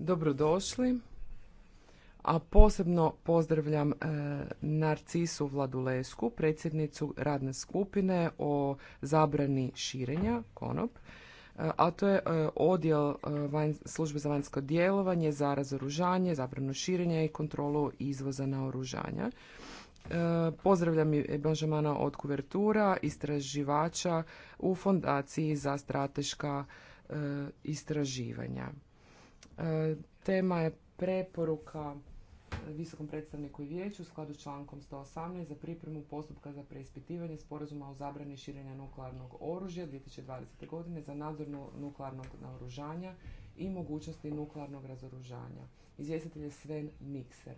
dobrodošli. A posebno pozdravljam e, Narcisu Vladulesku, predsjednicu radne skupine o zabrani širenja konop, e, a to je e, odjel službe za vanjsko djelovanje za razoružanje, zabranu širenja i kontrolu izvoza naoružanja. Pozdravljam i Benjamina od Kuvertura, istraživača u Fondaciji za strateška istraživanja. E, tema je preporuka visokom predstavniku i vijeću u skladu s člankom 118 za pripremu postupka za preispitivanje sporazuma o zabrani širenja nuklearnog oružja 2020. godine za nadzor nuklearnog naoružanja i mogućnosti nuklearnog razoružanja. Izvjestitelj je Sven Mikser.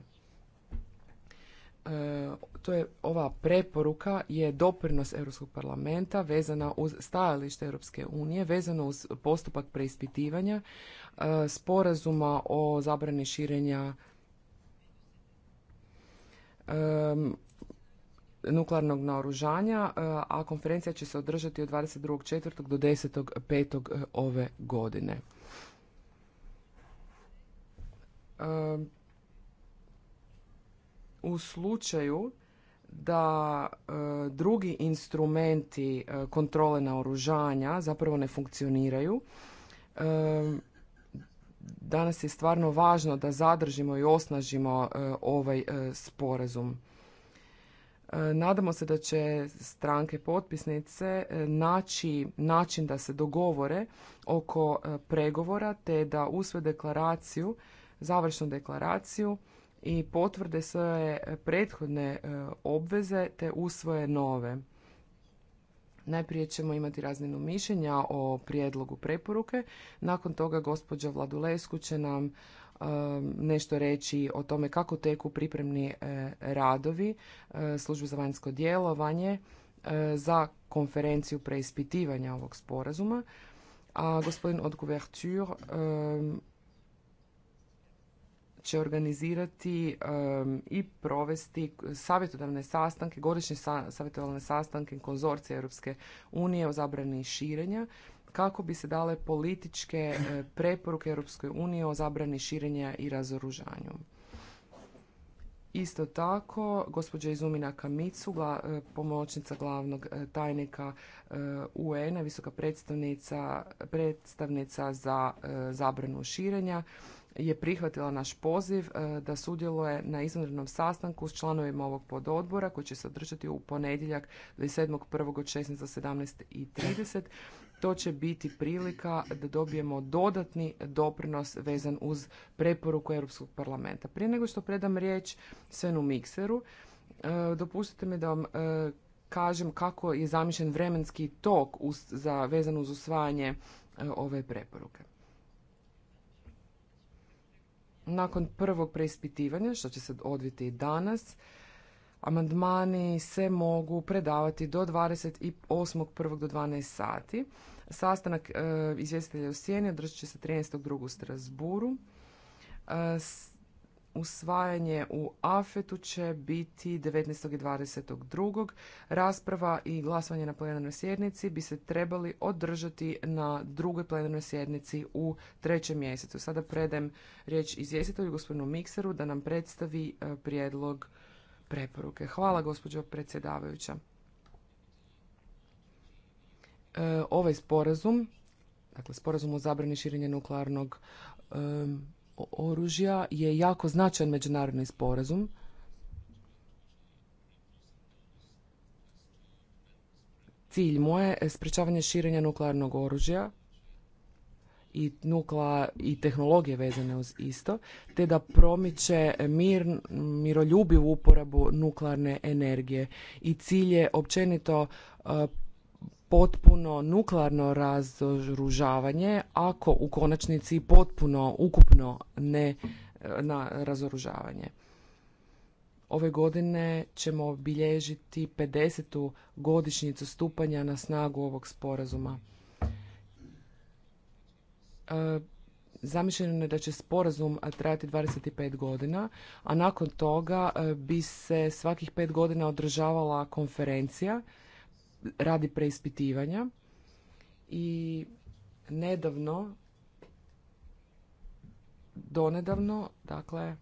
E, to je ova preporuka je doprinos Europskog parlamenta vezana uz stajalište Europske unije, vezano uz postupak preispitivanja e, sporazuma o zabrani širenja e, nuklearnog naoružanja, a konferencija će se održati od 22.4. do 10.5. ove godine u slučaju da e, drugi instrumenti e, kontrole naoružanja zapravo ne funkcioniraju. E, danas je stvarno važno da zadržimo i osnažimo e, ovaj sporazum. Nadamo se da će stranke potpisnice naći način da se dogovore oko pregovora te da usve deklaraciju, završnu deklaraciju i potvrde svoje prethodne e, obveze te usvoje nove. Najprije ćemo imati razmjenu mišljenja o prijedlogu preporuke. Nakon toga gospođa Vladulesku će nam e, nešto reći o tome kako teku pripremni e, radovi službe za vanjsko djelovanje za konferenciju preispitivanja ovog sporazuma. A gospodin Odgovertur će organizirati i provesti savjetodavne sastanke, godišnje savjetodavne sastanke konzorcije Europske unije o zabrani širenja kako bi se dale političke e, preporuke Europskoj uniji o zabrani širenja i razoružanju. Isto tako, gospođa Izumina Kamicu, e, pomoćnica glavnog e, tajnika UN-a, visoka predstavnica, predstavnica za zabranu širenja, je prihvatila naš poziv e, da sudjeluje na izvanrednom sastanku s članovima ovog pododbora koji će se održati u ponedjeljak 27.1. od To će biti prilika da dobijemo dodatni doprinos vezan uz preporuku Europskog parlamenta. Prije nego što predam riječ Svenu Mikseru, e, dopustite mi da vam e, kažem kako je zamišljen vremenski tok za, vezan uz usvajanje ove preporuke. Nakon prvog preispitivanja, što će se odviti danas, amandmani se mogu predavati do 28.1. do 12 sati. Sastanak e, izvjestitelja u Sijeni održat će se 13.2. u Strasburu. E, usvajanje u AFET-u će biti 19. i drugog Rasprava i glasovanje na plenarnoj sjednici bi se trebali održati na drugoj plenarnoj sjednici u trećem mjesecu. Sada predem riječ izvjestitelju gospodinu Mikseru da nam predstavi e, prijedlog preporuke. Hvala gospođo predsjedavajuća. E, ovaj sporazum, dakle sporazum o zabrani širenja nuklearnog e, oružja je jako značajan međunarodni sporazum. Cilj mu je sprečavanje širenja nuklearnog oružja i nukla i tehnologije vezane uz isto, te da promiče mir, miroljubivu uporabu nuklearne energije. I cilj je općenito e, potpuno nuklearno razoružavanje ako u konačnici potpuno ukupno ne e, na razoružavanje. Ove godine ćemo obilježiti 50. godišnjicu stupanja na snagu ovog sporazuma. E, zamišljeno je da će sporazum trajati 25 godina, a nakon toga e, bi se svakih pet godina održavala konferencija radi preispitivanja i nedavno donedavno dakle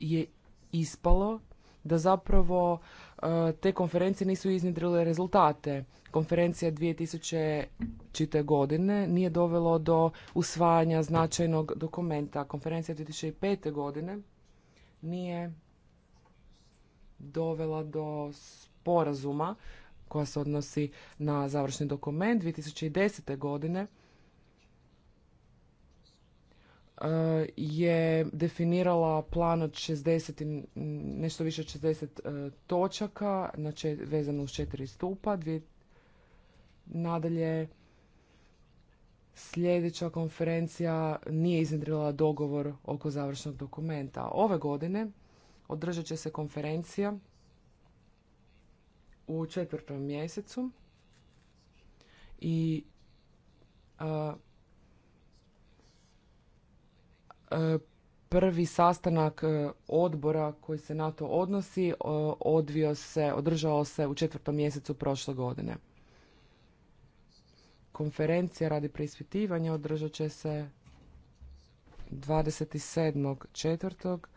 je ispalo da zapravo e, te konferencije nisu iznjedrile rezultate. Konferencija 2000. godine nije dovelo do usvajanja značajnog dokumenta. Konferencija 2005. godine nije dovela do sporazuma koja se odnosi na završni dokument 2010. godine eh, je definirala plan od 60, nešto više od 60 eh, točaka vezano uz četiri stupa. Dvije, nadalje, sljedeća konferencija nije iznedrila dogovor oko završnog dokumenta. Ove godine Održat će se konferencija u četvrtom mjesecu i prvi sastanak e, odbora koji se na to odnosi e, odvio se, održao se u četvrtom mjesecu prošle godine. Konferencija radi preispitivanja održat će se četvrtog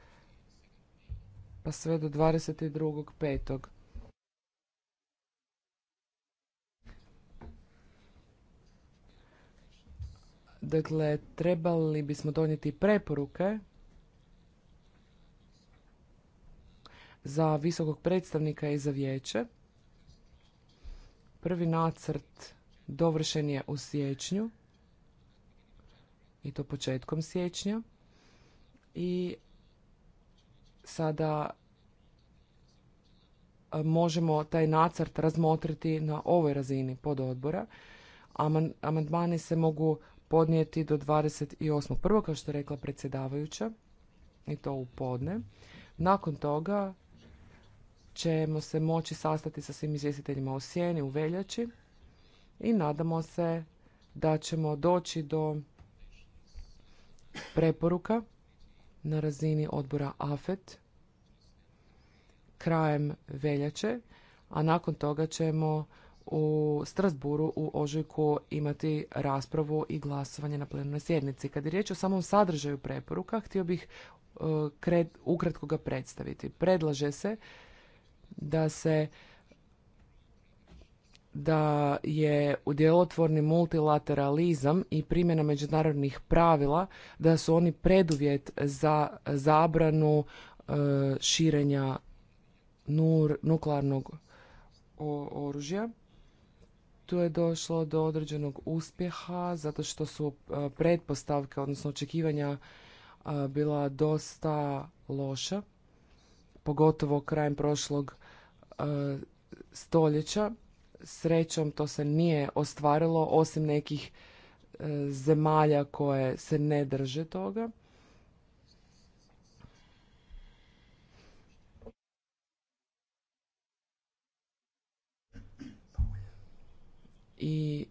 pa sve do 22.5. Dakle, trebali bismo donijeti preporuke za visokog predstavnika i za vijeće. Prvi nacrt dovršen je u siječnju i to početkom siječnja i sada možemo taj nacrt razmotriti na ovoj razini pododbora. Amandmani se mogu podnijeti do 28.1. kao što je rekla predsjedavajuća i to u podne. Nakon toga ćemo se moći sastati sa svim izvjestiteljima u sjeni u veljači i nadamo se da ćemo doći do preporuka na razini odbora AFET krajem veljače, a nakon toga ćemo u Strasburu u ožujku imati raspravu i glasovanje na plenarnoj sjednici. Kad je riječ o samom sadržaju preporuka, htio bih e, ukratko ga predstaviti. Predlaže se da se da je u djelotvorni multilateralizam i primjena međunarodnih pravila da su oni preduvjet za zabranu e, širenja nuklearnog oružja. Tu je došlo do određenog uspjeha zato što su e, pretpostavke, odnosno očekivanja e, bila dosta loša, pogotovo krajem prošlog e, stoljeća. Srećom to se nije ostvarilo osim nekih zemalja koje se ne drže toga. i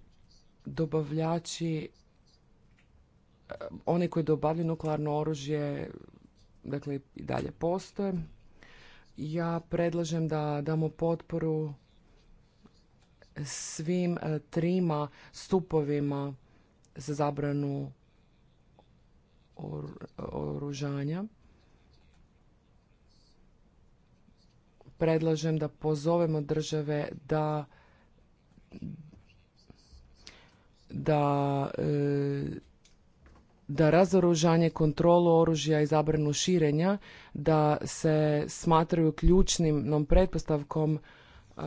dobavljači, eh, oni koji dobavljaju nuklearno oružje, dakle i dalje postoje. Ja predlažem da damo potporu svim eh, trima stupovima za zabranu oružanja. Predlažem da pozovemo države da da e, da razoružanje, kontrolu oružja i zabranu širenja da se smatraju ključnim pretpostavkom e,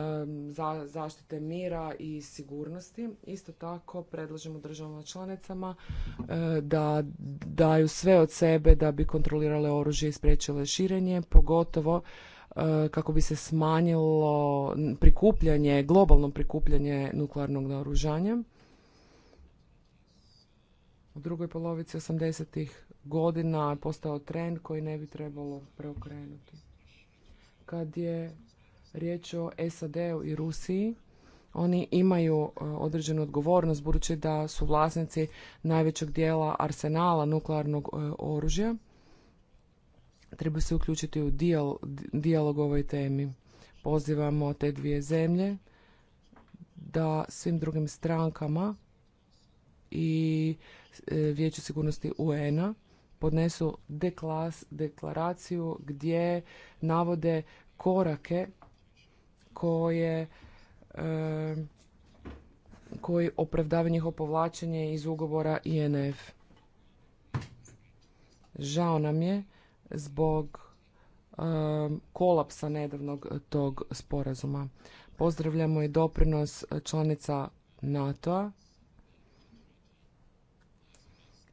za zaštite mira i sigurnosti. Isto tako predlažemo državama članicama e, da daju sve od sebe da bi kontrolirale oružje i spriječile širenje, pogotovo kako bi se smanjilo prikupljanje, globalno prikupljanje nuklearnog naoružanja u drugoj polovici 80-ih godina je postao trend koji ne bi trebalo preokrenuti. Kad je riječ o SAD-u i Rusiji, oni imaju e, određenu odgovornost budući da su vlasnici najvećeg dijela arsenala nuklearnog e, oružja. Treba se uključiti u dijalog o ovoj temi. Pozivamo te dvije zemlje da svim drugim strankama i E, Vijeću sigurnosti UN-a podnesu deklas, deklaraciju gdje navode korake koje e, koji opravdava njihovo povlačenje iz ugovora INF. Žao nam je zbog e, kolapsa nedavnog tog sporazuma. Pozdravljamo i doprinos članica NATO-a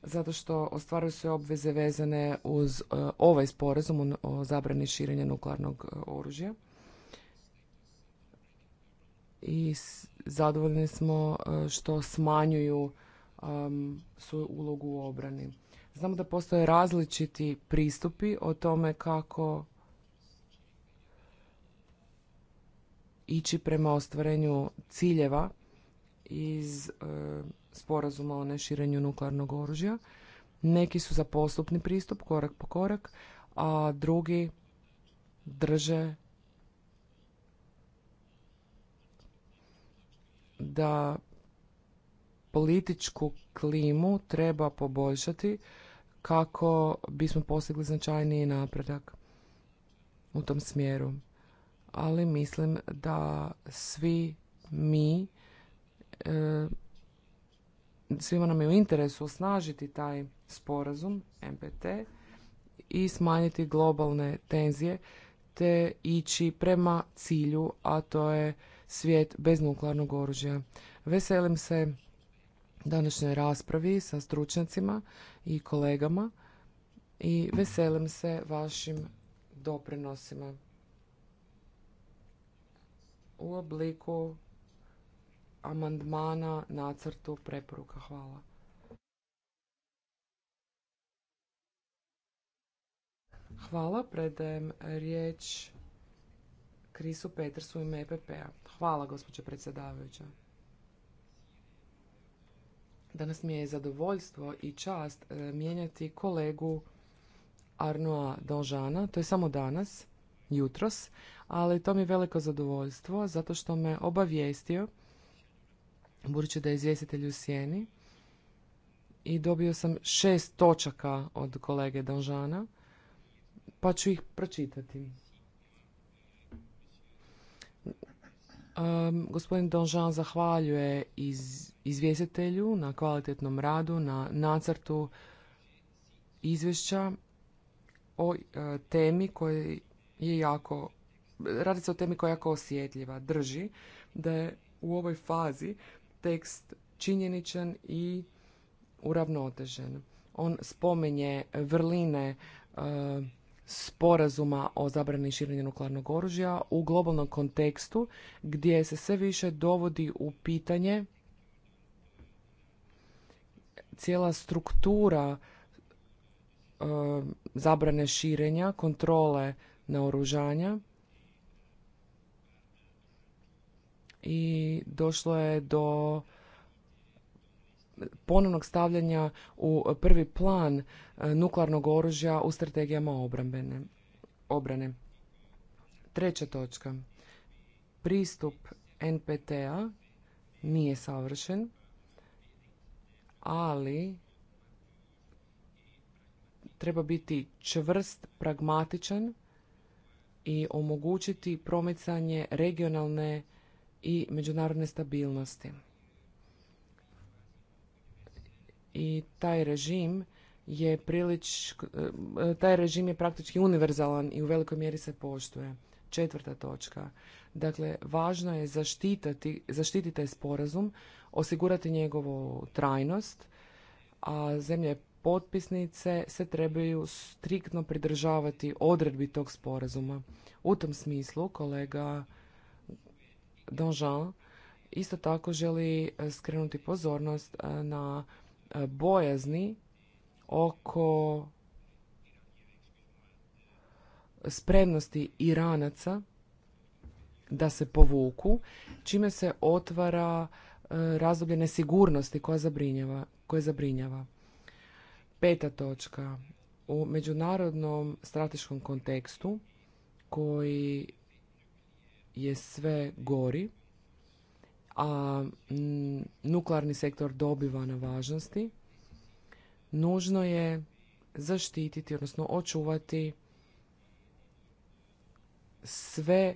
zato što ostvaruju se obveze vezane uz e, ovaj sporazum o zabrani širenja nuklearnog e, oružja. I zadovoljni smo e, što smanjuju svoju ulogu u obrani. Znamo da postoje različiti pristupi o tome kako ići prema ostvarenju ciljeva iz sporazuma o neširenju nuklearnog oružja. Neki su za postupni pristup, korak po korak, a drugi drže da političku klimu treba poboljšati kako bismo postigli značajniji napredak u tom smjeru. Ali mislim da svi mi e, svima nam je u interesu osnažiti taj sporazum MPT i smanjiti globalne tenzije te ići prema cilju, a to je svijet bez nuklearnog oružja. Veselim se današnjoj raspravi sa stručnjacima i kolegama i veselim se vašim doprinosima u obliku amandmana, nacrtu, preporuka. Hvala. Hvala, predajem riječ Krisu Petersu i mpp a Hvala, gospođo predsjedavajuća. Danas mi je zadovoljstvo i čast e, mijenjati kolegu Arnoa Donžana. To je samo danas, jutros, ali to mi je veliko zadovoljstvo zato što me obavijestio budući da je izvjestitelj u sjeni i dobio sam šest točaka od kolege Danžana, pa ću ih pročitati. Um, gospodin Donžan zahvaljuje iz, izvjestitelju na kvalitetnom radu, na nacrtu izvješća o uh, temi koja je jako, radi se o temi koja je jako osjetljiva. Drži da je u ovoj fazi tekst činjeničan i uravnotežen. On spomenje vrline e, sporazuma o zabrani širenja nuklearnog oružja u globalnom kontekstu gdje se sve više dovodi u pitanje cijela struktura e, zabrane širenja, kontrole naoružanja i došlo je do ponovnog stavljanja u prvi plan e, nuklearnog oružja u strategijama obrambene, obrane. Treća točka. Pristup NPT-a nije savršen, ali treba biti čvrst, pragmatičan i omogućiti promicanje regionalne i međunarodne stabilnosti. I taj režim je prilič, eh, taj režim je praktički univerzalan i u velikoj mjeri se poštuje. Četvrta točka. Dakle, važno je zaštitati, zaštititi taj sporazum, osigurati njegovu trajnost, a zemlje potpisnice se trebaju striktno pridržavati odredbi tog sporazuma. U tom smislu kolega Donjean isto tako želi e, skrenuti pozornost e, na e, bojazni oko spremnosti Iranaca da se povuku, čime se otvara razdoblje nesigurnosti koja zabrinjava, koje zabrinjava. Peta točka. U međunarodnom strateškom kontekstu koji je sve gori, a nuklearni sektor dobiva na važnosti, nužno je zaštititi, odnosno očuvati sve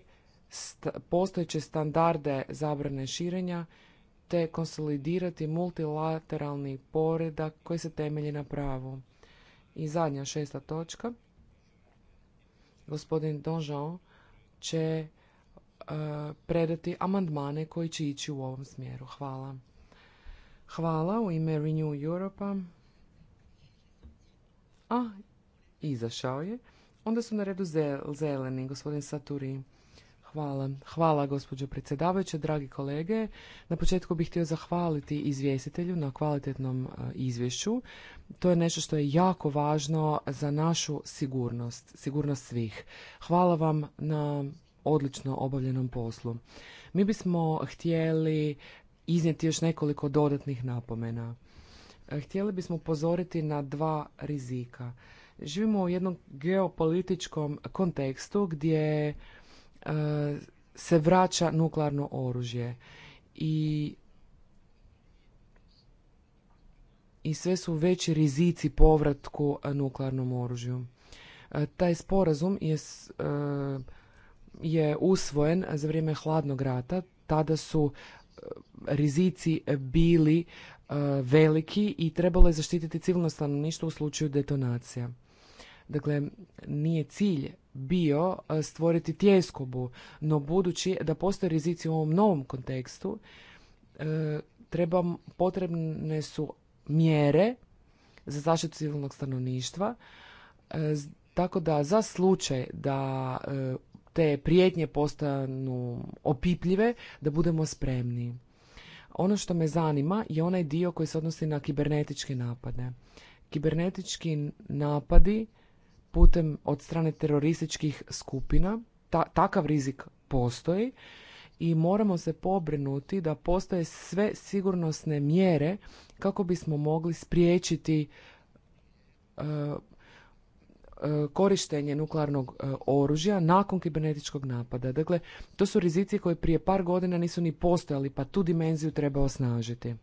postojeće standarde zabrane širenja te konsolidirati multilateralni poredak koji se temelji na pravu. I zadnja šesta točka. Gospodin Donžao će predati amandmane koji će ići u ovom smjeru. Hvala. Hvala u ime Renew Europa. A, izašao je. Onda su na redu zeleni, gospodin Saturi. Hvala. Hvala, gospođo predsjedavajuća, dragi kolege. Na početku bih htio zahvaliti izvjestitelju na kvalitetnom e, izvješću. To je nešto što je jako važno za našu sigurnost, sigurnost svih. Hvala vam na odlično obavljenom poslu. Mi bismo htjeli iznijeti još nekoliko dodatnih napomena. Htjeli bismo upozoriti na dva rizika. Živimo u jednom geopolitičkom kontekstu gdje e, se vraća nuklearno oružje i i sve su veći rizici povratku nuklearnom oružju. E, taj sporazum je e, je usvojen za vrijeme hladnog rata, tada su e, rizici bili e, veliki i trebalo je zaštititi civilno stanovništvo u slučaju detonacija. Dakle, nije cilj bio e, stvoriti tjeskobu, no budući da postoje rizici u ovom novom kontekstu, potrebne su mjere za zaštitu civilnog stanovništva, tako da za slučaj da te prijetnje postanu opipljive, da budemo spremni. Ono što me zanima je onaj dio koji se odnosi na kibernetičke napade. Kibernetički napadi putem od strane terorističkih skupina, ta, takav rizik postoji i moramo se pobrinuti da postoje sve sigurnosne mjere kako bismo mogli spriječiti e, E, korištenje nuklearnog e, oružja nakon kibernetičkog napada. Dakle, to su rizici koji prije par godina nisu ni postojali, pa tu dimenziju treba osnažiti.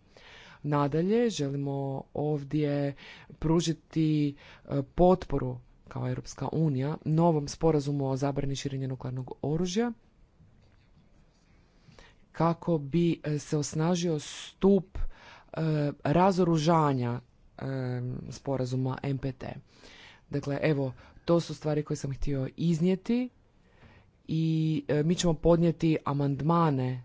Nadalje, želimo ovdje pružiti e, potporu kao Europska unija novom sporazumu o zabrani širenja nuklearnog oružja kako bi se osnažio stup razoružanja sporazuma MPT. Dakle, evo, to su stvari koje sam htio iznijeti i e, mi ćemo podnijeti amandmane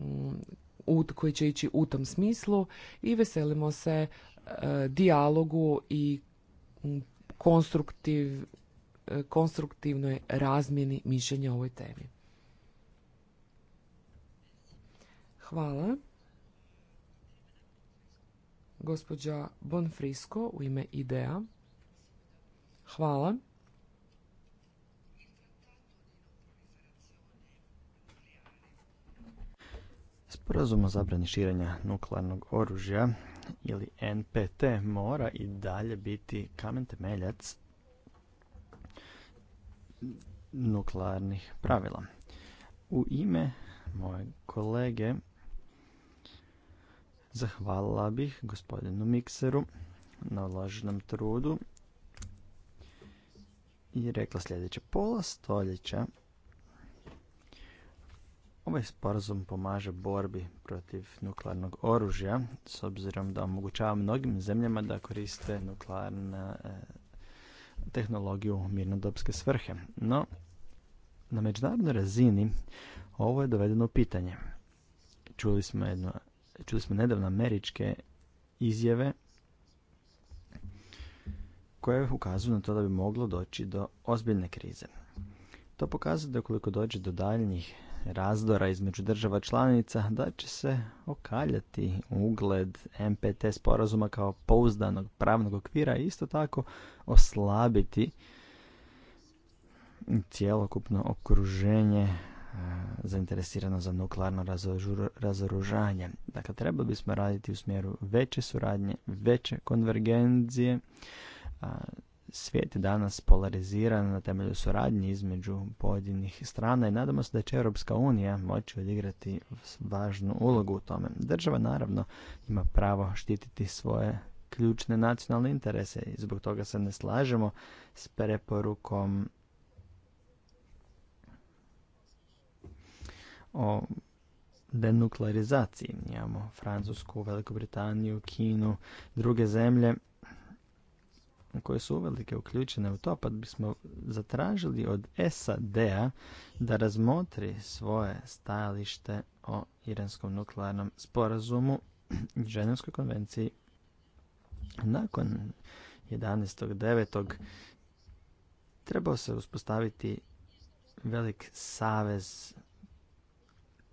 mm, koji će ići u tom smislu i veselimo se e, dijalogu i mm, konstruktiv, e, konstruktivnoj razmjeni mišljenja o ovoj temi. Hvala. Gospođa Bonfrisko u ime IDEA. Hvala. Sporazum o zabrani širenja nuklearnog oružja ili NPT mora i dalje biti kamen temeljac nuklearnih pravila. U ime moje kolege zahvalila bih gospodinu Mikseru na odloženom trudu i rekla sljedeće. Pola stoljeća ovaj sporazum pomaže borbi protiv nuklearnog oružja s obzirom da omogućava mnogim zemljama da koriste nuklearnu e, tehnologiju u mirnodopske svrhe. No, na međunarodnoj razini ovo je dovedeno u pitanje. Čuli smo, jedno, čuli smo nedavno američke izjave koje ukazuju na to da bi moglo doći do ozbiljne krize. To pokazuje da ukoliko dođe do daljnjih razdora između država članica, da će se okaljati ugled MPT sporazuma kao pouzdanog pravnog okvira i isto tako oslabiti cjelokupno okruženje e, zainteresirano za nuklearno razoružanje. Dakle, trebali bismo raditi u smjeru veće suradnje, veće konvergencije, Svijet je danas polariziran na temelju suradnje između pojedinih strana i nadamo se da će Europska unija moći odigrati važnu ulogu u tome. Država naravno ima pravo štititi svoje ključne nacionalne interese i zbog toga se ne slažemo s preporukom o denuklearizaciji. Imamo Francusku, Veliku Britaniju, Kinu, druge zemlje koje su uvelike uključene u to, pa bismo zatražili od SAD-a da razmotri svoje stajalište o iranskom nuklearnom sporazumu i Ženevskoj konvenciji nakon 11.9. trebao se uspostaviti velik savez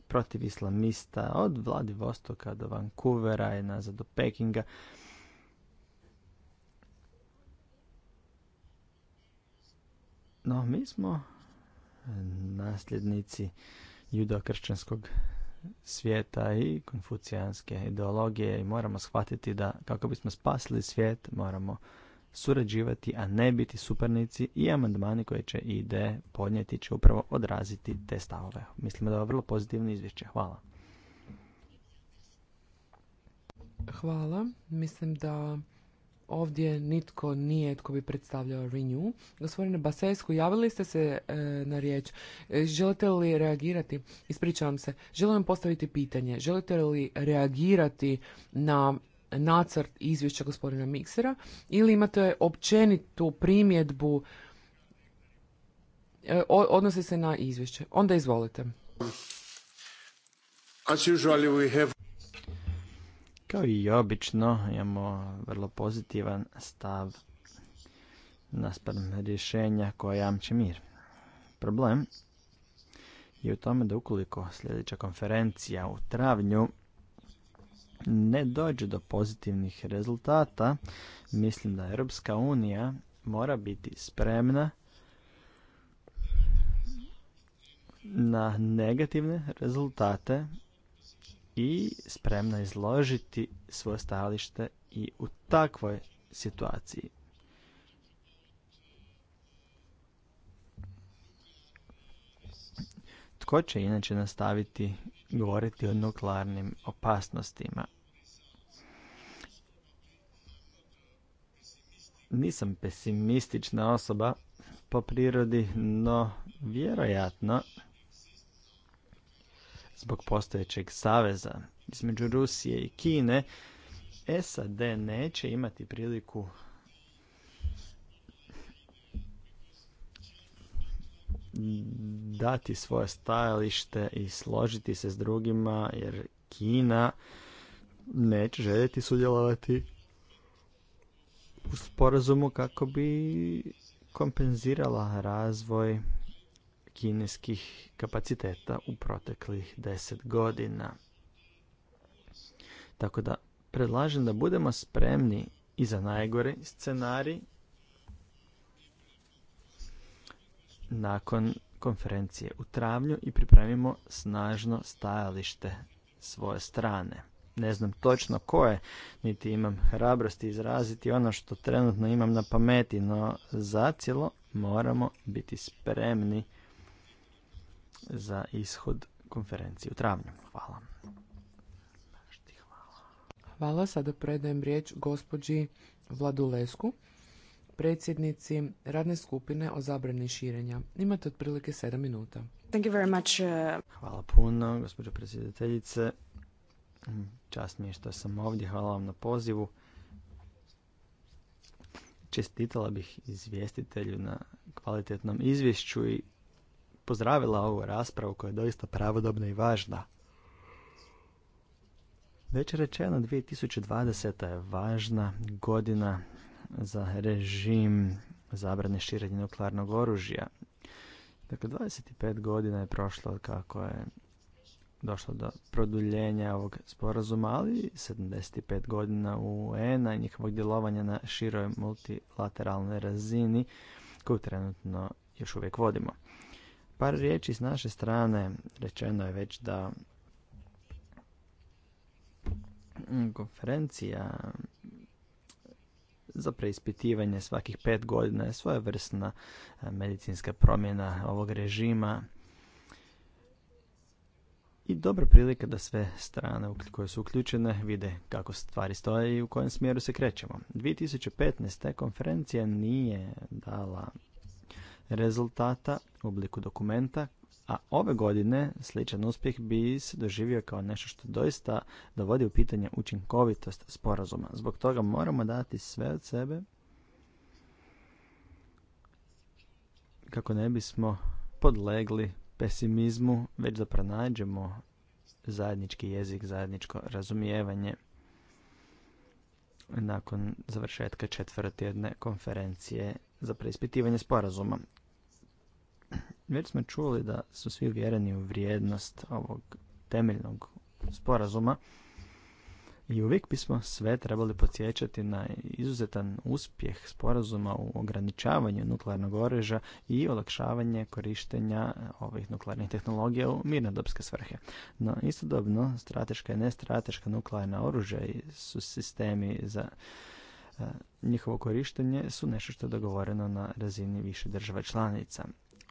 protiv islamista od Vladivostoka do Vancouvera i nazad do Pekinga No, mi smo eh, nasljednici judokršćanskog svijeta i konfucijanske ideologije i moramo shvatiti da kako bismo spasili svijet moramo surađivati, a ne biti supernici i amandmani koje će ide podnijeti će upravo odraziti te stavove. Mislimo da je ovo vrlo pozitivno izvješće. Hvala. Hvala. Mislim da Ovdje nitko nije tko bi predstavljao Renew. Gospodine Basesku, javili ste se e, na riječ. E, želite li reagirati? Ispričavam se. Želim postaviti pitanje. Želite li reagirati na nacrt izvješća gospodina Miksera ili imate općenitu primjedbu e, odnosi se na izvješće? Onda izvolite. Kao i obično imamo vrlo pozitivan stav naspram rješenja koja jamče mir. Problem je u tome da ukoliko sljedeća konferencija u travnju ne dođe do pozitivnih rezultata, mislim da Europska unija mora biti spremna na negativne rezultate i spremna izložiti svoje stajalište i u takvoj situaciji. Tko će inače nastaviti govoriti o nuklearnim opasnostima? Nisam pesimistična osoba po prirodi, no vjerojatno zbog postojećeg saveza između Rusije i Kine, SAD neće imati priliku dati svoje stajalište i složiti se s drugima jer Kina neće željeti sudjelovati u sporazumu kako bi kompenzirala razvoj kineskih kapaciteta u proteklih deset godina. Tako da predlažem da budemo spremni i za najgori scenarij nakon konferencije u travnju i pripremimo snažno stajalište svoje strane. Ne znam točno koje, niti imam hrabrosti izraziti ono što trenutno imam na pameti, no zacijelo moramo biti spremni za ishod konferencije u travnju. Hvala. Hvala. Sada predajem riječ gospođi Vladulesku, predsjednici radne skupine o zabrani širenja. Imate otprilike 7 minuta. Thank you uh, Hvala puno, gospođo predsjedateljice. Čast mi je što sam ovdje. Hvala vam na pozivu. Čestitala bih izvjestitelju na kvalitetnom izvješću i pozdravila ovu raspravu koja je doista pravodobna i važna. Već rečeno, 2020. je važna godina za režim zabrane širenja nuklearnog oružja. Dakle, 25 godina je prošlo kako je došlo do produljenja ovog sporazuma, ali 75 godina UN-a i njihovog djelovanja na široj multilateralnoj razini koju trenutno još uvijek vodimo. Par riječi s naše strane rečeno je već da konferencija za preispitivanje svakih pet godina je svojevrsna e, medicinska promjena ovog režima i dobra prilika da sve strane koje su uključene vide kako stvari stoje i u kojem smjeru se krećemo. 2015. konferencija nije dala rezultata u obliku dokumenta, a ove godine sličan uspjeh bi se doživio kao nešto što doista dovodi u pitanje učinkovitost sporazuma. Zbog toga moramo dati sve od sebe kako ne bismo podlegli pesimizmu, već da pronađemo zajednički jezik, zajedničko razumijevanje nakon završetka četvrtjedne konferencije za preispitivanje sporazuma. Već smo čuli da su svi uvjereni u vrijednost ovog temeljnog sporazuma i uvijek bismo sve trebali podsjećati na izuzetan uspjeh sporazuma u ograničavanju nuklearnog oružja i olakšavanje korištenja ovih nuklearnih tehnologija u mirnodopske svrhe. No istodobno strateška i nestrateška nuklearna oružja su sistemi za eh, njihovo korištenje su nešto što je dogovoreno na razini više država članica.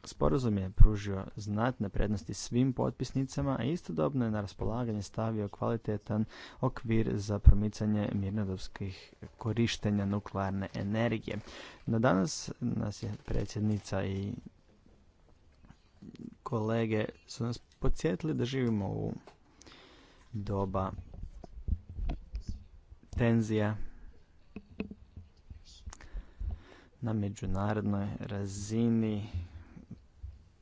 Sporazum je pružio znatne prednosti svim potpisnicama, a istodobno je na raspolaganje stavio kvalitetan okvir za promicanje mirnodopskih korištenja nuklearne energije. Na danas nas je predsjednica i kolege su nas podsjetili da živimo u doba tenzija na međunarodnoj razini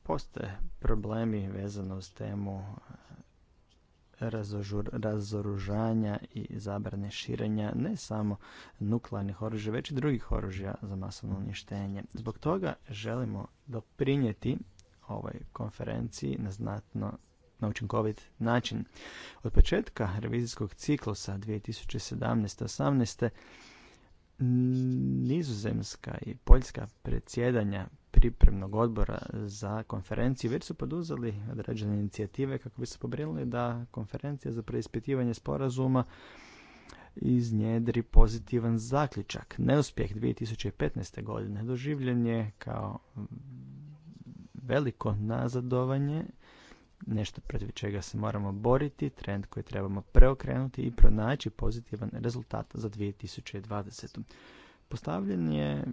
Postoje problemi vezano s temu eh, razoružanja i zabrane širenja ne samo nuklearnih oružja, već i drugih oružja za masovno uništenje. Zbog toga želimo doprinijeti ovoj konferenciji na znatno na učinkovit način. Od početka revizijskog ciklusa 2017-18 Nizozemska i Poljska predsjedanja pripremnog odbora za konferenciju već su poduzeli određene inicijative kako bi se pobrinuli da konferencija za preispitivanje sporazuma iznjedri pozitivan zaključak. Neuspjeh 2015. godine doživljen je kao veliko nazadovanje, nešto protiv čega se moramo boriti, trend koji trebamo preokrenuti i pronaći pozitivan rezultat za 2020. Postavljen je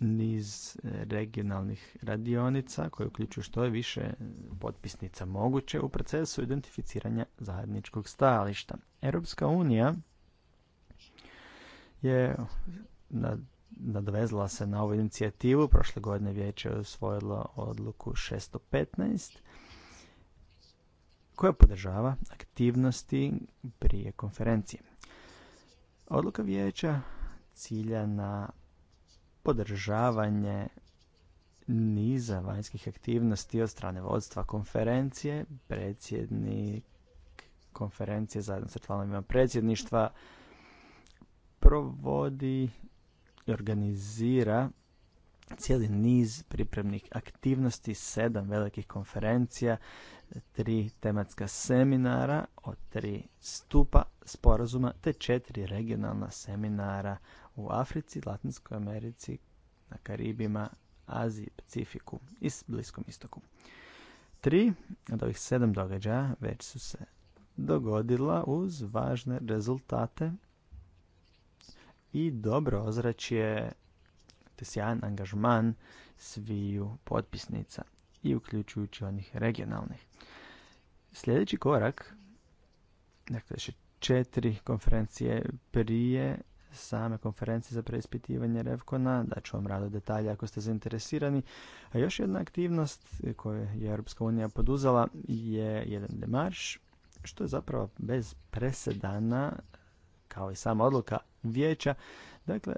niz e, regionalnih radionica koje uključuju što je više potpisnica moguće u procesu identificiranja zajedničkog stajališta. Europska unija je nadvezla se na ovu inicijativu. Prošle godine vijeće je osvojilo odluku 615 koja podržava aktivnosti prije konferencije. Odluka vijeća cilja na podržavanje niza vanjskih aktivnosti od strane vodstva konferencije, predsjednik konferencije zajedno sa članovima predsjedništva provodi i organizira cijeli niz pripremnih aktivnosti, sedam velikih konferencija, tri tematska seminara od tri stupa sporazuma te četiri regionalna seminara u Africi, Latinskoj Americi, na Karibima, Aziji, Pacifiku i Bliskom istoku. Tri od ovih sedam događaja već su se dogodila uz važne rezultate i dobro ozračje te sjajan angažman sviju potpisnica i uključujući onih regionalnih. Sljedeći korak, dakle četiri konferencije prije same konferencije za preispitivanje Revkona, da ću vam rado detalje ako ste zainteresirani. A još jedna aktivnost koju je Europska unija poduzela je jedan demarš, što je zapravo bez presedana, kao i sama odluka vijeća, dakle,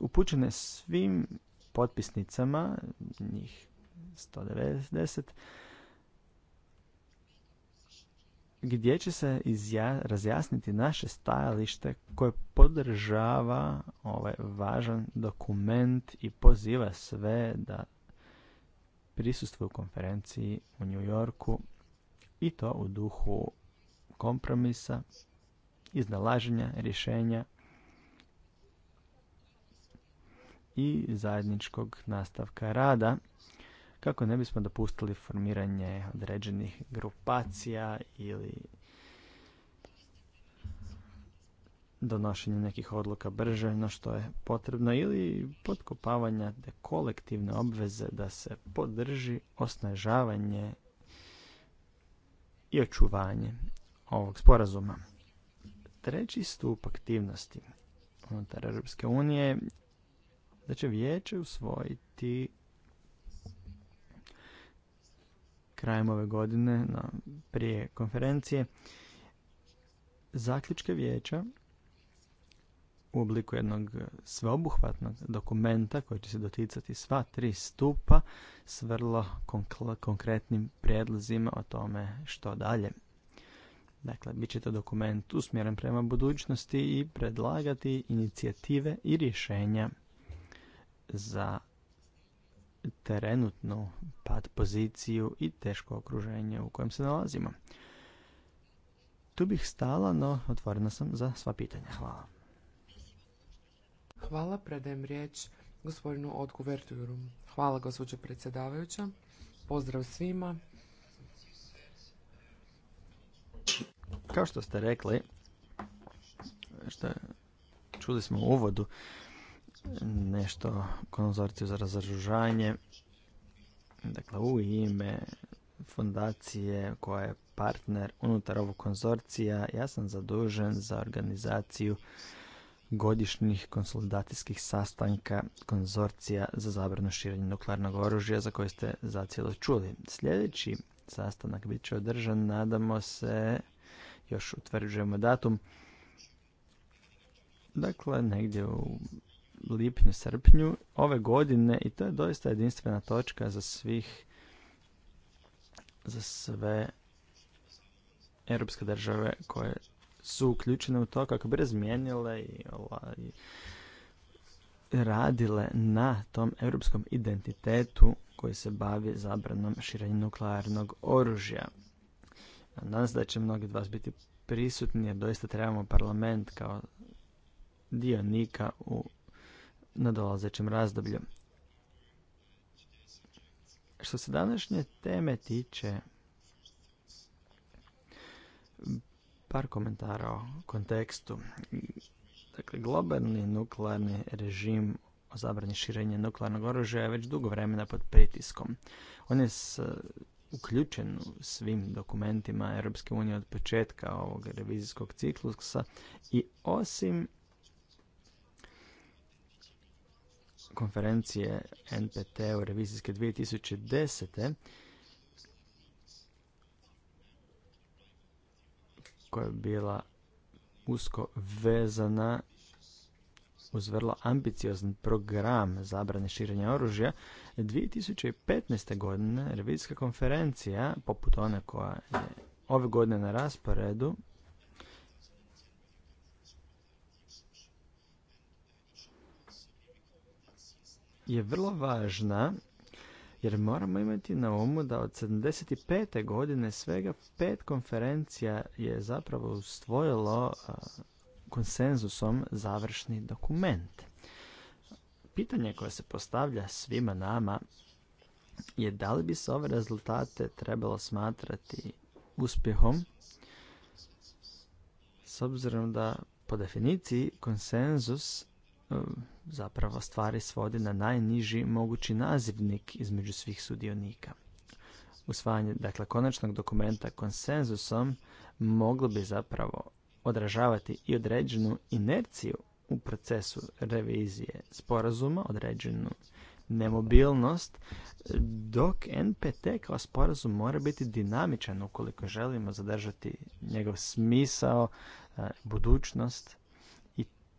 upućene svim potpisnicama, njih 190, gdje će se izja, razjasniti naše stajalište koje podržava ovaj važan dokument i poziva sve da prisustvuju konferenciji u New Yorku i to u duhu kompromisa, iznalaženja, rješenja i zajedničkog nastavka rada kako ne bismo dopustili formiranje određenih grupacija ili donošenje nekih odluka brže no što je potrebno ili potkopavanja te kolektivne obveze da se podrži osnažavanje i očuvanje ovog sporazuma. Treći stup aktivnosti unutar Europske unije da će vijeće usvojiti krajem ove godine na, prije konferencije zaključke vijeća u obliku jednog sveobuhvatnog dokumenta koji će se doticati sva tri stupa s vrlo konkretnim prijedlozima o tome što dalje. Dakle, bit će to dokument usmjeren prema budućnosti i predlagati inicijative i rješenja za trenutnu pad poziciju i teško okruženje u kojem se nalazimo. Tu bih stala, no otvorena sam za sva pitanja. Hvala. Hvala, predajem riječ gospodinu Otku Hvala, gospođo predsjedavajuća. Pozdrav svima. Kao što ste rekli, što čuli smo u uvodu, nešto konzorciju za razoružanje, dakle u ime fondacije koja je partner unutar ovog konzorcija, ja sam zadužen za organizaciju godišnjih konsolidacijskih sastanka konzorcija za zabranu širenja nuklearnog oružja za koje ste zacijelo čuli. Sljedeći sastanak bit će održan, nadamo se, još utvrđujemo datum, dakle negdje u lipnju, srpnju ove godine i to je doista jedinstvena točka za svih za sve europske države koje su uključene u to kako bi razmijenile i, radile na tom europskom identitetu koji se bavi zabranom širenja nuklearnog oružja. Nadam se da će mnogi od vas biti prisutni jer doista trebamo parlament kao dionika u na dolazećem razdoblju. Što se današnje teme tiče, par komentara o kontekstu. Dakle, globalni nuklearni režim o zabrani širenja nuklearnog oružja je već dugo vremena pod pritiskom. On je s, uključen u svim dokumentima Europske unije od početka ovog revizijskog ciklusa i osim konferencije NPT u revizijske 2010. koja je bila usko vezana uz vrlo ambiciozan program zabrane širenja oružja, 2015. godine revizijska konferencija, poput one koja je ove godine na rasporedu, je vrlo važna jer moramo imati na umu da od 75. godine svega pet konferencija je zapravo ustvojilo konsenzusom završni dokument. Pitanje koje se postavlja svima nama je da li bi se ove rezultate trebalo smatrati uspjehom s obzirom da po definiciji konsenzus E, zapravo stvari svodi na najniži mogući nazivnik između svih sudionika. Usvajanje dakle, konačnog dokumenta konsenzusom moglo bi zapravo odražavati i određenu inerciju u procesu revizije sporazuma, određenu nemobilnost, dok NPT kao sporazum mora biti dinamičan ukoliko želimo zadržati njegov smisao, e, budućnost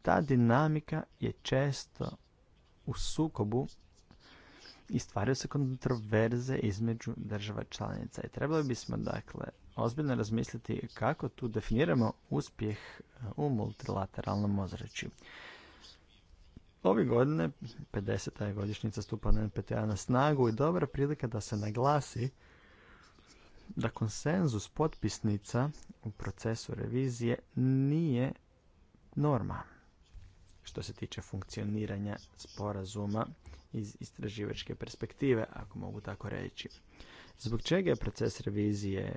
ta dinamika je često u sukobu i stvaraju se kontroverze između država članica. I trebali bismo dakle ozbiljno razmisliti kako tu definiramo uspjeh uh, u multilateralnom ozračju. Ove godine, 50. je godišnjica stupanja npt na snagu i dobra prilika da se naglasi da konsenzus potpisnica u procesu revizije nije norma što se tiče funkcioniranja sporazuma iz istraživačke perspektive, ako mogu tako reći. Zbog čega je proces revizije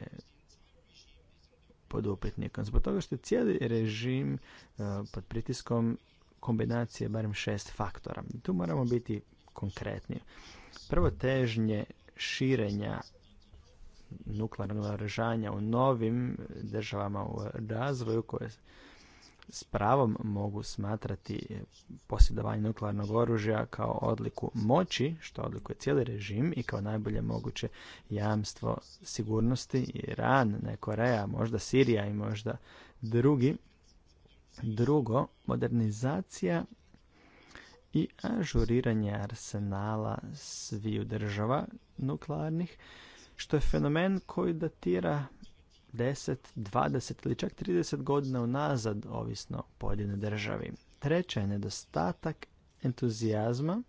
pod upitnikom? Zbog toga što je cijeli režim e, pod pritiskom kombinacije barem šest faktora. Tu moramo biti konkretni. Prvo težnje širenja nuklearnog naražanja u novim državama u razvoju koje s pravom mogu smatrati posjedovanje nuklearnog oružja kao odliku moći, što odlikuje cijeli režim i kao najbolje moguće jamstvo sigurnosti Iran, ne Koreja, možda Sirija i možda drugi. Drugo, modernizacija i ažuriranje arsenala sviju država nuklearnih, što je fenomen koji datira 10, 20 ili čak 30 godina unazad, ovisno o pojedinoj državi. Treća je nedostatak entuzijazma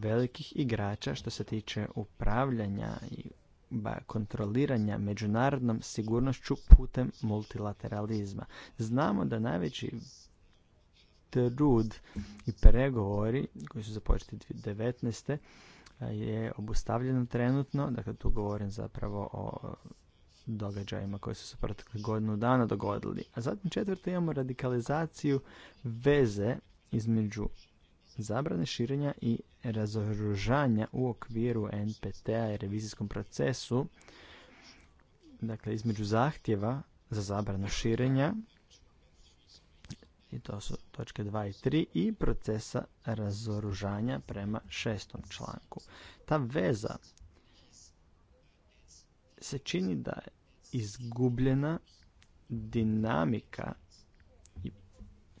velikih igrača što se tiče upravljanja i kontroliranja međunarodnom sigurnošću putem multilateralizma. Znamo da najveći trud i pregovori koji su započeti 2019 je obustavljeno trenutno, dakle tu govorim zapravo o događajima koji su se protekle godinu dana dogodili. A zatim četvrto imamo radikalizaciju veze između zabrane širenja i razoružanja u okviru NPT-a i revizijskom procesu, dakle između zahtjeva za zabranu širenja i to su točke 2 i 3 i procesa razoružanja prema šestom članku. Ta veza se čini da je izgubljena dinamika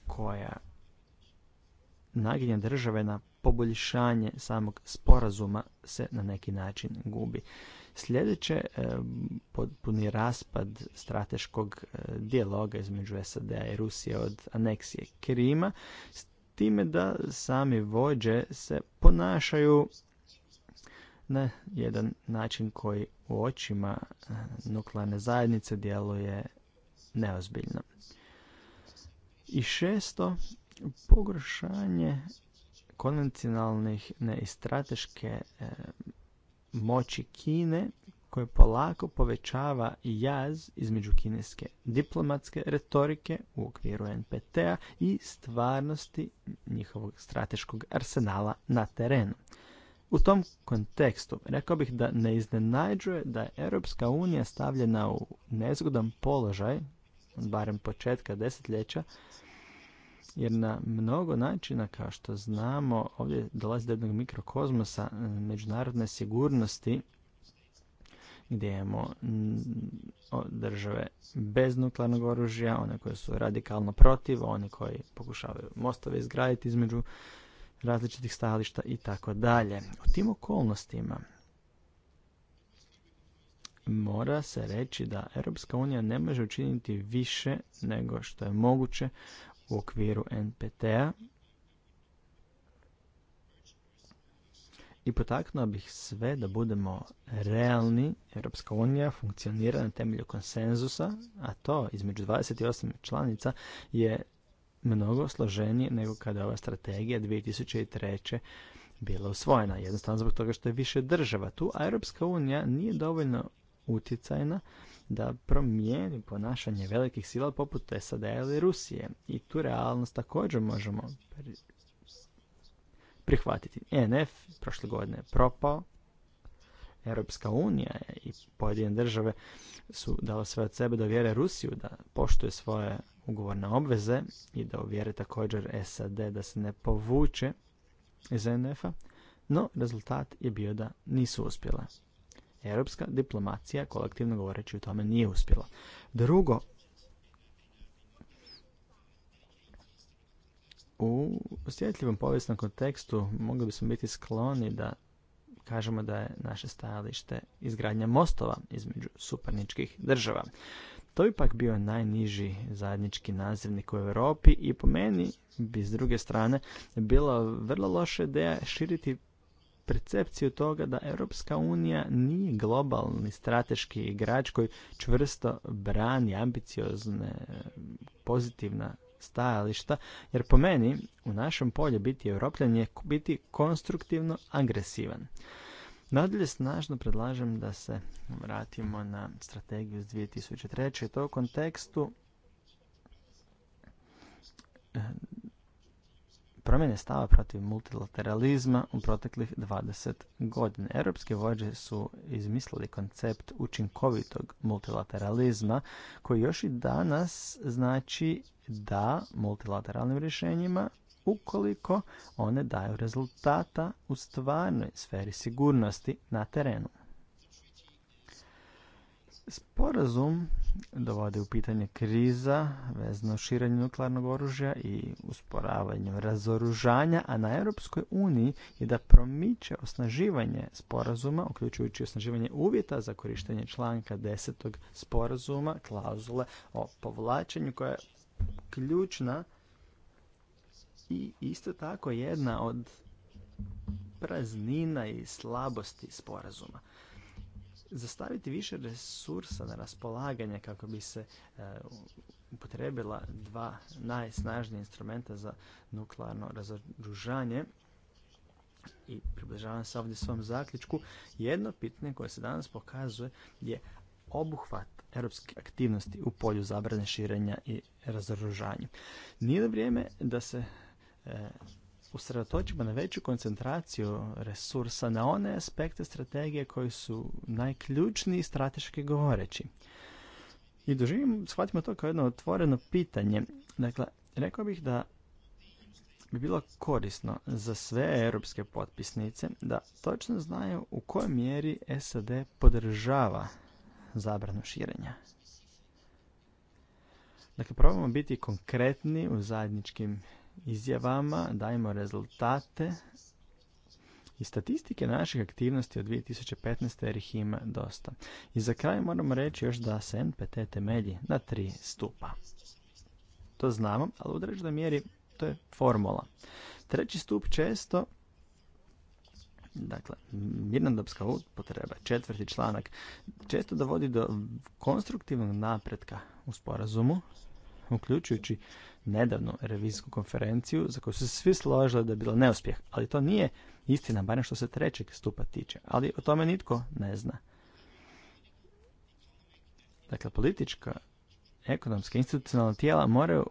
koja naginja države na poboljšanje samog sporazuma se na neki način gubi sljedeće potpuni raspad strateškog eh, dijaloga između SAD-a i Rusije od aneksije Krima s time da sami vođe se ponašaju na jedan način koji u očima eh, nuklearne zajednice djeluje neozbiljno. I šesto, pogoršanje konvencionalnih ne, i strateške moći Kine koje polako povećava jaz između kineske diplomatske retorike u okviru NPT-a i stvarnosti njihovog strateškog arsenala na terenu. U tom kontekstu rekao bih da ne iznenađuje da je Europska unija stavljena u nezgodan položaj, barem početka desetljeća, jer na mnogo načina, kao što znamo, ovdje dolazi do jednog mikrokozmosa e, međunarodne sigurnosti gdje imamo države bez nuklearnog oružja, one koje su radikalno protiv, one koji pokušavaju mostove izgraditi između različitih stajališta i tako dalje. U tim okolnostima mora se reći da Europska unija ne može učiniti više nego što je moguće u okviru NPT-a. I potaknuo bih sve da budemo realni. Europska unija funkcionira na temelju konsenzusa, a to između 28 članica je mnogo složenije nego kada je ova strategija 2003 bila usvojena. Jednostavno zbog toga što je više država tu, a Europska unija nije dovoljno utjecajna da promijeni ponašanje velikih sila poput SAD ili Rusije. I tu realnost također možemo prihvatiti. ENF prošle godine je propao, Europska unija i pojedine države su dale sve od sebe da vjere Rusiju da poštuje svoje ugovorne obveze i da uvjere također SAD da se ne povuče iz NF-a, no rezultat je bio da nisu uspjele. Europska diplomacija, kolektivno govoreći u tome, nije uspjela. Drugo, u osjetljivom povijesnom kontekstu mogli bismo biti skloni da kažemo da je naše stajalište izgradnja mostova između suparničkih država. To bi pak bio najniži zajednički nazivnik u Europi i po meni bi s druge strane bila vrlo loša ideja širiti percepciju toga da Europska unija nije globalni strateški igrač koji čvrsto brani ambiciozne pozitivna stajališta, jer po meni u našem polju biti europljan je biti konstruktivno agresivan. Nadalje snažno predlažem da se vratimo na strategiju iz 2003. To u kontekstu eh, promjene stava protiv multilateralizma u proteklih 20 godina. Europske vođe su izmislili koncept učinkovitog multilateralizma koji još i danas znači da multilateralnim rješenjima ukoliko one daju rezultata u stvarnoj sferi sigurnosti na terenu. Sporazum dovodi u pitanje kriza vezano širenje nuklearnog oružja i usporavanju razoružanja, a na Europskoj uniji je da promiče osnaživanje sporazuma, uključujući osnaživanje uvjeta za korištenje članka desetog sporazuma, klauzule o povlačenju koja je ključna i isto tako jedna od praznina i slabosti sporazuma zastaviti više resursa na raspolaganje kako bi se e, upotrijebila upotrebila dva najsnažnija instrumenta za nuklearno razoružanje i približavam se ovdje svom zaključku, jedno pitanje koje se danas pokazuje je obuhvat europske aktivnosti u polju zabrane širenja i razoružanja. Nije li vrijeme da se e, usredotočimo na veću koncentraciju resursa na one aspekte strategije koji su najključniji strateški govoreći. I doživim, shvatimo to kao jedno otvoreno pitanje. Dakle, rekao bih da bi bilo korisno za sve europske potpisnice da točno znaju u kojoj mjeri SAD podržava zabranu širenja. Dakle, probamo biti konkretni u zajedničkim izjavama, dajemo rezultate i statistike naših aktivnosti od 2015. jer ih ima dosta. I za kraj moramo reći još da se NPT temelji na tri stupa. To znamo, ali u određenoj mjeri to je formula. Treći stup često dakle, mirnodopska upotreba, četvrti članak, često dovodi do konstruktivnog napretka u sporazumu, uključujući nedavnu revizijsku konferenciju za koju su se svi složili da je bilo neuspjeh, ali to nije istina, barem što se trećeg stupa tiče, ali o tome nitko ne zna. Dakle, politička, ekonomska, institucionalna tijela moraju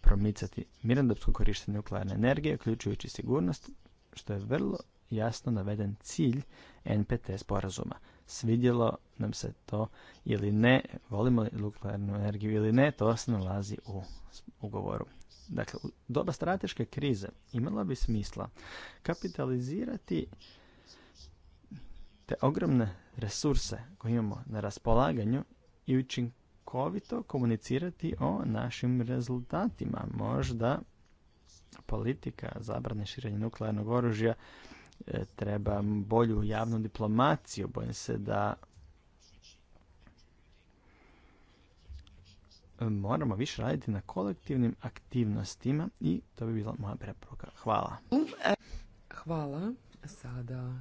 promicati mirandopsko korištenje nuklearne energije, uključujući sigurnost, što je vrlo jasno naveden cilj NPT sporazuma svidjelo nam se to ili ne, volimo li nuklearnu energiju ili ne, to se nalazi u ugovoru. Dakle, u doba strateške krize imala bi smisla kapitalizirati te ogromne resurse koje imamo na raspolaganju i učinkovito komunicirati o našim rezultatima. Možda politika zabrane širenja nuklearnog oružja E, treba bolju javnu diplomaciju. Bojim se da moramo više raditi na kolektivnim aktivnostima i to bi bila moja preporuka. Hvala. Hvala. Sada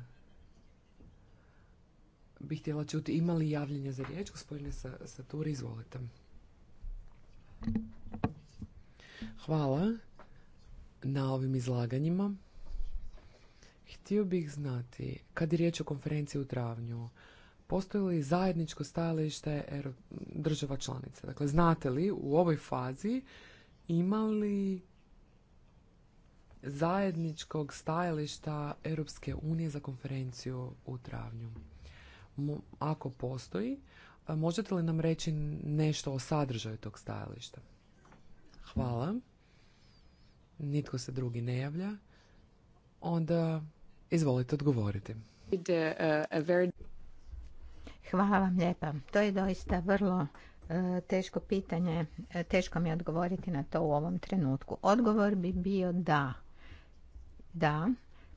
bih htjela čuti ima li javljenja za riječ. Gospodine Saturi, izvolite. Hvala na ovim izlaganjima. Htio bih znati, kad je riječ o konferenciji u travnju, postoji li zajedničko stajalište država članica? Dakle, znate li u ovoj fazi ima li zajedničkog stajališta Europske unije za konferenciju u travnju? Ako postoji, možete li nam reći nešto o sadržaju tog stajališta? Hvala. Nitko se drugi ne javlja. Onda Izvolite odgovoriti. Eh, Hvala vam lijepa. To je doista vrlo eh, teško pitanje. Eh, teško mi je odgovoriti na to u ovom trenutku. Odgovor bi bio da. Da,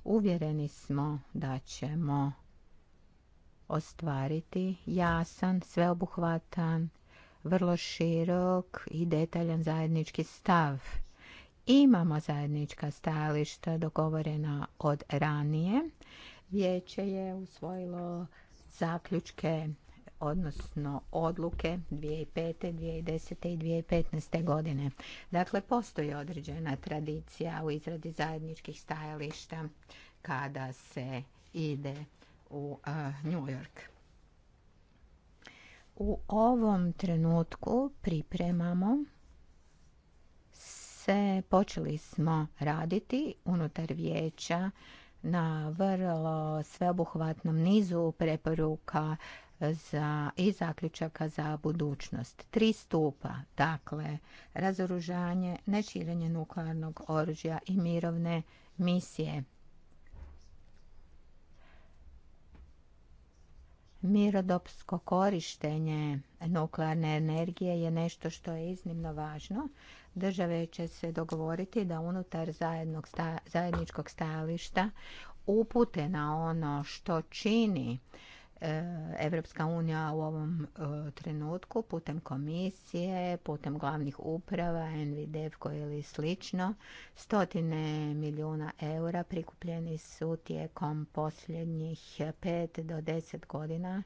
uvjereni smo da ćemo ostvariti jasan, sveobuhvatan, vrlo širok i detaljan zajednički stav imamo zajednička stajališta dogovorena od ranije. Vijeće je usvojilo zaključke odnosno odluke 2005. 2010. i 2015. godine. Dakle, postoji određena tradicija u izradi zajedničkih stajališta kada se ide u New York. U ovom trenutku pripremamo se počeli smo raditi unutar vijeća na vrlo sveobuhvatnom nizu preporuka za, i zaključaka za budućnost. Tri stupa, dakle, razoružanje, neširenje nuklearnog oružja i mirovne misije. Mirodopsko korištenje nuklearne energije je nešto što je iznimno važno Države će se dogovoriti da unutar zajedničkog stajališta upute na ono što čini e, Evropska unija u ovom e, trenutku putem komisije, putem glavnih uprava, NVDFKO ili slično. Stotine milijuna eura prikupljeni su tijekom posljednjih pet do deset godina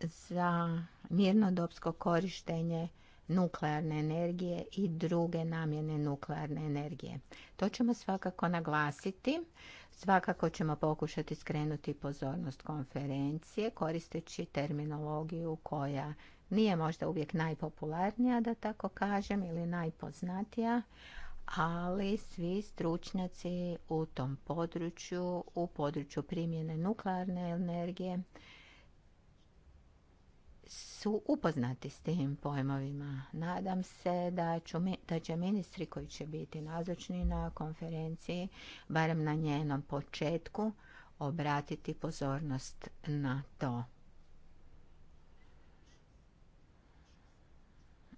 za mirnodopsko korištenje nuklearne energije i druge namjene nuklearne energije. To ćemo svakako naglasiti. Svakako ćemo pokušati skrenuti pozornost konferencije koristeći terminologiju koja nije možda uvijek najpopularnija, da tako kažem, ili najpoznatija, ali svi stručnjaci u tom području, u području primjene nuklearne energije, su upoznati s tim pojmovima. Nadam se da, ću, da će ministri koji će biti nazočni na konferenciji, barem na njenom početku, obratiti pozornost na to.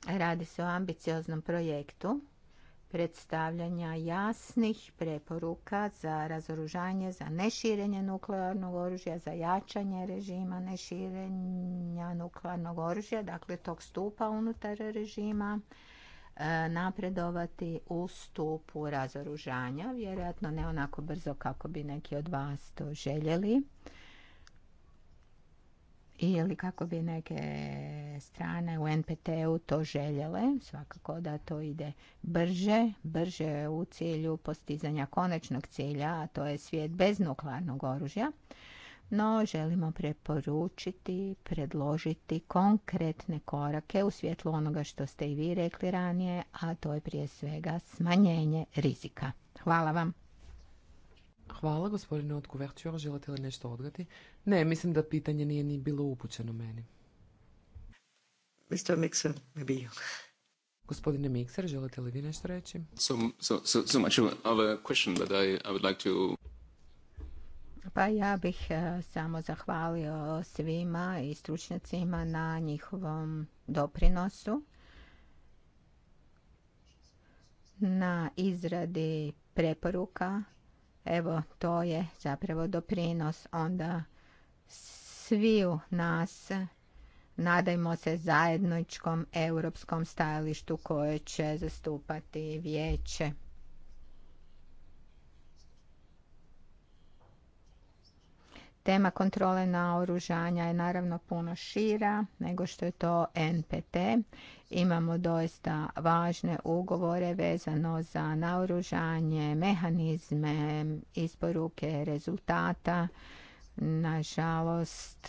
Radi se o ambicioznom projektu predstavljanja jasnih preporuka za razoružanje, za neširenje nuklearnog oružja, za jačanje režima neširenja nuklearnog oružja, dakle tog stupa unutar režima, e, napredovati u stupu razoružanja, vjerojatno ne onako brzo kako bi neki od vas to željeli ili kako bi neke strane u NPT-u to željele. Svakako da to ide brže, brže u cilju postizanja konačnog cilja, a to je svijet bez nuklearnog oružja. No, želimo preporučiti, predložiti konkretne korake u svjetlu onoga što ste i vi rekli ranije, a to je prije svega smanjenje rizika. Hvala vam. Hvala, gospodine od Želite li nešto odgati? Ne, mislim da pitanje nije ni bilo upućeno meni. Mr. Mixer, maybe Gospodine Mixer, želite li vi nešto reći? So, so, so, so much of a question, but I, I would like to pa ja bih e, samo zahvalio svima i stručnjacima na njihovom doprinosu na izradi preporuka Evo, to je zapravo doprinos onda sviju nas nadajmo se zajedničkom europskom stajalištu koje će zastupati vijeće. Tema kontrole na oružanja je naravno puno šira nego što je to NPT Imamo doista važne ugovore vezano za naoružanje, mehanizme, isporuke rezultata. Nažalost,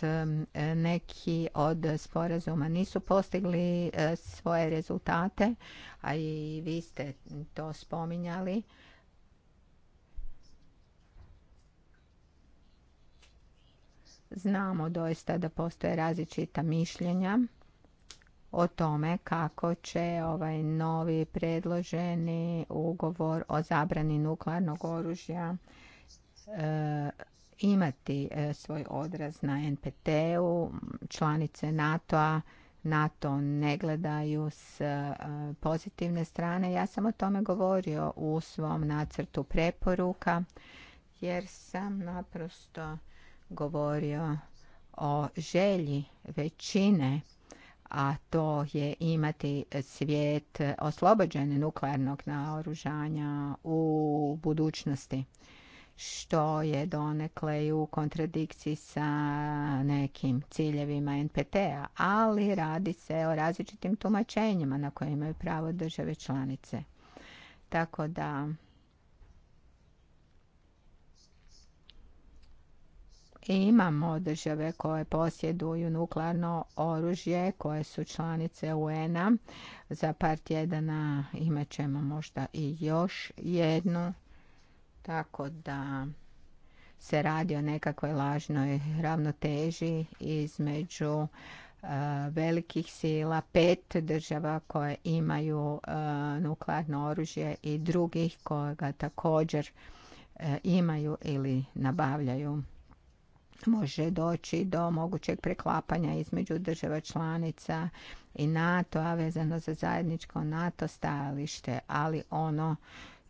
neki od sporazuma nisu postigli e, svoje rezultate, a i vi ste to spominjali. Znamo doista da postoje različita mišljenja o tome kako će ovaj novi predloženi ugovor o zabrani nuklearnog oružja e, imati e, svoj odraz na NPT-u. Članice NATO-a NATO ne gledaju s e, pozitivne strane. Ja sam o tome govorio u svom nacrtu preporuka jer sam naprosto govorio o želji većine a to je imati svijet oslobođen nuklearnog naoružanja u budućnosti što je donekle i u kontradikciji sa nekim ciljevima NPT-a, ali radi se o različitim tumačenjima na koje imaju pravo države članice. Tako da Imamo države koje posjeduju nuklearno oružje, koje su članice UN-a. Za par tjedana imat ćemo možda i još jednu. Tako da se radi o nekakvoj lažnoj ravnoteži između e, velikih sila, pet država koje imaju e, nuklearno oružje i drugih koje ga također e, imaju ili nabavljaju može doći do mogućeg preklapanja između država članica i NATO-a vezano za zajedničko NATO stajalište, ali ono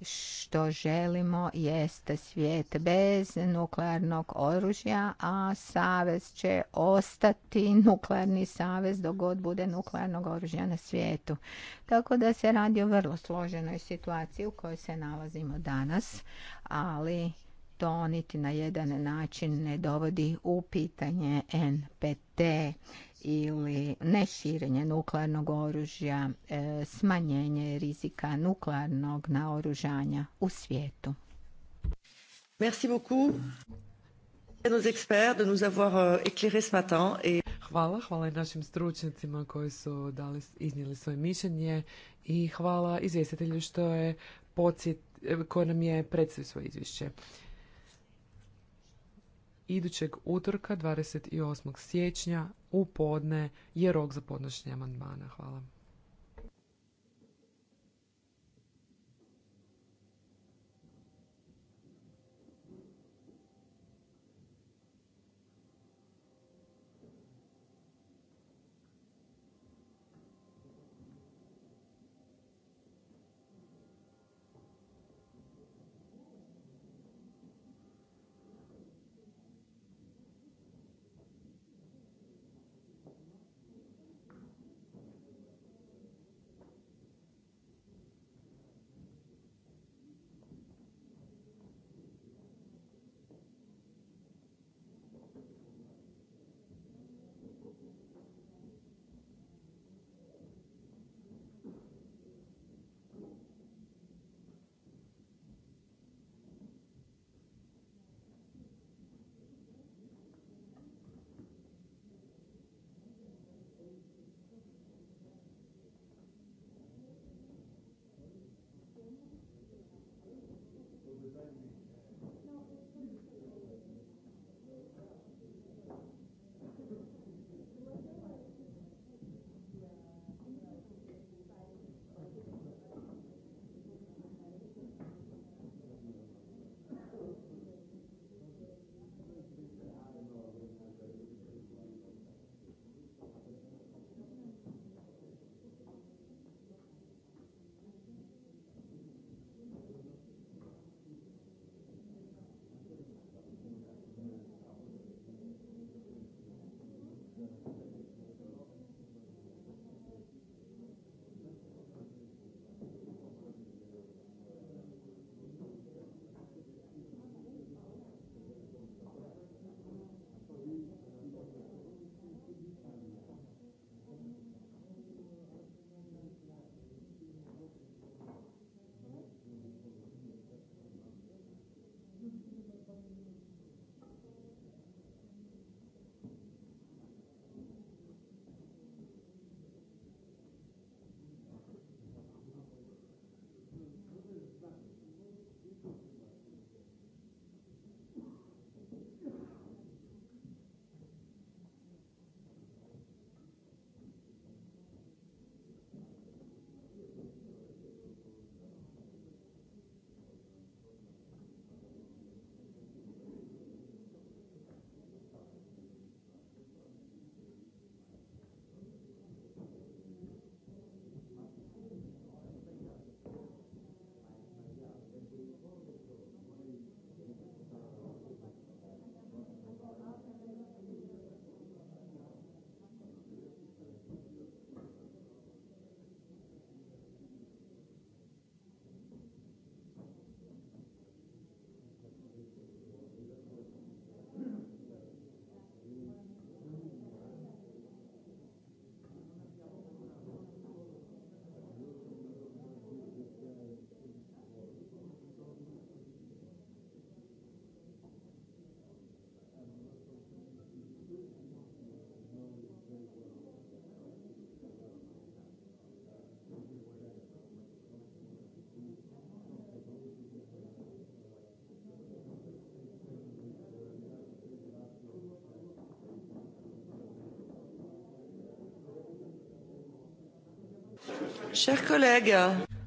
što želimo jest svijet bez nuklearnog oružja, a savez će ostati nuklearni savez dok god bude nuklearnog oružja na svijetu. Tako da se radi o vrlo složenoj situaciji u kojoj se nalazimo danas, ali to niti na jedan način ne dovodi u pitanje NPT ili neširenje nuklearnog oružja, e, smanjenje rizika nuklearnog naoružanja u svijetu. Merci beaucoup nos Hvala, hvala i našim stručnjacima koji su dali, iznijeli svoje mišljenje i hvala izvjestitelju što je podsjet, e, koji nam je predstavio svoje izvješće idućeg utorka 28. siječnja u podne je rok za podnošenje amandmana. Hvala.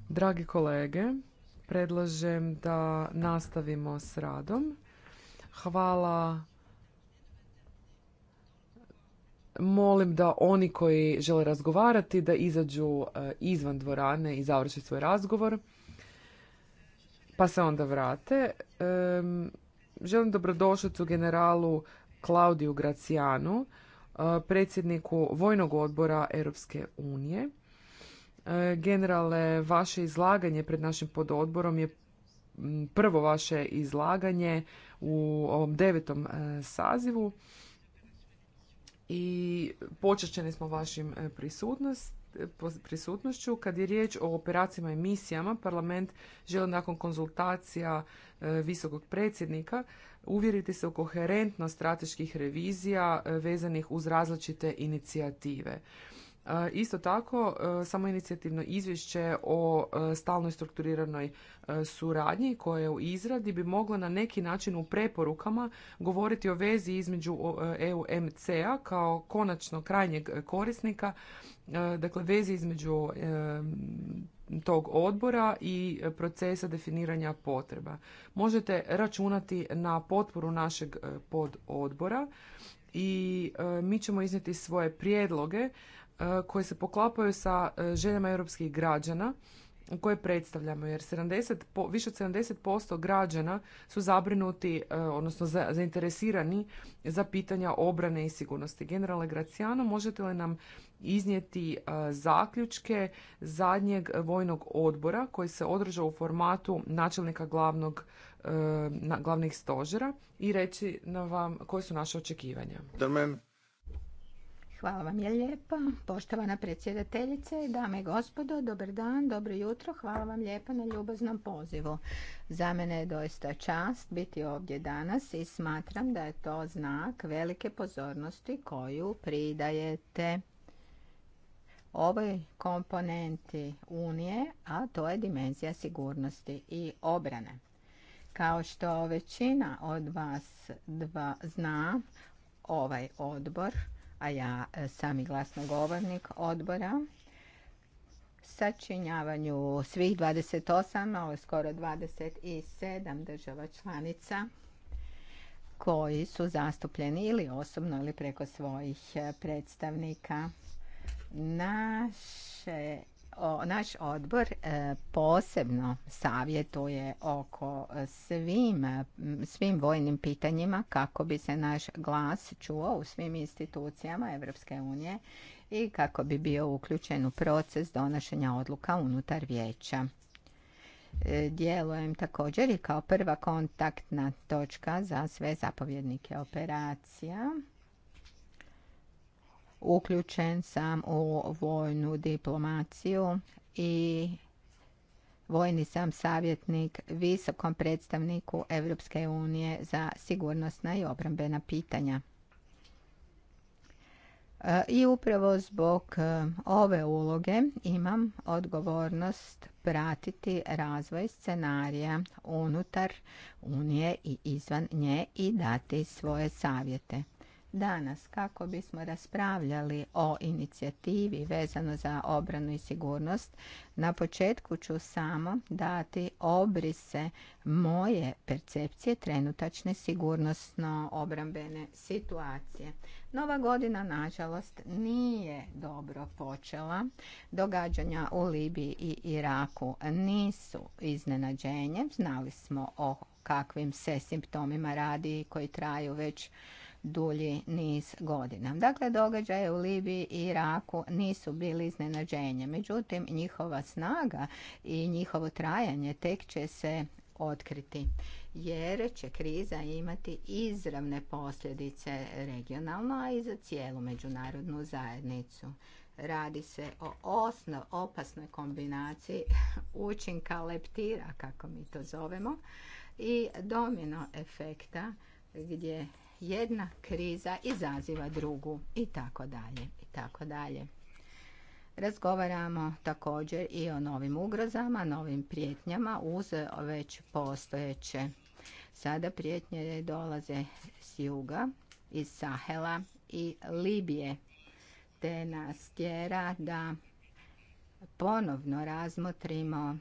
Dragi kolege, predlažem da nastavimo s radom. Hvala. Molim da oni koji žele razgovarati da izađu eh, izvan dvorane i završe svoj razgovor. Pa se onda vrate. Želim dobrodošlicu generalu Klaudiju Gracijanu, eh, predsjedniku Vojnog odbora Europske unije. E, generale, vaše izlaganje pred našim pododborom je prvo vaše izlaganje u ovom devetom e, sazivu i počećeni smo vašim e, prisutnošću. Kad je riječ o operacijama i misijama, parlament želi nakon konzultacija visokog predsjednika uvjeriti se u koherentnost strateških revizija vezanih uz različite inicijative. Isto tako, e, samo inicijativno izvješće o e, stalnoj strukturiranoj e, suradnji koje je u izradi bi moglo na neki način u preporukama govoriti o vezi između EUMC-a kao konačno krajnjeg korisnika, dakle vezi između tog odbora i procesa definiranja potreba. Možete računati na potporu našeg pododbora i mi ćemo iznijeti svoje prijedloge E, koji se poklapaju sa e, željama europskih građana koje predstavljamo jer 70, više od 70% građana su zabrinuti, e, odnosno zainteresirani za pitanja obrane i sigurnosti. Generale Graciano, možete li nam iznijeti zaključke zadnjeg vojnog odbora koji se održao u formatu načelnika glavnog, glavnih stožera i reći na vam koje su naše očekivanja? Hvala vam je lijepa. Poštovana predsjedateljice, dame i gospodo, dobar dan, dobro jutro. Hvala vam lijepa na ljubaznom pozivu. Za mene je doista čast biti ovdje danas i smatram da je to znak velike pozornosti koju pridajete ovoj komponenti Unije, a to je dimenzija sigurnosti i obrane. Kao što većina od vas zna, ovaj odbor a ja e, sam i glasnogovornik odbora, sačinjavanju svih 28, ovo je skoro 27 država članica koji su zastupljeni ili osobno ili preko svojih e, predstavnika. Naše naš odbor e, posebno savjetuje oko svim, svim vojnim pitanjima kako bi se naš glas čuo u svim institucijama Europske unije i kako bi bio uključen u proces donošenja odluka unutar vijeća. E, djelujem također i kao prva kontaktna točka za sve zapovjednike operacija uključen sam u vojnu diplomaciju i vojni sam savjetnik visokom predstavniku Europske unije za sigurnosna i obrambena pitanja. I upravo zbog e, ove uloge imam odgovornost pratiti razvoj scenarija unutar Unije i izvan nje i dati svoje savjete danas kako bismo raspravljali o inicijativi vezano za obranu i sigurnost. Na početku ću samo dati obrise moje percepcije trenutačne sigurnosno obrambene situacije. Nova godina, nažalost, nije dobro počela. Događanja u Libiji i Iraku nisu iznenađenje. Znali smo o kakvim se simptomima radi koji traju već dulji niz godina. Dakle, događaje u Libiji i Iraku nisu bili iznenađenje. Međutim, njihova snaga i njihovo trajanje tek će se otkriti jer će kriza imati izravne posljedice regionalno, a i za cijelu međunarodnu zajednicu. Radi se o osnov, opasnoj kombinaciji učinka leptira, kako mi to zovemo, i domino efekta gdje jedna kriza izaziva drugu i tako dalje i tako dalje. Razgovaramo također i o novim ugrozama, novim prijetnjama uz već postojeće. Sada prijetnje dolaze s juga, iz Sahela i Libije, te nas tjera da ponovno razmotrimo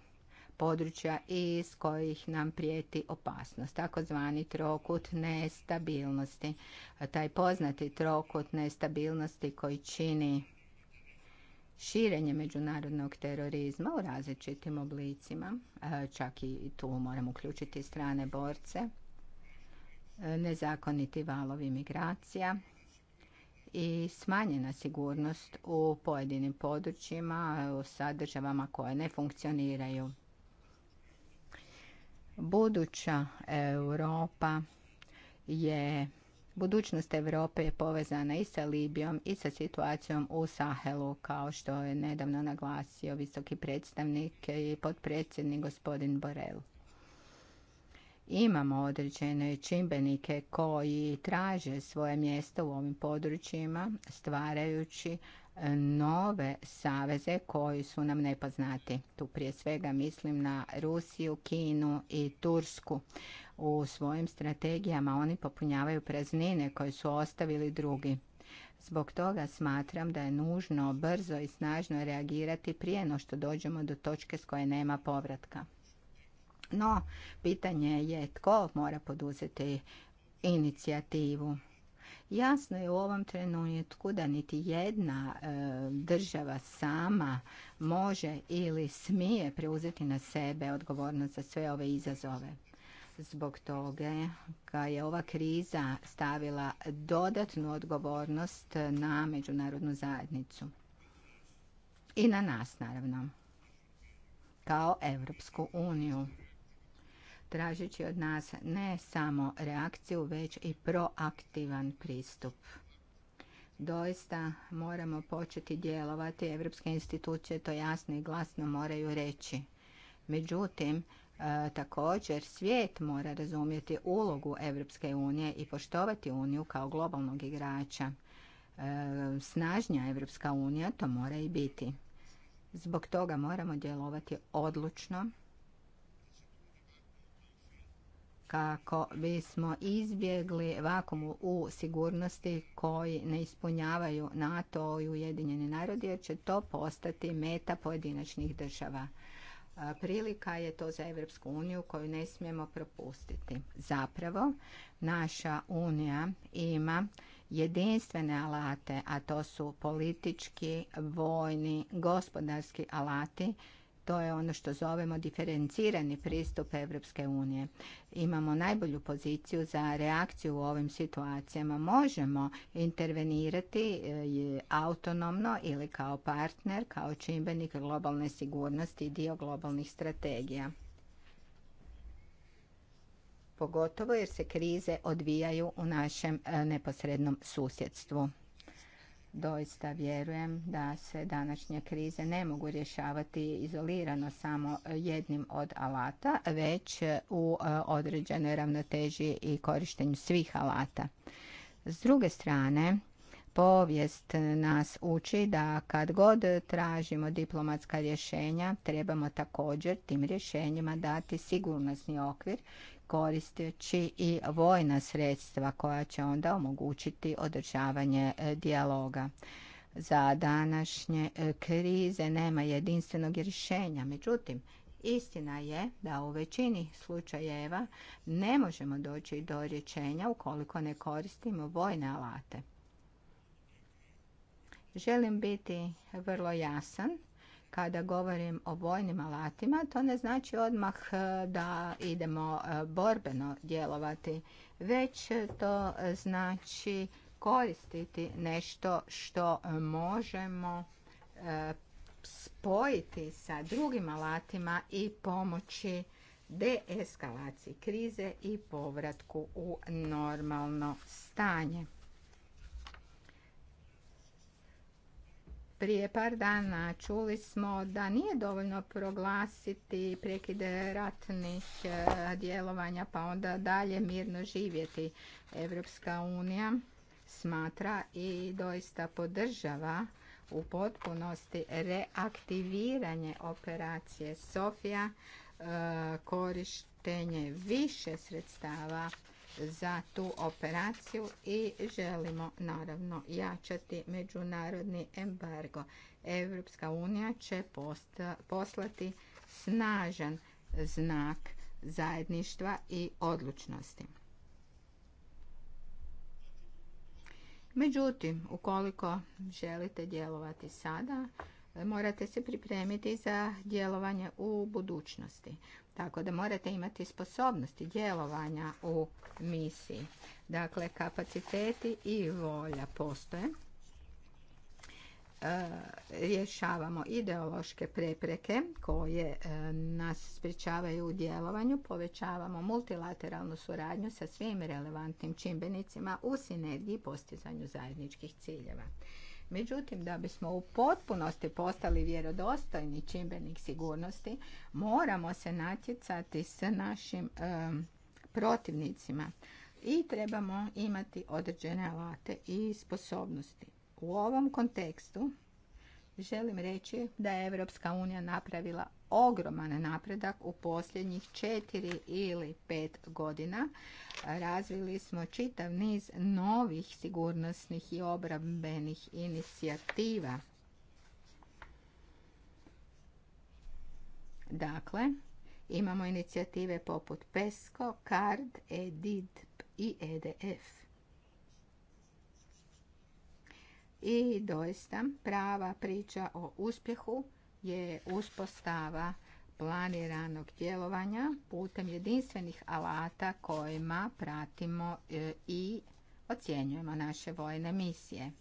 područja iz kojih nam prijeti opasnost, takozvani trokut nestabilnosti. Taj poznati trokut nestabilnosti koji čini širenje međunarodnog terorizma u različitim oblicima, e, čak i tu moramo uključiti strane borce, e, nezakoniti valovi migracija i smanjena sigurnost u pojedinim područjima u državama koje ne funkcioniraju. Buduća Europa je Budućnost Europe je povezana i sa Libijom i sa situacijom u Sahelu, kao što je nedavno naglasio visoki predstavnik i potpredsjednik gospodin Borel. Imamo određene čimbenike koji traže svoje mjesto u ovim područjima, stvarajući nove saveze koji su nam nepoznati. Tu prije svega mislim na Rusiju, Kinu i Tursku. U svojim strategijama oni popunjavaju praznine koje su ostavili drugi. Zbog toga smatram da je nužno brzo i snažno reagirati prije no što dođemo do točke s koje nema povratka. No, pitanje je tko mora poduzeti inicijativu. Jasno je u ovom trenutku da niti jedna e, država sama može ili smije preuzeti na sebe odgovornost za sve ove izazove. Zbog toga je ova kriza stavila dodatnu odgovornost na međunarodnu zajednicu. I na nas, naravno, kao Evropsku uniju tražeći od nas ne samo reakciju, već i proaktivan pristup. Doista moramo početi djelovati, evropske institucije to jasno i glasno moraju reći. Međutim, e, također svijet mora razumjeti ulogu Evropske unije i poštovati uniju kao globalnog igrača. E, Snažnja Evropska unija to mora i biti. Zbog toga moramo djelovati odlučno kako bismo izbjegli vakumu u sigurnosti koji ne ispunjavaju NATO i Ujedinjeni narodi jer će to postati meta pojedinačnih država. Prilika je to za Europsku uniju koju ne smijemo propustiti. Zapravo, naša unija ima jedinstvene alate, a to su politički, vojni, gospodarski alati to je ono što zovemo diferencirani pristup Europske unije. Imamo najbolju poziciju za reakciju u ovim situacijama. Možemo intervenirati e, autonomno ili kao partner, kao čimbenik globalne sigurnosti i dio globalnih strategija pogotovo jer se krize odvijaju u našem e, neposrednom susjedstvu doista vjerujem da se današnje krize ne mogu rješavati izolirano samo jednim od alata, već u e, određenoj ravnoteži i korištenju svih alata. S druge strane, povijest nas uči da kad god tražimo diplomatska rješenja, trebamo također tim rješenjima dati sigurnosni okvir koristeći i vojna sredstva koja će onda omogućiti održavanje e, dijaloga. Za današnje e, krize nema jedinstvenog rješenja, međutim, Istina je da u većini slučajeva ne možemo doći do rješenja ukoliko ne koristimo vojne alate. Želim biti vrlo jasan kada govorim o vojnim alatima, to ne znači odmah e, da idemo e, borbeno djelovati, već to znači koristiti nešto što možemo e, spojiti sa drugim alatima i pomoći deeskalaciji krize i povratku u normalno stanje. prije par dana čuli smo da nije dovoljno proglasiti prekide ratnih e, djelovanja pa onda dalje mirno živjeti. Evropska unija smatra i doista podržava u potpunosti reaktiviranje operacije Sofija, e, korištenje više sredstava za tu operaciju i želimo naravno jačati međunarodni embargo. Europska unija će poslati snažan znak zajedništva i odlučnosti. Međutim, ukoliko želite djelovati sada, morate se pripremiti za djelovanje u budućnosti. Tako da morate imati sposobnosti djelovanja u misiji. Dakle, kapaciteti i volja postoje. E, rješavamo ideološke prepreke koje e, nas spričavaju u djelovanju, povećavamo multilateralnu suradnju sa svim relevantnim čimbenicima u sinergiji postizanju zajedničkih ciljeva. Međutim, da bismo u potpunosti postali vjerodostojni čimbenik sigurnosti, moramo se natjecati s našim protivnicima i trebamo imati određene alate i sposobnosti. U ovom kontekstu želim reći da je Europska unija napravila ogroman napredak u posljednjih četiri ili pet godina. Razvili smo čitav niz novih sigurnosnih i obrambenih inicijativa. Dakle, imamo inicijative poput PESCO, CARD, EDID i EDF. I doista prava priča o uspjehu je uspostava planiranog djelovanja putem jedinstvenih alata kojima pratimo e, i ocjenjujemo naše vojne misije.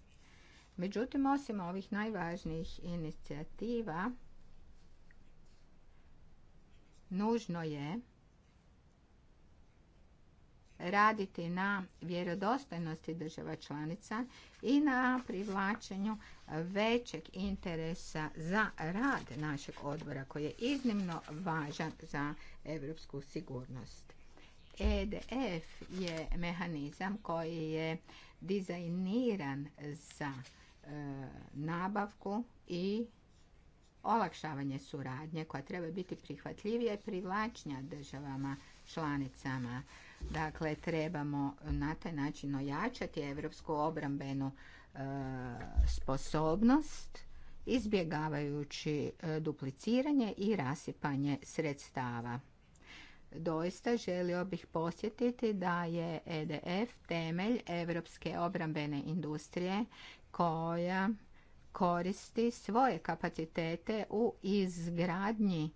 Međutim, osim ovih najvažnijih inicijativa, nužno je raditi na vjerodostojnosti država članica i na privlačenju većeg interesa za rad našeg odbora koji je iznimno važan za europsku sigurnost. EDF je mehanizam koji je dizajniran za e, nabavku i olakšavanje suradnje koja treba biti prihvatljivija i privlačnja državama članicama Dakle, trebamo na taj način ojačati evropsku obrambenu e, sposobnost izbjegavajući e, dupliciranje i rasipanje sredstava. Doista želio bih posjetiti da je EDF temelj evropske obrambene industrije koja koristi svoje kapacitete u izgradnji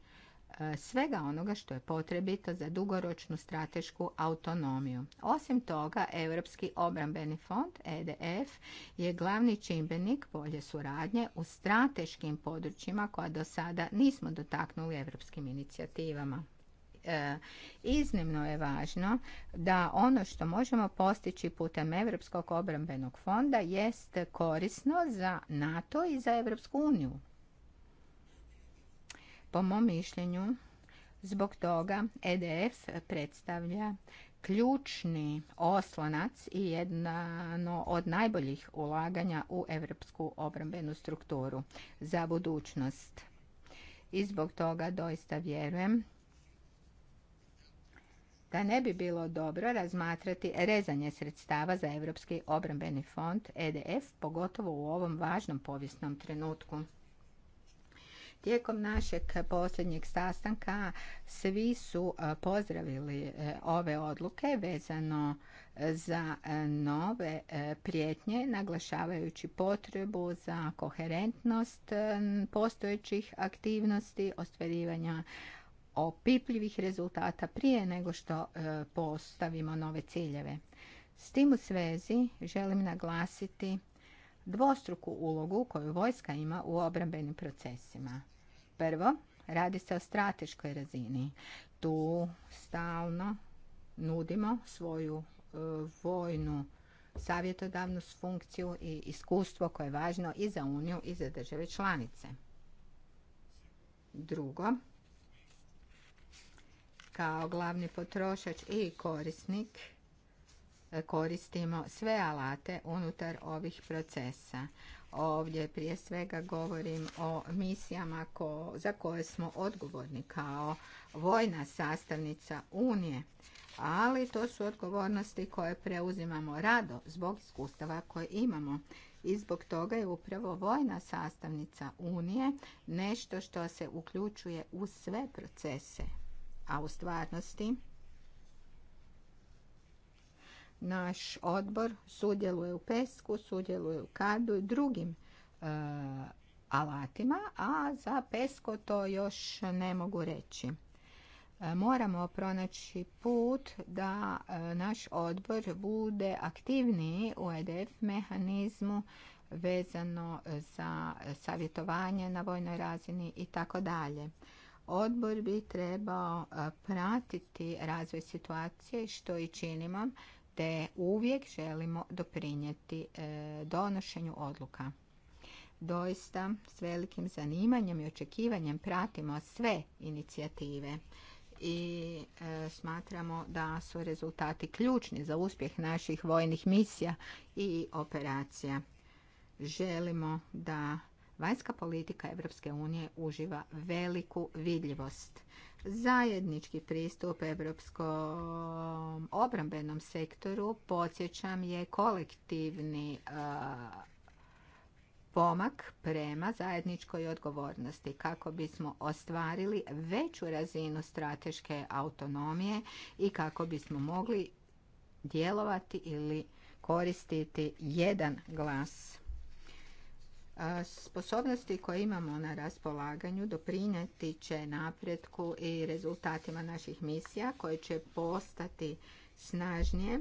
svega onoga što je potrebito za dugoročnu stratešku autonomiju. Osim toga, Europski obrambeni fond EDF je glavni čimbenik bolje suradnje u strateškim područjima koja do sada nismo dotaknuli europskim inicijativama. E, iznimno je važno da ono što možemo postići putem Europskog obrambenog fonda jest korisno za NATO i za Europsku uniju. Po mom mišljenju, zbog toga EDF predstavlja ključni oslonac i jedno od najboljih ulaganja u europsku obrambenu strukturu za budućnost. I zbog toga doista vjerujem da ne bi bilo dobro razmatrati rezanje sredstava za Europski obrambeni fond EDF, pogotovo u ovom važnom povijesnom trenutku. Tijekom našeg posljednjeg sastanka svi su e, pozdravili e, ove odluke vezano za e, nove prijetnje, naglašavajući potrebu za koherentnost postojećih aktivnosti, ostvarivanja opipljivih rezultata prije nego što postavimo nove ciljeve. S tim u svezi želim naglasiti dvostruku ulogu koju vojska ima u obrambenim procesima. Prvo, radi se o strateškoj razini. Tu stalno nudimo svoju e, vojnu savjetodavnu funkciju i iskustvo koje je važno i za Uniju i za države članice. Drugo, kao glavni potrošač i korisnik e, koristimo sve alate unutar ovih procesa. Ovdje prije svega govorim o misijama za koje smo odgovorni kao vojna sastavnica Unije, ali to su odgovornosti koje preuzimamo rado zbog iskustava koje imamo. I zbog toga je upravo vojna sastavnica Unije nešto što se uključuje u sve procese, a u stvarnosti naš odbor sudjeluje u pesku, sudjeluje u kadu i drugim e, alatima, a za pesko to još ne mogu reći. E, moramo pronaći put da e, naš odbor bude aktivniji u EDF mehanizmu vezano za savjetovanje na vojnoj razini i tako dalje. Odbor bi trebao pratiti razvoj situacije što i činimo te uvijek želimo doprinijeti e, donošenju odluka. Doista s velikim zanimanjem i očekivanjem pratimo sve inicijative i e, smatramo da su rezultati ključni za uspjeh naših vojnih misija i operacija. Želimo da vanjska politika Europske unije uživa veliku vidljivost zajednički pristup europskom obrambenom sektoru, podsjećam, je kolektivni pomak prema zajedničkoj odgovornosti kako bismo ostvarili veću razinu strateške autonomije i kako bismo mogli djelovati ili koristiti jedan glas sposobnosti koje imamo na raspolaganju doprinijeti će napretku i rezultatima naših misija koje će postati snažnije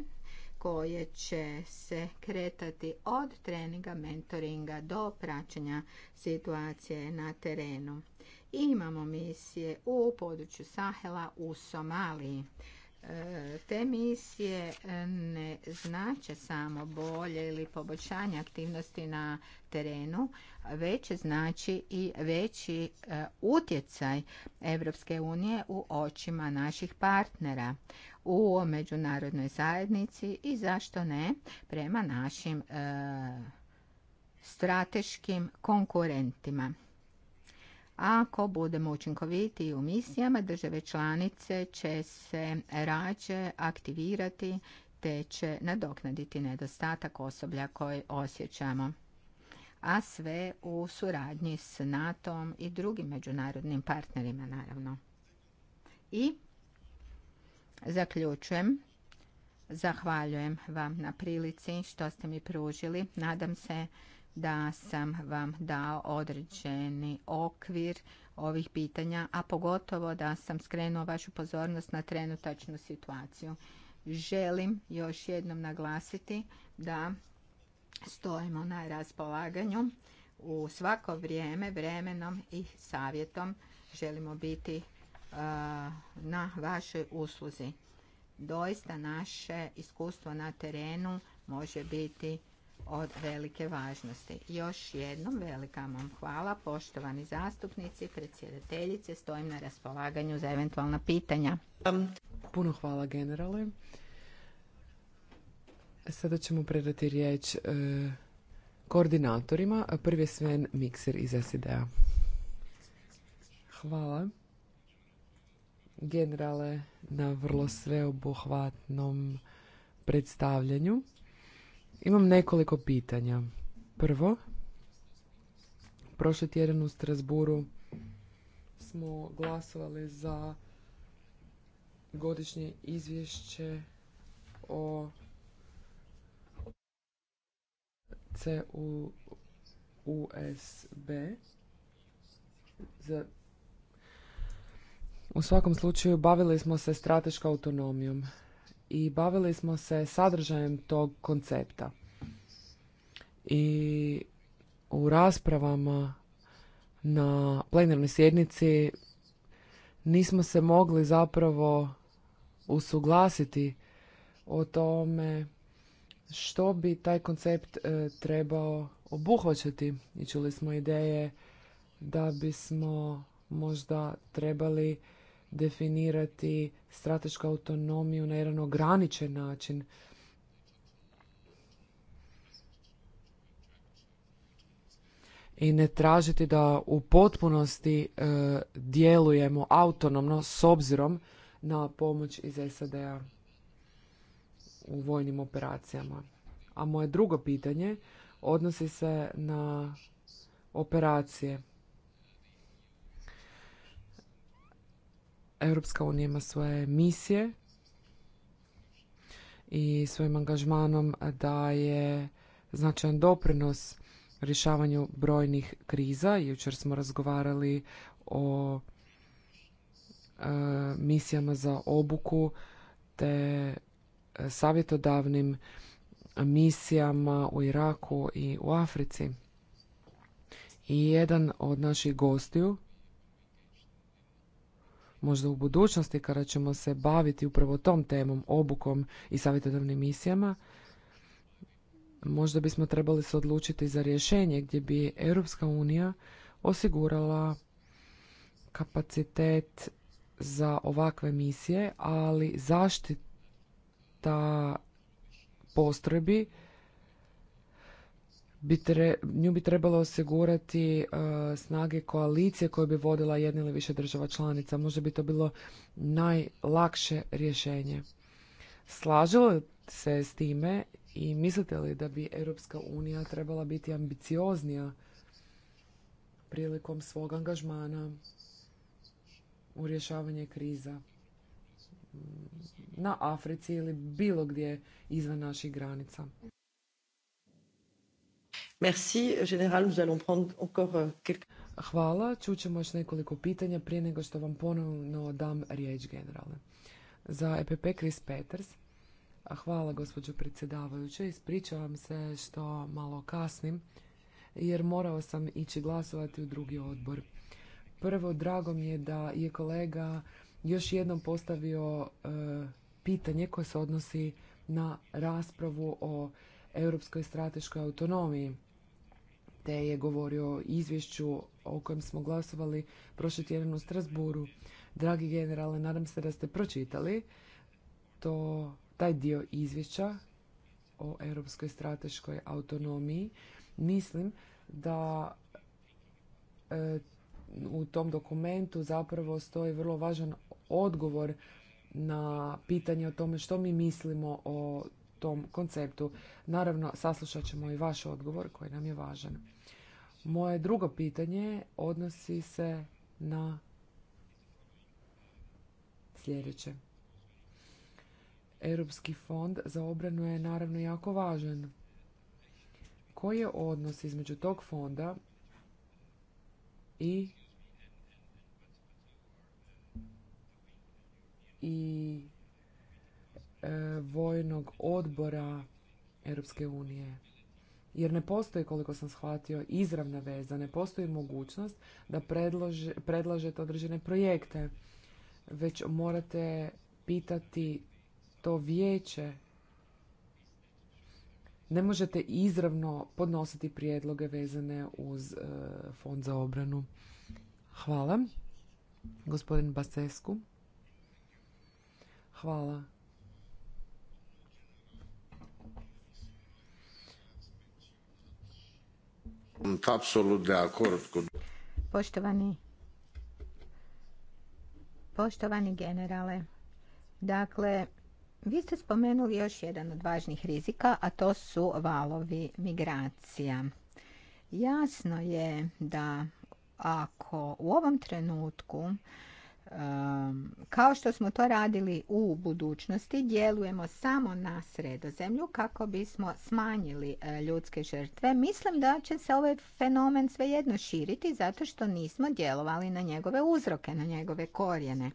koje će se kretati od treninga, mentoringa do praćenja situacije na terenu. Imamo misije u području Sahela u Somaliji te misije ne znače samo bolje ili poboljšanje aktivnosti na terenu, već znači i veći e, utjecaj Europske unije u očima naših partnera u međunarodnoj zajednici i zašto ne prema našim e, strateškim konkurentima. Ako budemo učinkoviti u misijama, države članice će se rađe aktivirati te će nadoknaditi nedostatak osoblja koji osjećamo a sve u suradnji s nato i drugim međunarodnim partnerima, naravno. I zaključujem. Zahvaljujem vam na prilici što ste mi pružili. Nadam se da sam vam dao određeni okvir ovih pitanja, a pogotovo da sam skrenuo vašu pozornost na trenutačnu situaciju. Želim još jednom naglasiti da stojimo na raspolaganju u svako vrijeme, vremenom i savjetom. Želimo biti na vašoj usluzi. Doista naše iskustvo na terenu može biti od velike važnosti. Još jednom velika vam hvala, poštovani zastupnici, predsjedateljice, stojim na raspolaganju za eventualna pitanja. Puno hvala generale. Sada ćemo predati riječ e, koordinatorima. Prvi je Sven Mikser iz SID-a. Hvala generale na vrlo sveobuhvatnom predstavljanju. Imam nekoliko pitanja. Prvo, prošli tjedan u Strasburu smo glasovali za godišnje izvješće o CUSB. Za... U svakom slučaju bavili smo se strateškom autonomijom i bavili smo se sadržajem tog koncepta. I u raspravama na plenarnoj sjednici nismo se mogli zapravo usuglasiti o tome što bi taj koncept e, trebao obuhvaćati. I čuli smo ideje da bismo možda trebali definirati stratešku autonomiju na jedan ograničen način. i ne tražiti da u potpunosti e, djelujemo autonomno s obzirom na pomoć iz SAD-a u vojnim operacijama. A moje drugo pitanje odnosi se na operacije Europska unija ima svoje misije i svojim angažmanom daje značajan doprinos rješavanju brojnih kriza. Jučer smo razgovarali o e, misijama za obuku te savjetodavnim misijama u Iraku i u Africi. I jedan od naših gostiju Možda u budućnosti kada ćemo se baviti upravo tom temom, obukom i savjetodavnim misijama, možda bismo trebali se odlučiti za rješenje gdje bi Europska unija osigurala kapacitet za ovakve misije, ali zaštita postrojbi bi nju bi trebalo osigurati e, snage koalicije koje bi vodila jedna ili više država članica. Možda bi to bilo najlakše rješenje. Slažilo se s time i mislite li da bi Europska unija trebala biti ambicioznija prilikom svog angažmana u rješavanje kriza na Africi ili bilo gdje izvan naših granica? Merci, général, nous euh, Hvala, čućemo još nekoliko pitanja prije nego što vam ponovno dam riječ generale. Za EPP Chris Peters. Hvala gospođo predsjedavajuće, ispričavam se što malo kasnim jer morao sam ići glasovati u drugi odbor. Prvo, drago mi je da je kolega još jednom postavio e, pitanje koje se odnosi na raspravu o europskoj strateškoj autonomiji te je govorio o izvješću o kojem smo glasovali prošli tjedan u Strasburu. Dragi generale, nadam se da ste pročitali to, taj dio izvješća o europskoj strateškoj autonomiji. Mislim da e, u tom dokumentu zapravo stoji vrlo važan odgovor na pitanje o tome što mi mislimo o tom konceptu. Naravno, saslušat ćemo i vaš odgovor koji nam je važan. Moje drugo pitanje odnosi se na sljedeće. Europski fond za obranu je naravno jako važan. Koji je odnos između tog fonda i i e, vojnog odbora Europske unije? jer ne postoji, koliko sam shvatio, izravna veza, ne postoji mogućnost da predlažete određene projekte, već morate pitati to vijeće. Ne možete izravno podnositi prijedloge vezane uz e, fond za obranu. Hvala. Gospodin Basescu. Hvala Poštovani Poštovani generale, dakle, vi ste spomenuli još jedan od važnih rizika, a to su valovi migracija. Jasno je da ako u ovom trenutku kao što smo to radili u budućnosti, djelujemo samo na sredozemlju kako bismo smanjili e, ljudske žrtve. Mislim da će se ovaj fenomen svejedno širiti zato što nismo djelovali na njegove uzroke, na njegove korijene.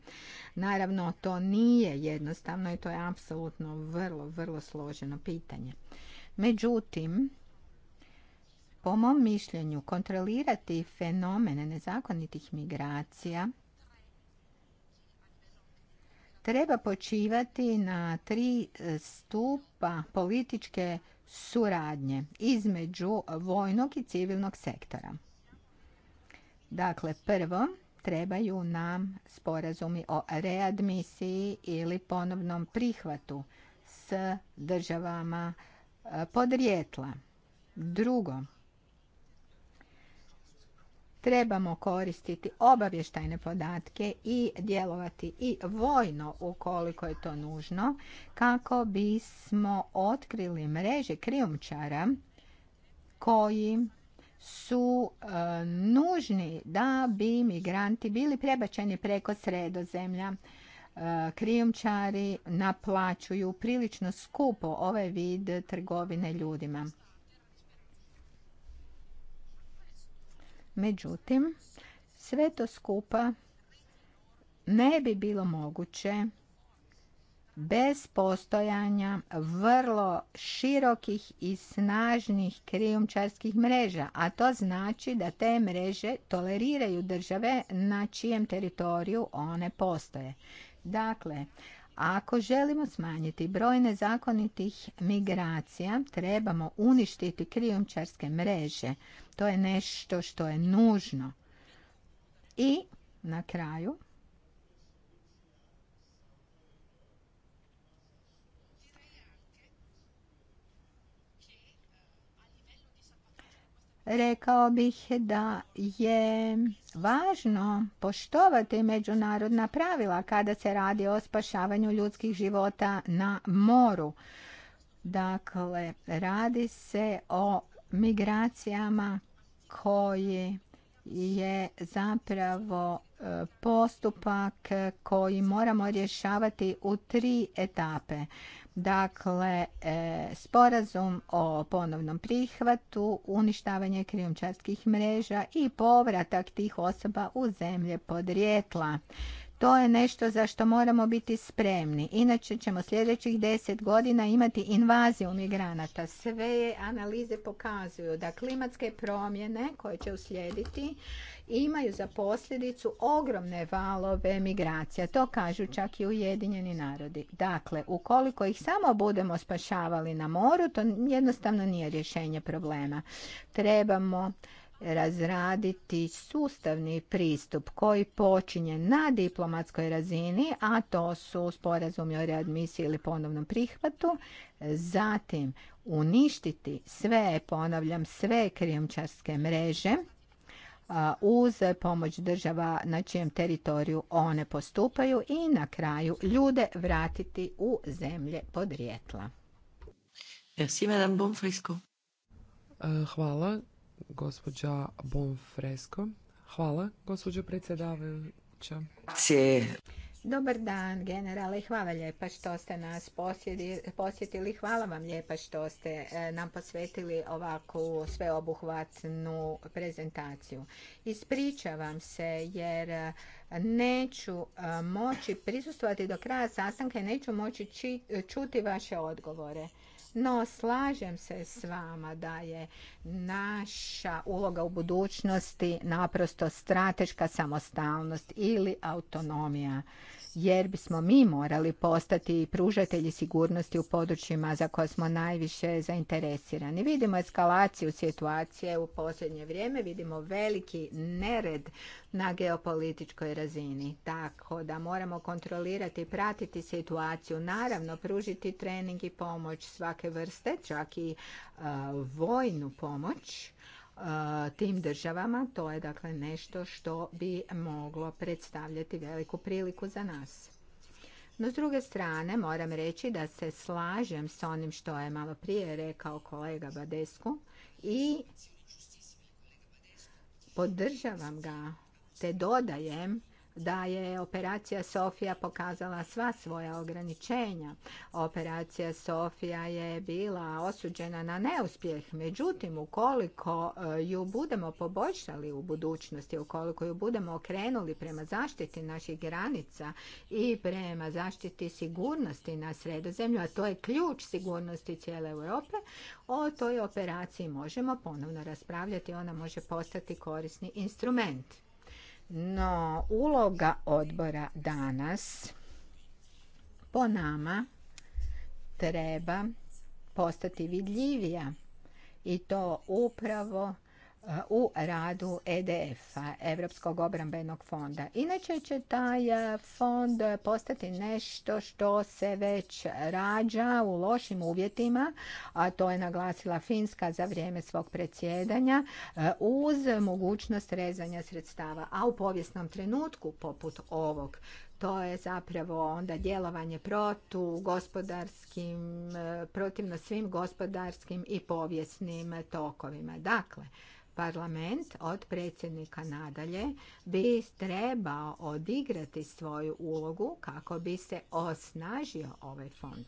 Naravno, to nije jednostavno i to je apsolutno vrlo, vrlo složeno pitanje. Međutim, po mom mišljenju, kontrolirati fenomene nezakonitih migracija treba počivati na tri e, stupa političke suradnje između vojnog i civilnog sektora. Dakle, prvo, trebaju nam sporazumi o readmisiji ili ponovnom prihvatu s državama e, podrijetla. Drugo, trebamo koristiti obavještajne podatke i djelovati i vojno ukoliko je to nužno kako bismo otkrili mreže krijumčara koji su e, nužni da bi migranti bili prebačeni preko sredozemlja. E, krijumčari naplaćuju prilično skupo ovaj vid trgovine ljudima. Međutim, sve to skupa ne bi bilo moguće bez postojanja vrlo širokih i snažnih krijumčarskih mreža, a to znači da te mreže toleriraju države na čijem teritoriju one postoje. Dakle, ako želimo smanjiti broj nezakonitih migracija, trebamo uništiti krijumčarske mreže. To je nešto što je nužno. I na kraju rekao bih da je važno poštovati međunarodna pravila kada se radi o spašavanju ljudskih života na moru. Dakle, radi se o migracijama koji je zapravo e, postupak koji moramo rješavati u tri etape. Dakle, e, sporazum o ponovnom prihvatu, uništavanje krijumčarskih mreža i povratak tih osoba u zemlje podrijetla. To je nešto za što moramo biti spremni. Inače ćemo sljedećih deset godina imati invaziju migranata. Sve analize pokazuju da klimatske promjene koje će uslijediti imaju za posljedicu ogromne valove migracija. To kažu čak i Ujedinjeni narodi. Dakle, ukoliko ih samo budemo spašavali na moru, to jednostavno nije rješenje problema. Trebamo razraditi sustavni pristup koji počinje na diplomatskoj razini, a to su sporazumi o readmisiji ili ponovnom prihvatu, zatim uništiti sve, ponavljam, sve krijumčarske mreže, uz pomoć država na čijem teritoriju one postupaju i na kraju ljude vratiti u zemlje podrijetla. Merci, Madame Bonfresco. E, hvala, gospođa Bonfresco. Hvala, gospođo predsjedavajuća. Dobar dan, generale, i hvala lijepa što ste nas posjetili. Hvala vam lijepa što ste e, nam posvetili ovakvu sveobuhvatnu prezentaciju. Ispričavam se jer e, neću e, moći prisustvovati do kraja sastanka i neću moći čuti vaše odgovore. No, slažem se s vama da je naša uloga u budućnosti naprosto strateška samostalnost ili autonomija jer bismo mi morali postati pružatelji sigurnosti u područjima za koje smo najviše zainteresirani. Vidimo eskalaciju situacije u posljednje vrijeme, vidimo veliki nered na geopolitičkoj razini. Tako da moramo kontrolirati i pratiti situaciju, naravno pružiti trening i pomoć svake vrste, čak i e, vojnu pomoć pomoć e, tim državama. To je dakle nešto što bi moglo predstavljati veliku priliku za nas. No s druge strane moram reći da se slažem s onim što je malo prije rekao kolega Badesku i podržavam ga te dodajem da je operacija Sofija pokazala sva svoja ograničenja. Operacija Sofija je bila osuđena na neuspjeh, međutim ukoliko eh, ju budemo poboljšali u budućnosti, ukoliko ju budemo okrenuli prema zaštiti naših granica i prema zaštiti sigurnosti na sredozemlju, a to je ključ sigurnosti cijele Europe, o toj operaciji možemo ponovno raspravljati, ona može postati korisni instrument. No, uloga odbora danas po nama treba postati vidljivija i to upravo u radu EDF-a, Europskog obrambenog fonda. Inače će taj e, fond postati nešto što se već rađa u lošim uvjetima, a to je naglasila Finska za vrijeme svog predsjedanja, e, uz mogućnost rezanja sredstava. A u povijesnom trenutku, poput ovog, to je zapravo onda djelovanje protu gospodarskim, e, protivno svim gospodarskim i povijesnim tokovima. Dakle, parlament od predsjednika nadalje bi trebao odigrati svoju ulogu kako bi se osnažio ovaj fond.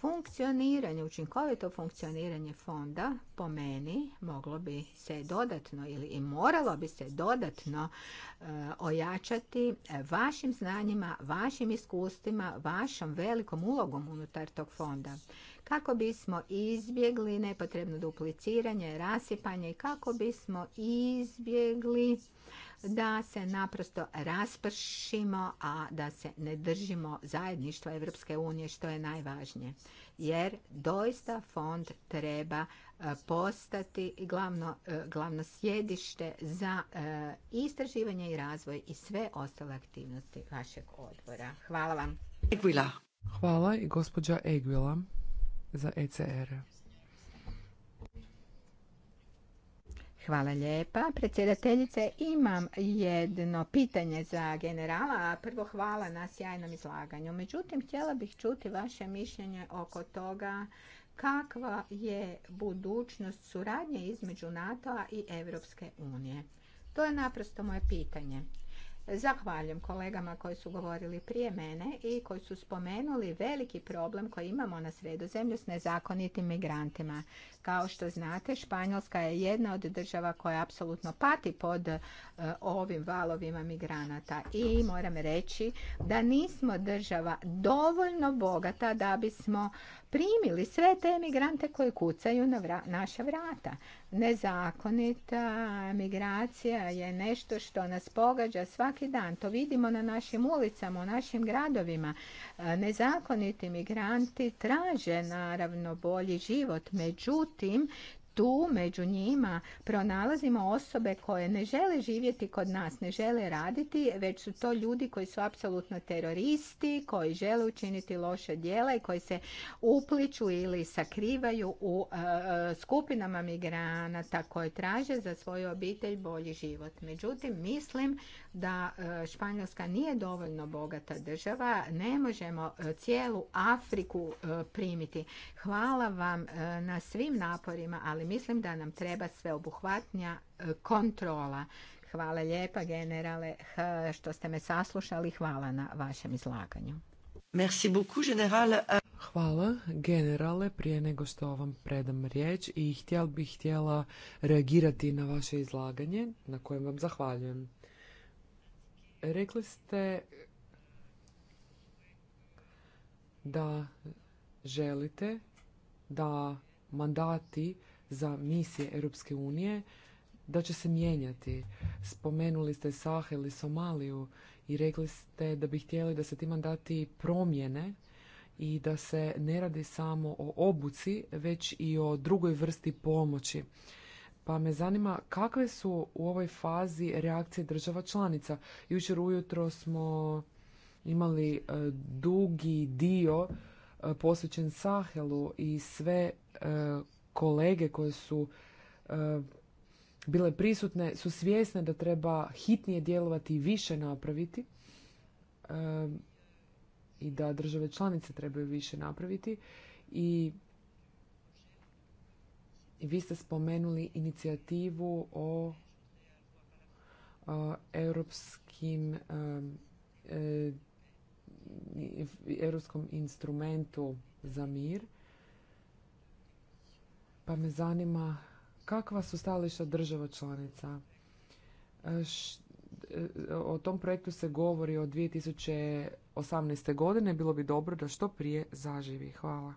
Funkcioniranje, učinkovito funkcioniranje fonda po meni moglo bi se dodatno ili i moralo bi se dodatno e, ojačati vašim znanjima, vašim iskustvima, vašom velikom ulogom unutar tog fonda kako bismo izbjegli nepotrebno dupliciranje, rasipanje i kako bismo izbjegli da se naprosto raspršimo, a da se ne držimo zajedništva Europske unije, što je najvažnije. Jer doista fond treba e, postati glavno, e, glavno sjedište za e, istraživanje i razvoj i sve ostale aktivnosti vašeg odbora. Hvala vam. Hvala i gospođa Egvila za ECR. Hvala lijepa. Predsjedateljice, imam jedno pitanje za generala. Prvo hvala na sjajnom izlaganju. Međutim, htjela bih čuti vaše mišljenje oko toga kakva je budućnost suradnje između NATO-a i Europske unije. To je naprosto moje pitanje. Zahvaljujem kolegama koji su govorili prije mene i koji su spomenuli veliki problem koji imamo na sredozemlju s nezakonitim migrantima. Kao što znate, Španjolska je jedna od država koja apsolutno pati pod e, ovim valovima migranata i moram reći da nismo država dovoljno bogata da bismo primili sve te migrante koji kucaju na naša vrata. Nezakonita migracija je nešto što nas pogađa svaki dan. To vidimo na našim ulicama, u našim gradovima. E, nezakoniti migranti traže naravno bolji život, međutim tu među njima pronalazimo osobe koje ne žele živjeti kod nas, ne žele raditi, već su to ljudi koji su apsolutno teroristi, koji žele učiniti loše djela i koji se upliču ili sakrivaju u e, skupinama migranata koje traže za svoju obitelj bolji život. Međutim, mislim da e, Španjolska nije dovoljno bogata država, ne možemo e, cijelu Afriku e, primiti. Hvala vam na svim naporima, ali mislim da nam treba sveobuhvatnja kontrola. Hvala lijepa generale što ste me saslušali. Hvala na vašem izlaganju. Merci beaucoup, Hvala generale, prije nego što vam predam riječ i htjela bih htjela reagirati na vaše izlaganje na kojem vam zahvaljujem. Rekli ste da želite da mandati za misije Europske unije da će se mijenjati. Spomenuli ste Sahel i Somaliju i rekli ste da bi htjeli da se ti mandati promijene i da se ne radi samo o obuci, već i o drugoj vrsti pomoći pa me zanima kakve su u ovoj fazi reakcije država članica. Jučer ujutro smo imali e, dugi dio e, posvećen Sahelu i sve e, kolege koje su bile prisutne su svjesne da treba hitnije djelovati i više napraviti i da države članice trebaju više napraviti i vi ste spomenuli inicijativu o, europskim e, europskom instrumentu za mir. Pa me zanima kakva su stališta država članica. E, e, o tom projektu se govori od 2018. godine. Bilo bi dobro da što prije zaživi. Hvala.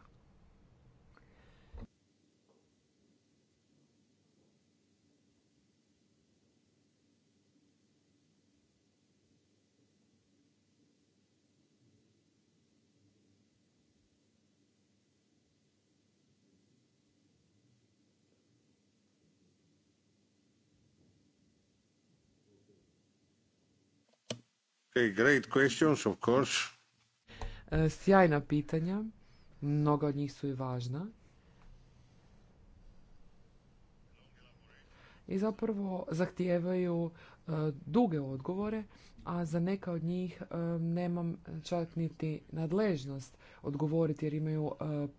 Great e, Sjajna pitanja, mnoga od njih su i važna. I zapravo zahtijevaju e, duge odgovore, a za neka od njih e, nemam čak niti nadležnost odgovoriti jer imaju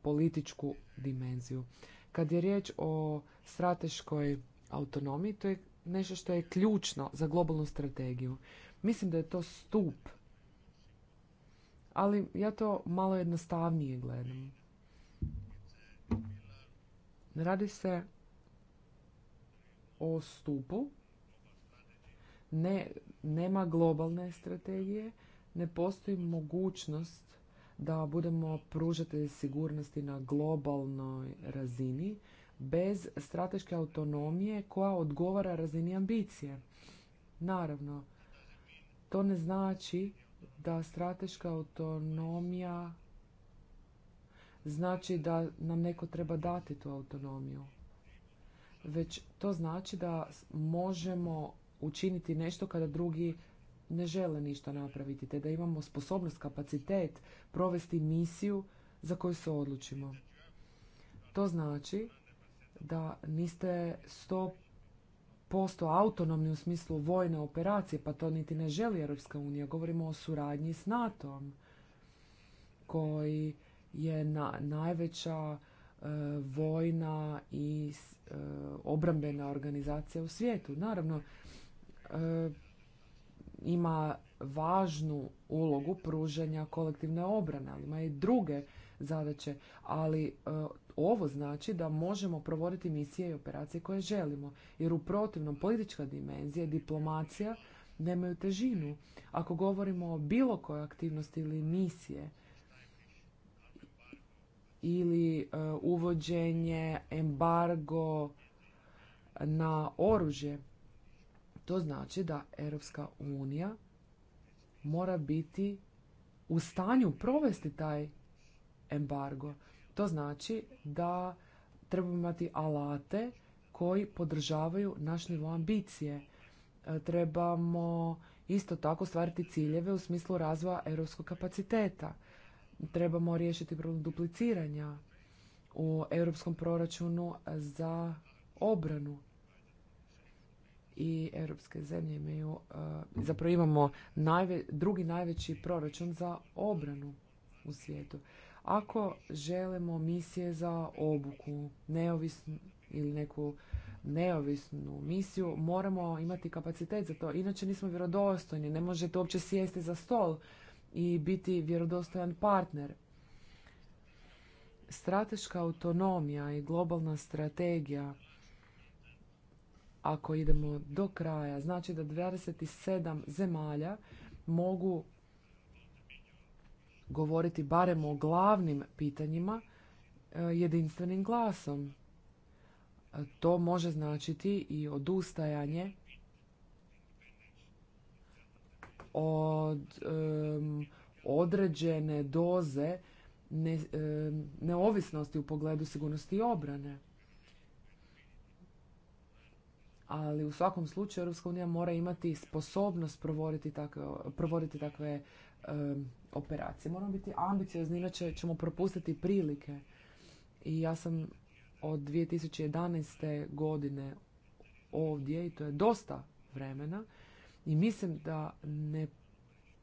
političku dimenziju. Kad je riječ o strateškoj autonomiji, to je nešto što je ključno za globalnu strategiju. Mislim da je to stup. Ali ja to malo jednostavnije gledam. Radi se o stupu. Ne, nema globalne strategije, ne postoji mogućnost da budemo pružati sigurnosti na globalnoj razini bez strateške autonomije koja odgovara razini ambicije. Naravno, to ne znači da strateška autonomija znači da nam neko treba dati tu autonomiju. Već to znači da možemo učiniti nešto kada drugi ne žele ništa napraviti, te da imamo sposobnost, kapacitet provesti misiju za koju se odlučimo. To znači da niste stop postao autonomni u smislu vojne operacije, pa to niti ne želi Europska unija. Govorimo o suradnji s NATO-om, koji je na, najveća e, vojna i e, obrambena organizacija u svijetu. Naravno, e, ima važnu ulogu pružanja kolektivne obrane, ali ima i druge zadaće, ali ovo znači da možemo provoditi misije i operacije koje želimo, jer u protivnom politička dimenzija, diplomacija nemaju težinu. Ako govorimo o bilo kojoj aktivnosti ili misije, ili e, uvođenje embargo na oružje, to znači da Europska unija mora biti u stanju provesti taj embargo. To znači da trebamo imati alate koji podržavaju naš nivo ambicije. E, trebamo isto tako stvariti ciljeve u smislu razvoja europskog kapaciteta. Trebamo riješiti problem dupliciranja u europskom proračunu za obranu i europske zemlje imaju, e, zapravo imamo drugi najveći proračun za obranu u svijetu. Ako želimo misije za obuku, neovisnu ili neku neovisnu misiju, moramo imati kapacitet za to. Inače nismo vjerodostojni, ne možete uopće sjesti za stol i biti vjerodostojan partner. Strateška autonomija i globalna strategija ako idemo do kraja, znači da 27 zemalja mogu govoriti barem o glavnim pitanjima e, jedinstvenim glasom. E, to može značiti i odustajanje od um, određene doze ne, neovisnosti u pogledu sigurnosti i obrane. Ali u svakom slučaju EU unija mora imati sposobnost provoditi takve, provoditi takve operacije. Moramo biti ambiciozni, inače ćemo propustiti prilike. I ja sam od 2011. godine ovdje i to je dosta vremena i mislim da ne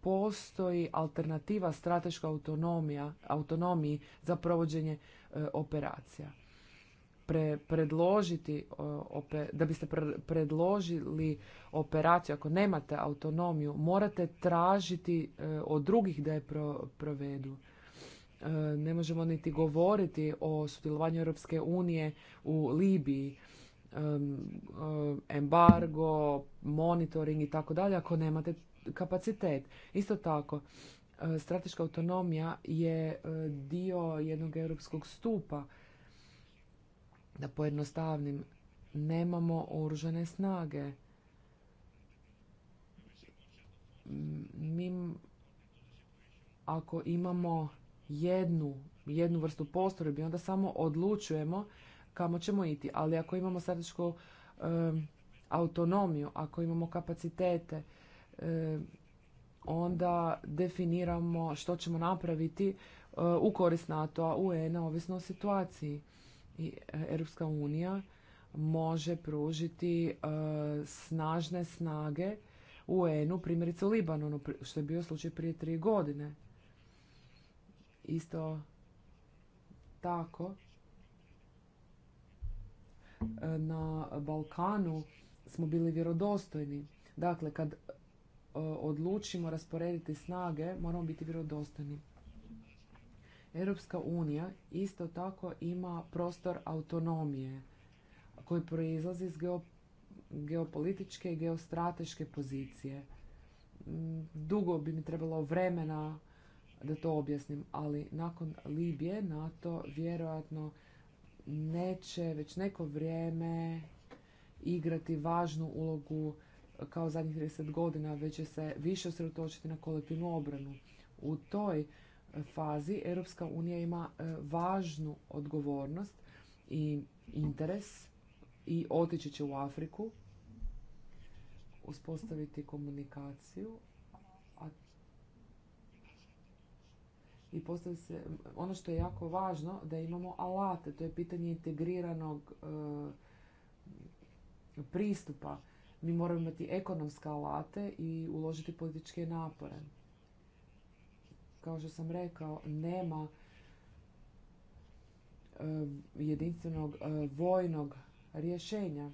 postoji alternativa strateška autonomija, autonomiji za provođenje e, operacija predložiti ope, da biste predložili operaciju ako nemate autonomiju morate tražiti e, od drugih da je pro provedu e, ne možemo niti govoriti o sudjelovanju Europske unije u Libiji e, embargo, monitoring i tako dalje ako nemate kapacitet. Isto tako, strateška autonomija je dio jednog europskog stupa da pojednostavnim, nemamo oružane snage. Mi, ako imamo jednu, jednu vrstu postrojbi, onda samo odlučujemo kamo ćemo iti. Ali ako imamo stratešku autonomiju, ako imamo kapacitete, onda definiramo što ćemo napraviti u korist NATO-a, UN-a, ovisno o situaciji. E, Europska unija može pružiti e, snažne snage u u primjerice u Libanonu, što je bio slučaj prije tri godine. Isto tako, e, na Balkanu smo bili vjerodostojni. Dakle, kad odlučimo rasporediti snage, moramo biti vjerodostojni. Europska unija isto tako ima prostor autonomije koji proizlazi iz geopolitičke i geostrateške pozicije. Mm, dugo bi mi trebalo vremena da to objasnim, ali nakon Libije NATO vjerojatno neće već neko vrijeme igrati važnu ulogu kao zadnjih 30 godina, već će se više osredotočiti na kolektivnu obranu. U toj fazi Europska unija ima e, važnu odgovornost i interes i otići će u Afriku, uspostaviti komunikaciju i postavi se, ono što je jako važno, da imamo alate, to je pitanje integriranog e, pristupa. Mi moramo imati ekonomske alate i uložiti političke napore. Kao što sam rekao, nema eh, jedinstvenog eh, vojnog rješenja.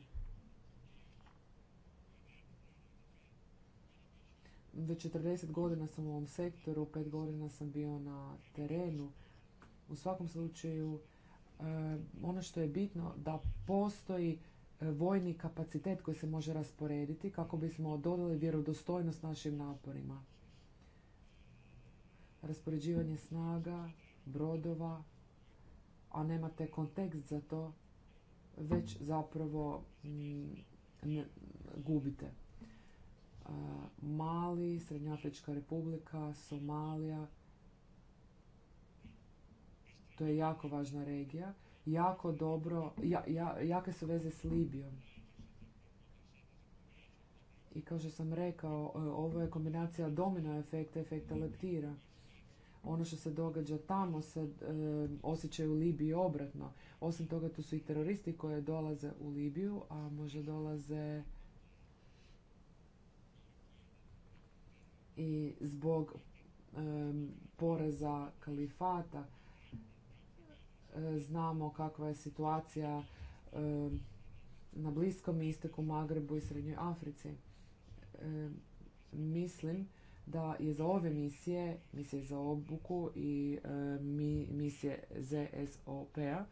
Već 40 godina sam u ovom sektoru, 5 godina sam bio na terenu. U svakom slučaju, eh, ono što je bitno da postoji vojni kapacitet koji se može rasporediti kako bismo dodali vjerodostojnost našim naporima raspoređivanje snaga, brodova, a nemate kontekst za to, već zapravo mm, gubite. Mali, Srednjoafrička republika, Somalija, to je jako važna regija, jako dobro, jake su veze s Libijom. I kao što sam rekao, e, ovo je kombinacija domino efekta, efekta leptira ono što se događa tamo se e, osjećaju u Libiji obratno. Osim toga tu su i teroristi koji dolaze u Libiju, a možda dolaze i zbog e, poreza kalifata. E, znamo kakva je situacija e, na Bliskom istoku, Magrebu i Srednjoj Africi. Mislim da je za ove misije, misije za obuku i e, misije ZSOP-a,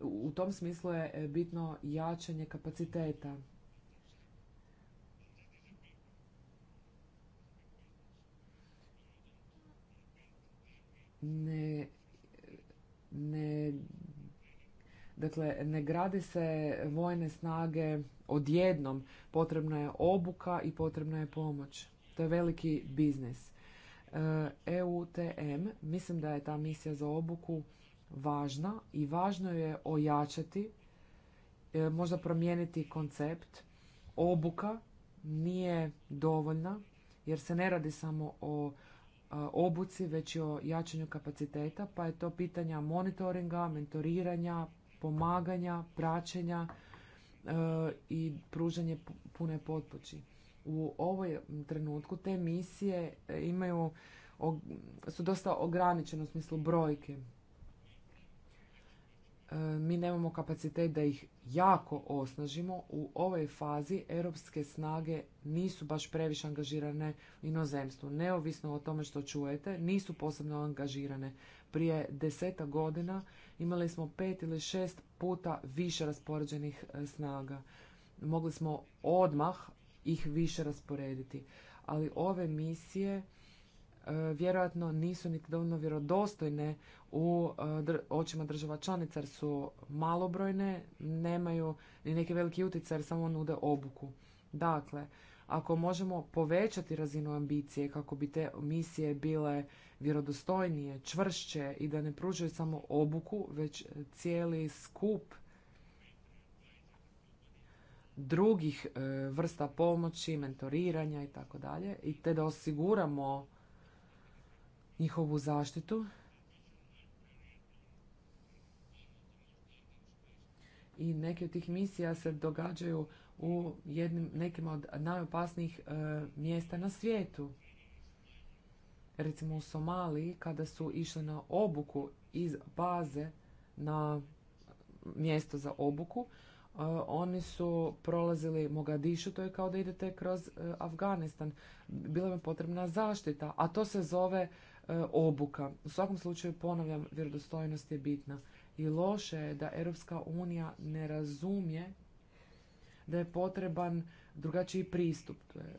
u tom smislu je e, bitno jačanje kapaciteta. dakle, ne gradi se vojne snage odjednom. Potrebna je obuka i potrebna je pomoć. To je veliki biznis. EUTM, e mislim da je ta misija za obuku važna i važno je ojačati, e, možda promijeniti koncept. Obuka nije dovoljna jer se ne radi samo o e, obuci, već i o jačanju kapaciteta, pa je to pitanja monitoringa, mentoriranja, pomaganja, praćenja i pružanje pune potpući u ovoj trenutku te misije e, imaju su dosta ograničene u smislu brojke. E, mi nemamo kapacitet da ih jako osnažimo. U ovoj fazi europske snage nisu baš previše angažirane u inozemstvu. Neovisno o tome što čujete, nisu posebno angažirane. Prije deseta godina imali smo pet ili šest puta više raspoređenih e, snaga. Mogli smo odmah ih više rasporediti. Ali ove misije e, vjerojatno nisu niti dovoljno vjerodostojne u e, očima država članica jer su malobrojne, nemaju ni neki veliki utjecaj jer samo nude obuku. Dakle, ako možemo povećati razinu ambicije kako bi te misije bile vjerodostojnije, čvršće i da ne pružaju samo obuku, već cijeli skup drugih e, vrsta pomoći, mentoriranja i tako dalje, i te da osiguramo njihovu zaštitu. I neke od tih misija se događaju u jednim, nekim od najopasnijih e, mjesta na svijetu. Recimo u Somaliji, kada su išli na obuku iz baze na mjesto za obuku, E, oni su prolazili Mogadišu, to je kao da idete kroz e, Afganistan. Bila je potrebna zaštita, a to se zove e, obuka. U svakom slučaju, ponavljam, vjerodostojnost je bitna. I loše je da Europska unija ne razumije da je potreban drugačiji pristup. To je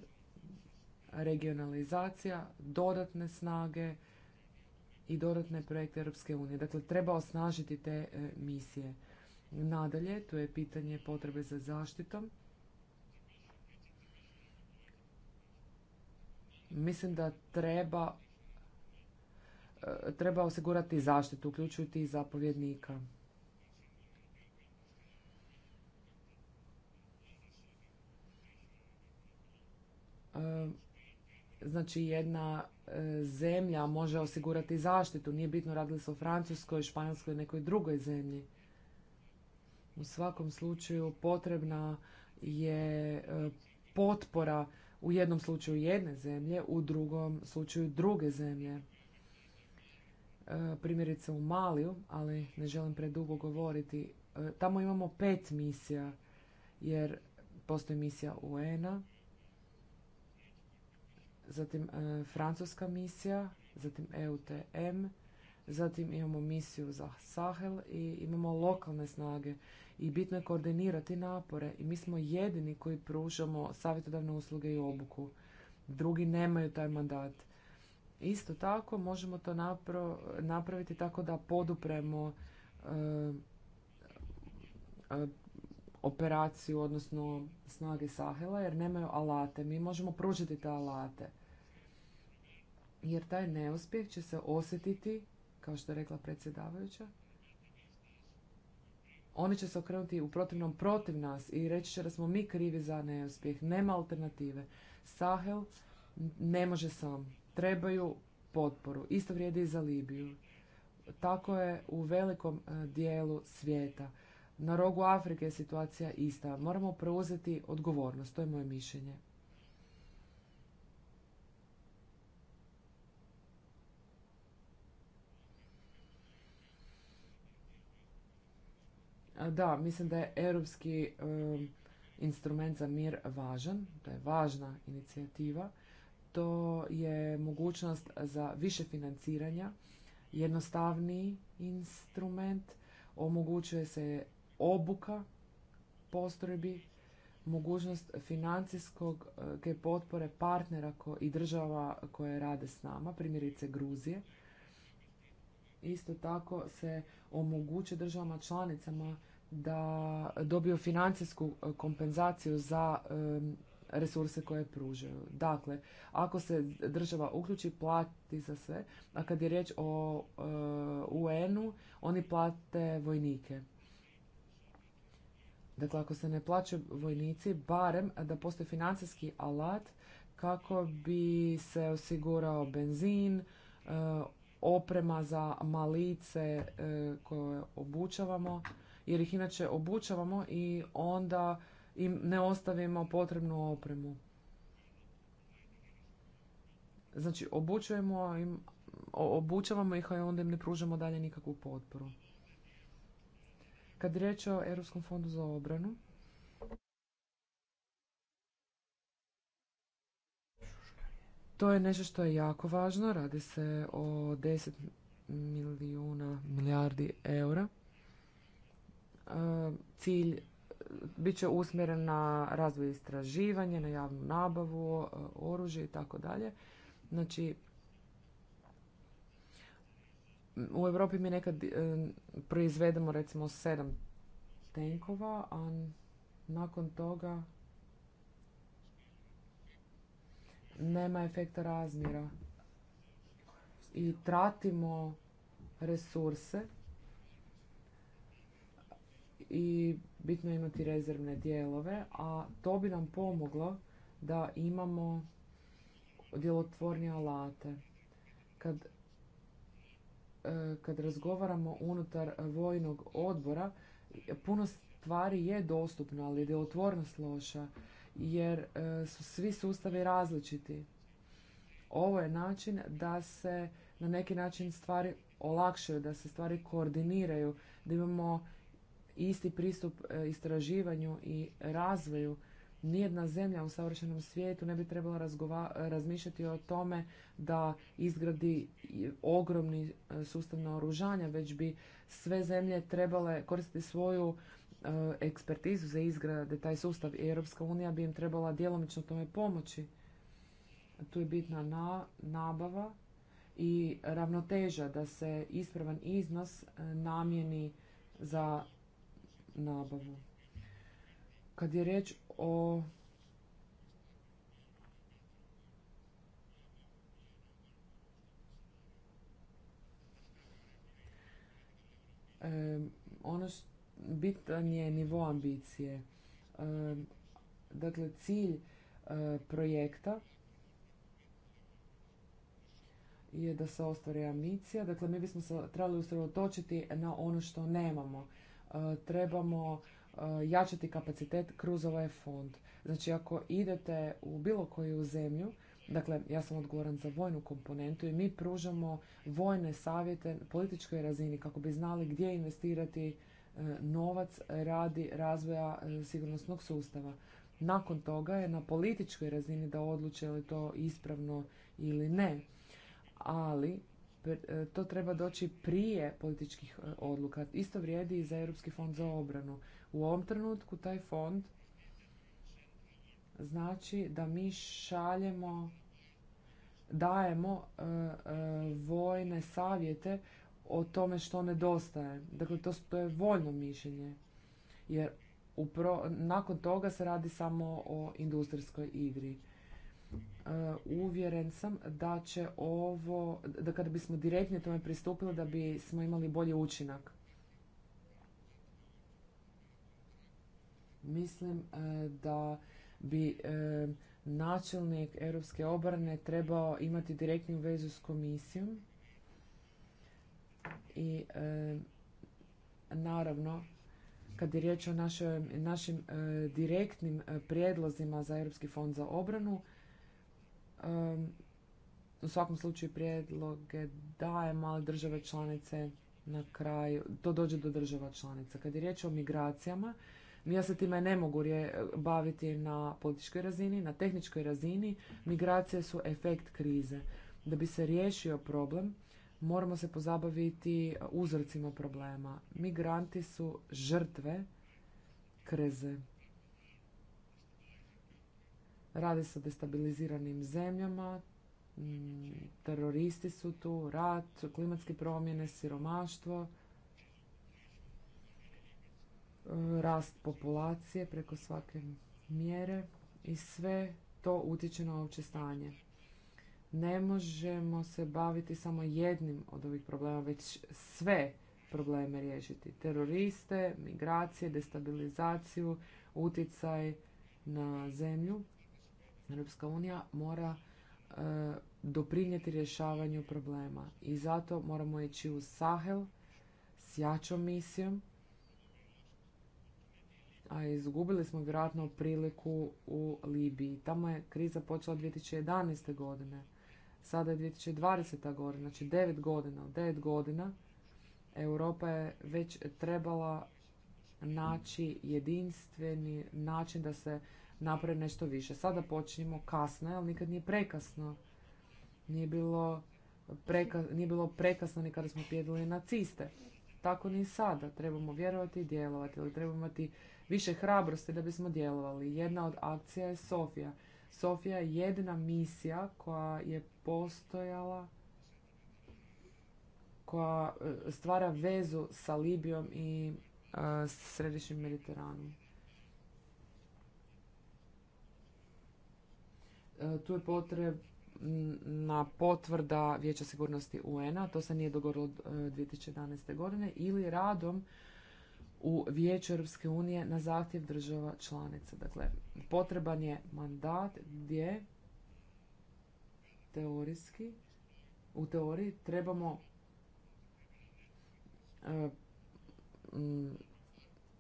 regionalizacija, dodatne snage i dodatne projekte Europske unije. Dakle, treba osnažiti te misije. Nadalje, tu je pitanje potrebe za zaštitom. Mislim da treba e, treba osigurati zaštitu, uključujući i zapovjednika. E, znači jedna e, zemlja može osigurati zaštitu, nije bitno radili se o Francuskoj, Španjolskoj ili nekoj drugoj zemlji. U svakom slučaju potrebna je e, potpora u jednom slučaju jedne zemlje, u drugom slučaju druge zemlje. E, primjerice u Maliju, ali ne želim predugo govoriti, e, tamo imamo pet misija, jer postoji misija UN-a, zatim francuska misija, zatim EUTM, zatim imamo misiju za Sahel i imamo lokalne snage i bitno je koordinirati napore i mi smo jedini koji pružamo savjetodavne usluge i obuku. Drugi nemaju taj mandat. Isto tako možemo to napraviti tako da podupremo e, e, operaciju, odnosno snage Sahela, jer nemaju alate. Mi možemo pružiti te alate. Jer taj neuspjeh će se osjetiti, kao što je rekla predsjedavajuća, oni će se okrenuti u protivnom protiv nas i reći će da smo mi krivi za neuspjeh. Nema alternative. Sahel ne može sam. Trebaju potporu. Isto vrijedi i za Libiju. Tako je u velikom e, dijelu svijeta. Na rogu Afrike je situacija ista. Moramo preuzeti odgovornost. To je moje mišljenje. Da, mislim da je europski instrument za mir važan, to je važna inicijativa. To je mogućnost za više financiranja, jednostavni instrument, omogućuje se obuka postrojbi, mogućnost financijskog eh, potpore partnera ko, i država koje rade s nama, primjerice Gruzije. Isto tako se omogućuje državama članicama da dobiju financijsku e, kompenzaciju za e, resurse koje pružaju. Dakle, ako se država uključi, plati za sve, a kad je riječ o e, UN-u, oni plate vojnike. Dakle, ako se ne plaćaju vojnici, barem da postoji financijski alat kako bi se osigurao benzin, oprema za malice koje obučavamo jer ih inače obučavamo i onda im ne ostavimo potrebnu opremu. Znači, obučujemo im, obučavamo ih, a onda im ne pružamo dalje nikakvu potporu. Kad je riječ o Europskom fondu za obranu, to je nešto što je jako važno. Radi se o 10 milijuna milijardi eura cilj e, bit će usmjeren na razvoj istraživanja, na javnu nabavu, oružje i tako dalje. Znači, u Europi mi nekad e, proizvedemo recimo sedam tenkova, a nakon toga nema efekta razmjera i tratimo resurse i bitno je imati rezervne dijelove, a to bi nam pomoglo da imamo djelotvornije alate. Kad, e, razgovaramo unutar vojnog odbora, puno stvari je dostupno, ali je djelotvornost loša, jer e, su svi sustavi različiti. Ovo je način da se na neki način stvari olakšaju, da se stvari koordiniraju, da imamo isti pristup e, istraživanju i razvoju. Nijedna zemlja u savršenom svijetu ne bi trebala razmišljati o tome da izgradi ogromni e, sustav naoružanja, već bi sve zemlje trebale koristiti svoju e, ekspertizu za izgrade taj sustav i Europska unija bi im trebala djelomično tome pomoći. Tu je bitna nabava i ravnoteža da se ispravan iznos namjeni za nabavu. Kad je riječ o ono bitan je nivo ambicije. dakle, cilj e, projekta je da se ostvari ambicija. Dakle, mi bismo se trebali usredotočiti na ono što nemamo. E, trebamo e, jačati kapacitet kroz ovaj fond. Znači ako idete u bilo koju zemlju, dakle ja sam odgovoran za vojnu komponentu i mi pružamo vojne savjete na političkoj razini kako bi znali gdje investirati e, novac radi razvoja sigurnosnog sustava. Nakon toga je na političkoj razini da odluče li to ispravno ili ne, ali E, to treba doći prije političkih e, odluka. Isto vrijedi i za Europski fond za obranu. U ovom trenutku taj fond znači da mi šaljemo, dajemo e, vojne savjete o tome što nedostaje. Dakle, to je voljno mišljenje. Jer nakon toga se radi samo o industrijskoj igri. E, uvjeren sam da će ovo, da kada bismo direktno tome pristupili, da bismo imali bolji učinak. Mislim e, da bi e, načelnik Europske obrane trebao imati direktnu vezu s komisijom i naravno kad je riječ o našim direktnim prijedlozima za Europski fond za obranu, u svakom slučaju prijedloge daje male države članice na kraju, to dođe do država članica. Kad je riječ o migracijama, ja se time ne mogu baviti na političkoj razini, na tehničkoj razini. Migracije su efekt krize. Da bi se riješio problem, moramo se pozabaviti uzrocima problema. Migranti su žrtve krize. Radi se o destabiliziranim zemljama, mm, teroristi su tu, rat, klimatske promjene, siromaštvo, rast populacije preko svake mjere i sve to utječe na opće stanje. Ne možemo se baviti samo jednim od ovih problema, već sve probleme riješiti. Teroriste, migracije, destabilizaciju, utjecaj na zemlju Europska unija mora e, doprinijeti rješavanju problema i zato moramo ići u Sahel s jačom misijom, a izgubili smo vjerojatno priliku u Libiji. Tamo je kriza počela 2011. godine, sada je 2020. godina, znači 9 godina. 9 godina Europa je već trebala naći jedinstveni način da se napravim nešto više. Sada počinjemo kasno, ali nikad nije prekasno. Nije bilo, nije bilo prekasno ni kada smo pjedili naciste. Tako ni sada. Trebamo vjerovati i djelovati, ali trebamo imati više hrabrosti da bismo djelovali. Jedna od akcija je Sofija. Sofija je jedina misija koja je postojala koja e, stvara vezu sa Libijom i s e, Središnjim Mediteranom. E, tu je potrebna potvrda Vijeća sigurnosti UN-a, to se nije dogodilo 2011. E, godine, ili radom u Vijeću Europske unije na zahtjev država članica. Dakle, potreban je mandat gdje teorijski, u teoriji trebamo e,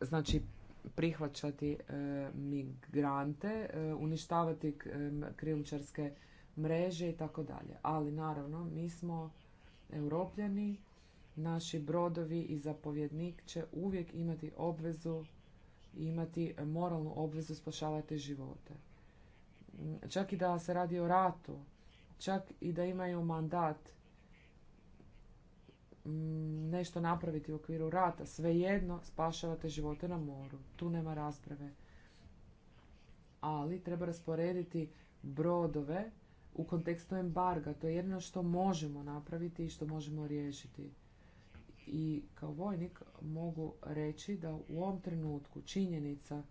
znači prihvaćati e, migrante, e, uništavati e, krijumčarske mreže i tako dalje. Ali naravno, mi smo europljani, naši brodovi i zapovjednik će uvijek imati obvezu imati moralnu obvezu spašavati živote. Čak i da se radi o ratu, čak i da imaju mandat Mm, nešto napraviti u okviru rata, svejedno spašavate živote na moru. Tu nema rasprave. Ali treba rasporediti brodove u kontekstu embarga. To je jedno što možemo napraviti i što možemo riješiti. I kao vojnik mogu reći da u ovom trenutku činjenica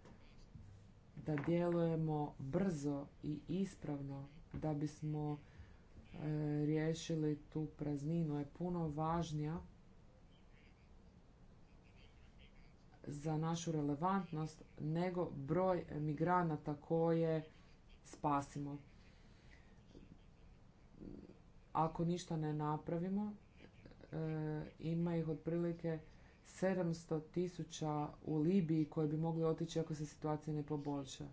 da djelujemo brzo i ispravno da bismo E, riješili tu prazninu je puno važnija za našu relevantnost nego broj migranata koje spasimo. Ako ništa ne napravimo, e, ima ih otprilike 700 tisuća u Libiji koji bi mogli otići ako se situacija ne poboljša.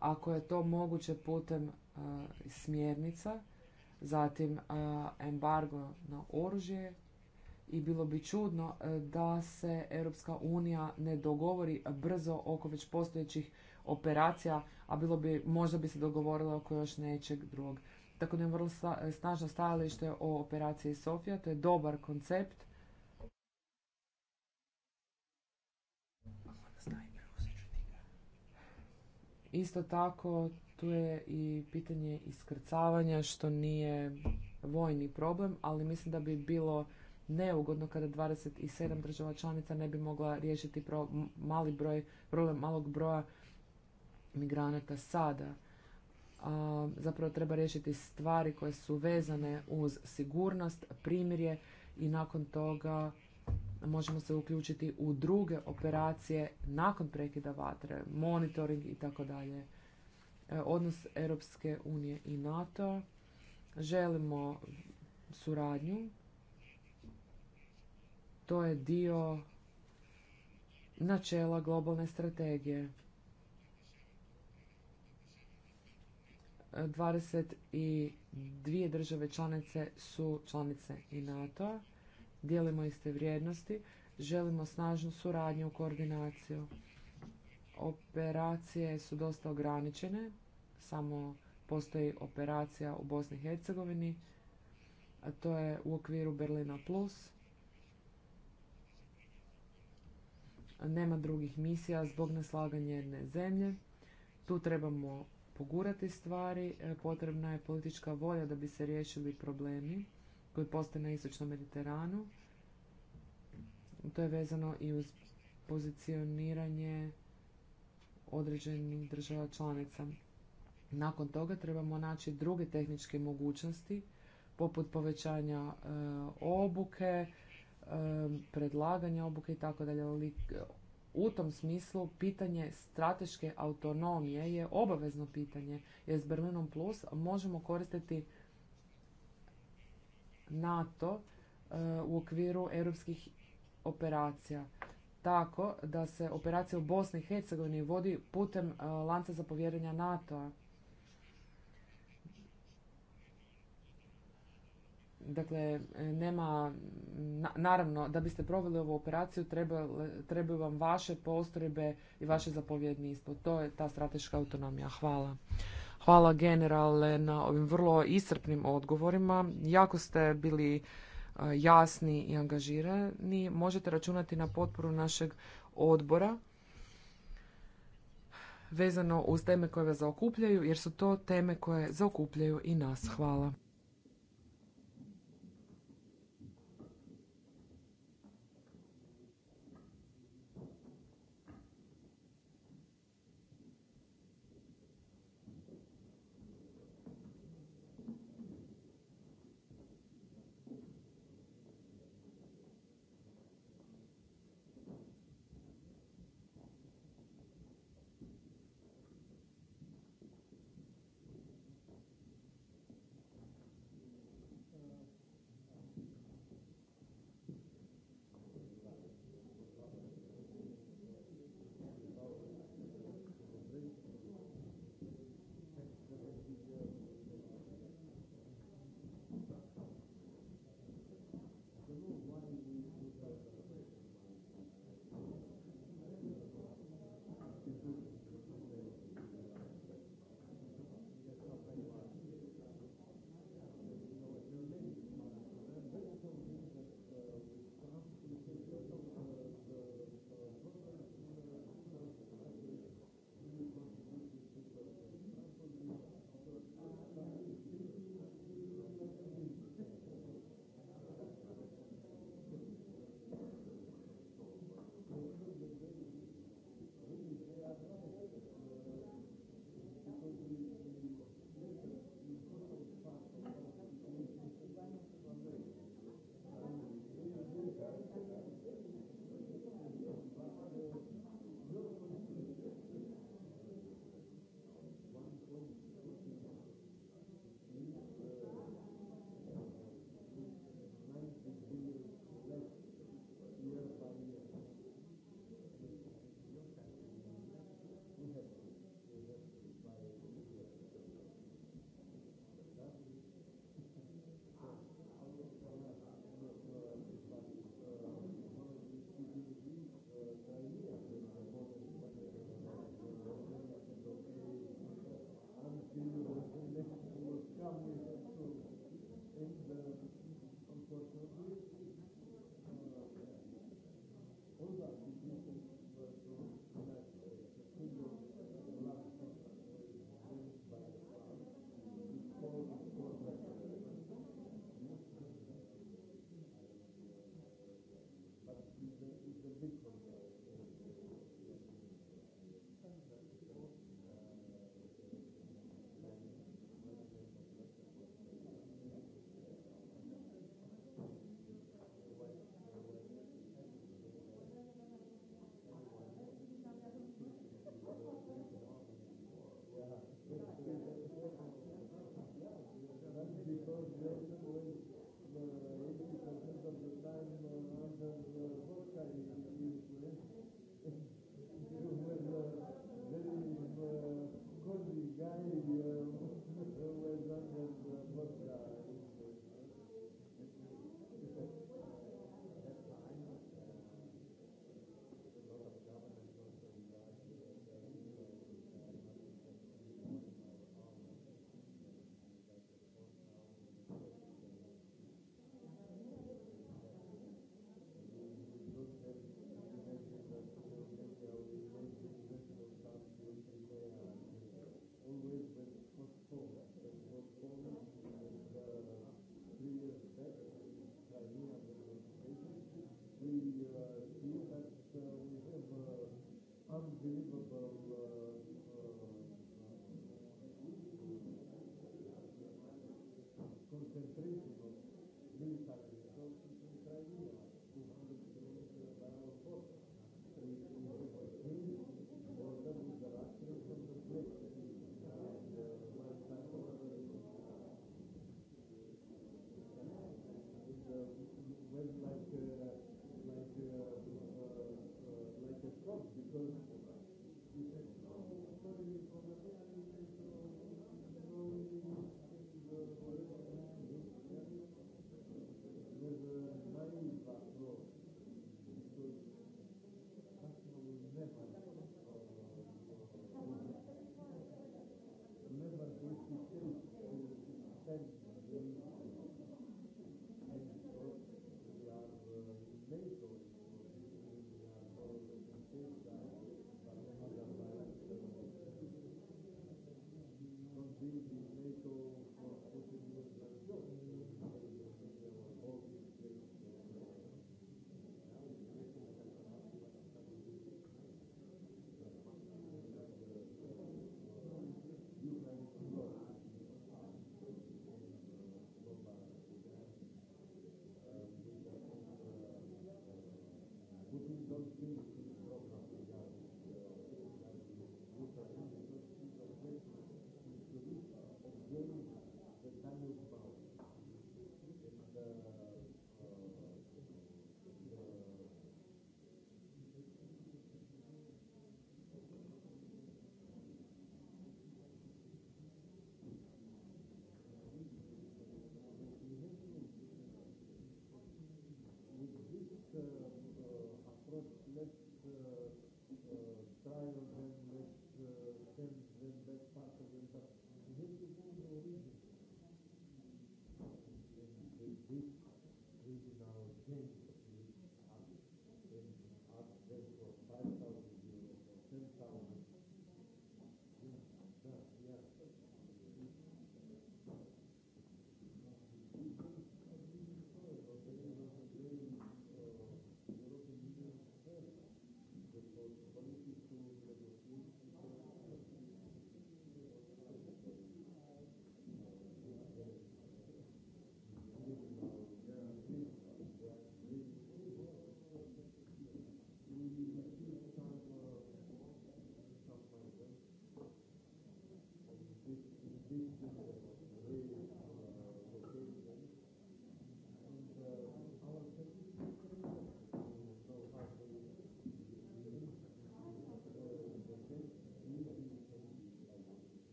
Ako je to moguće putem smjernica, zatim embargo na oružje i bilo bi čudno e, da se Europska unija ne dogovori brzo oko već postojećih operacija, a bilo bi, možda bi se dogovorila oko još nečeg drugog. Tako da je vrlo snažno stajalište o operaciji Sofija, to je dobar koncept. Isto tako tu je i pitanje iskrcavanja što nije vojni problem, ali mislim da bi bilo neugodno kada 27 država članica ne bi mogla riješiti pro, mali broj, problem malog broja migranata sada. A, zapravo treba riješiti stvari koje su vezane uz sigurnost, primirje i nakon toga možemo se uključiti u druge operacije nakon prekida vatre, monitoring i tako dalje. E, odnos Europske unije i NATO. Želimo suradnju. To je dio načela globalne strategije. 22 e, države članice su članice i NATO. Dijelimo iste vrijednosti. Želimo snažnu suradnju u koordinaciju operacije su dosta ograničene, samo postoji operacija u Bosni i Hercegovini, a to je u okviru Berlina Plus. Nema drugih misija zbog neslaganja jedne zemlje. Tu trebamo pogurati stvari, e, potrebna je politička volja da bi se riješili problemi koji postoje na istočnom Mediteranu. To je vezano i uz pozicioniranje određenih država članica. Nakon toga trebamo naći druge tehničke mogućnosti poput povećanja e, obuke, e, predlaganja obuke i tako dalje. E, u tom smislu pitanje strateške autonomije je obavezno pitanje. Jer s Berlinom Plus možemo koristiti NATO u okviru europskih operacija tako da se operacija u Bosni i Hercegovini vodi putem e, lanca zapovjerenja NATO-a. Dakle, e, nema, naravno, da biste proveli ovu operaciju trebaju vam vaše postrojbe i vaše zapovjedništvo. To je ta strateška autonomija. Hvala. Hvala generale na ovim vrlo iscrpnim odgovorima. Jako ste bili jasni i angažirani. Možete računati na potporu našeg odbora vezano uz teme koje vas zaokupljaju, jer su to teme koje zaokupljaju i nas. Hvala.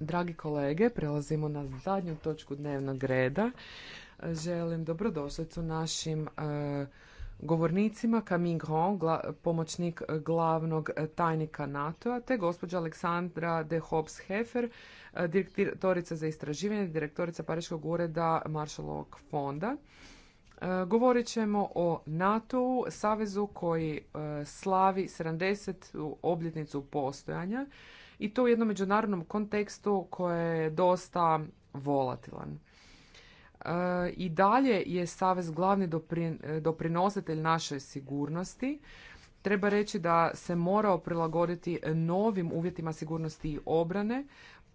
Dragi kolege, prelazimo na zadnju točku dnevnog reda. Želim dobrodošlicu našim eh, govornicima Camille Grand, pomoćnik glavnog tajnika NATO-a, te gospođa Aleksandra de Hobbs Hefer, direktorica za istraživanje, direktorica Pariškog ureda Marshallovog fonda. E, govorit ćemo o NATO-u, savezu koji e, slavi 70. obljetnicu postojanja i to u jednom međunarodnom kontekstu koji je dosta volatilan. E, i dalje je Savez glavni e, doprinositelj naše sigurnosti. Treba reći da se morao prilagoditi novim uvjetima sigurnosti i obrane,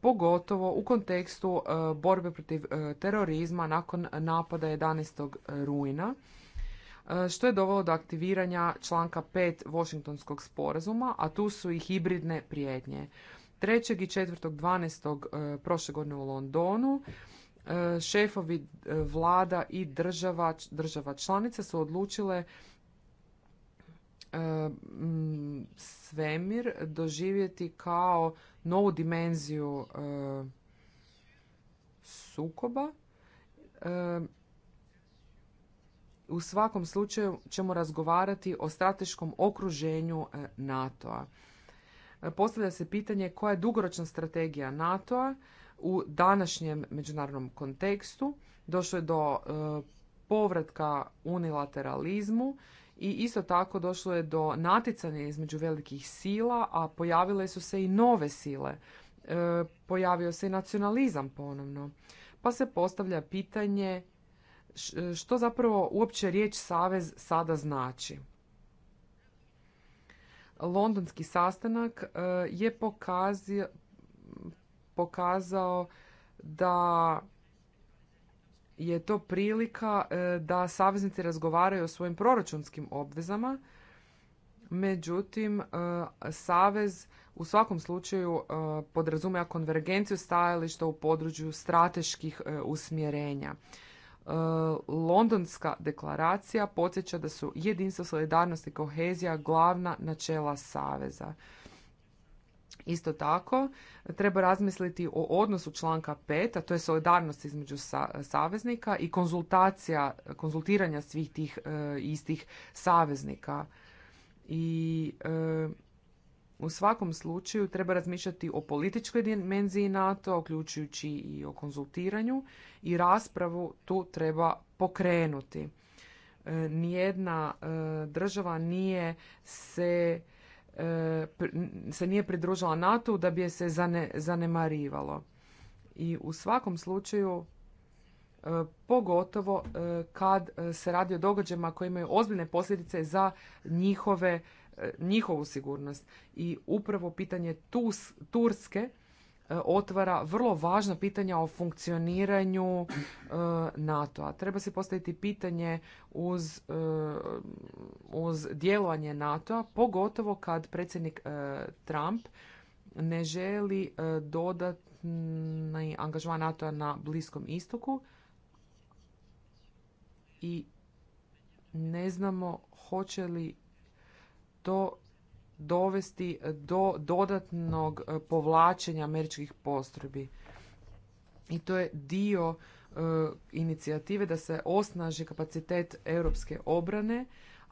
pogotovo u kontekstu e, borbe protiv terorizma nakon napada 11. rujna što je dovelo do aktiviranja članka 5 Washingtonskog sporazuma, a tu su i hibridne prijetnje. 3. i 4.12. prošle godine u Londonu E, šefovi e, vlada i država, država članica su odlučile e, svemir doživjeti kao novu dimenziju sukoba. U svakom slučaju ćemo razgovarati o strateškom okruženju NATO-a. Postavlja se pitanje koja je dugoročna strategija NATO-a u današnjem međunarodnom kontekstu došlo je do e, povratka unilateralizmu i isto tako došlo je do naticanja između velikih sila, a pojavile su se i nove sile. E, pojavio se i nacionalizam ponovno. Pa se postavlja pitanje što zapravo uopće riječ savez sada znači. Londonski sastanak e, je pokazio pokazao da je to prilika e, da saveznici razgovaraju o svojim proračunskim obvezama. Međutim, e, savez u svakom slučaju e, podrazumija konvergenciju stajališta u području strateških usmjerenja. Londonska deklaracija podsjeća da su jedinstvo, solidarnost i kohezija glavna načela saveza. Isto tako, treba razmisliti o odnosu članka 5, a to je solidarnost između saveznika i konzultacija, konzultiranja svih tih e, istih saveznika. I e, u svakom slučaju treba razmišljati o političkoj dimenziji NATO, uključujući i o konzultiranju i raspravu tu treba pokrenuti. E, nijedna e, država nije se E, se nije pridružila NATO da bi je se zanemarivalo. I u svakom slučaju e, pogotovo e, kad se radi o događajima koji imaju ozbiljne posljedice za njihove njihovu sigurnost. I upravo pitanje Turske E, otvara vrlo važna pitanja o funkcioniranju e, NATO-a. Treba se postaviti pitanje uz, e, uz djelovanje NATO-a, pogotovo kad predsjednik Trump ne želi dodatni angažman NATO-a na Bliskom istoku i ne znamo hoće li to dovesti do dodatnog e, povlačenja američkih postrojbi. I to je dio e, inicijative da se osnaži kapacitet europske obrane,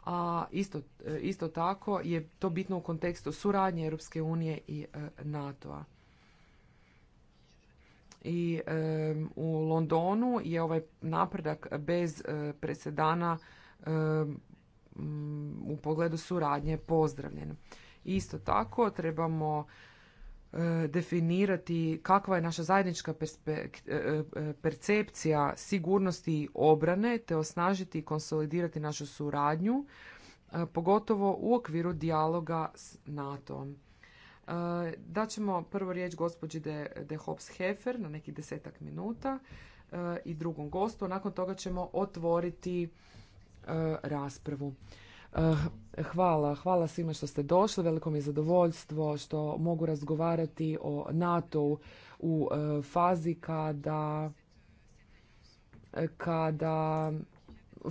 a isto, e, isto tako je to bitno u kontekstu suradnje Europske unije i NATO-a. I u Londonu je ovaj napredak bez presedana Mm, u pogledu suradnje pozdravljen. Isto tako trebamo e, definirati kakva je naša zajednička e, e, percepcija sigurnosti i obrane te osnažiti i konsolidirati našu suradnju, pogotovo u okviru dijaloga s NATO-om. Daćemo prvo riječ gospođi De, De Hops Hefer na nekih desetak minuta i drugom gostu. Nakon toga ćemo otvoriti E, raspravu. E, hvala, hvala svima što ste došli, veliko mi je zadovoljstvo što mogu razgovarati o NATO u e, fazi kada kada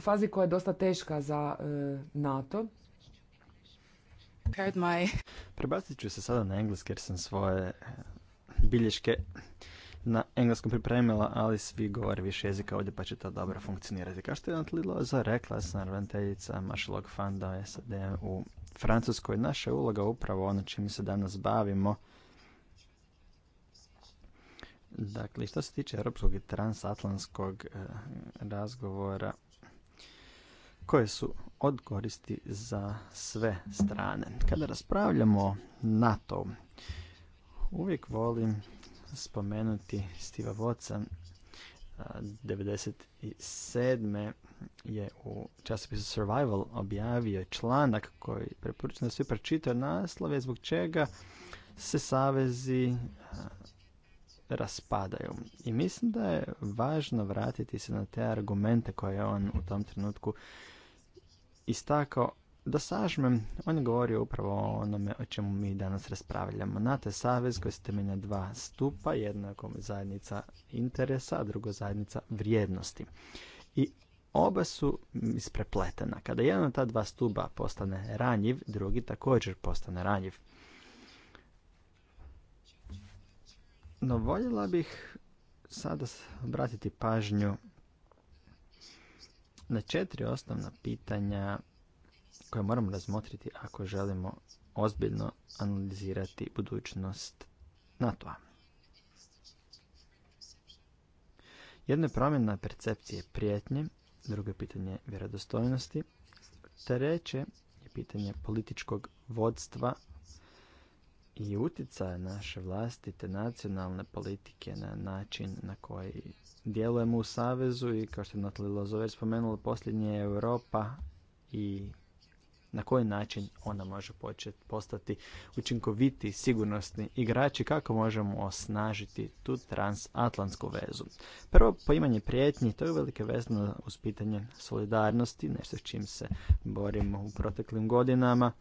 fazi koja je dosta teška za NATO. Prebacit ću se sada na engleski jer sam svoje bilješke na engleskom pripremila, ali svi govore više jezika ovdje pa će to dobro funkcionirati. Kao što je za rekla, sam ravnateljica Mašalog fanda SAD u Francuskoj, naša je uloga upravo ono čim se danas bavimo. Dakle, što se tiče europskog i transatlantskog eh, razgovora, koje su od koristi za sve strane. Kada raspravljamo NATO, uvijek volim spomenuti Stiva Voca. 97. je u časopisu Survival objavio članak koji preporučujem da svi pročitaju naslove zbog čega se savezi raspadaju. I mislim da je važno vratiti se na te argumente koje je on u tom trenutku istakao da sažmem, on govori upravo o onome o čemu mi danas raspravljamo. NATO je savez koji se temelja dva stupa, jednako zajednica interesa, a drugo zajednica vrijednosti. I oba su isprepletena. Kada jedan od ta dva stupa postane ranjiv, drugi također postane ranjiv. No voljela bih sada obratiti pažnju na četiri osnovna pitanja koje moramo razmotriti ako želimo ozbiljno analizirati budućnost NATO-a. Jedna je promjena percepcije prijetnje, drugo je pitanje vjerodostojnosti, treće je pitanje političkog vodstva i utjecaja naše vlastite nacionalne politike na način na koji djelujemo u Savezu i kao što je Natalie Lozover spomenula, posljednje je Europa i na koji način ona može početi postati učinkoviti sigurnosni igrači kako možemo osnažiti tu transatlantsku vezu. Prvo, poimanje prijetnji, to je velike vezano uz pitanje solidarnosti, nešto s čim se borimo u proteklim godinama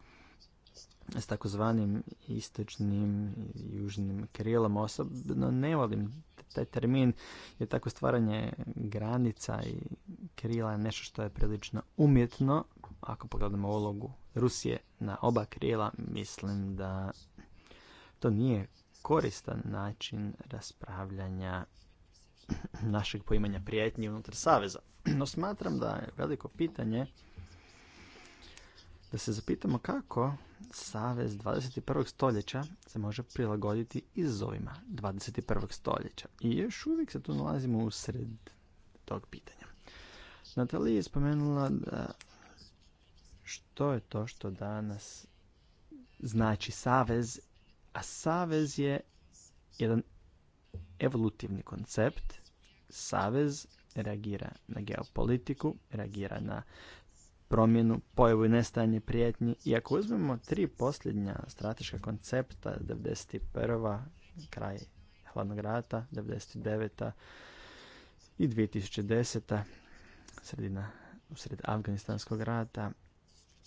s takozvanim istočnim i južnim krilom. Osobno ne volim taj termin jer tako stvaranje granica i krila je nešto što je prilično umjetno. Ako pogledamo ulogu Rusije na oba krila, mislim da to nije koristan način raspravljanja našeg poimanja prijetnji unutar Saveza. No smatram da je veliko pitanje da se zapitamo kako savez 21. stoljeća se može prilagoditi izazovima 21. stoljeća. I još uvijek se tu nalazimo u sred tog pitanja. Natalija je spomenula da što je to što danas znači savez, a savez je jedan evolutivni koncept. Savez reagira na geopolitiku, reagira na promjenu, pojavu i nestajanje prijetnji. I ako uzmemo tri posljednja strateška koncepta, 91. kraj hladnog rata, 1999. i 2010. sredina usred Afganistanskog rata,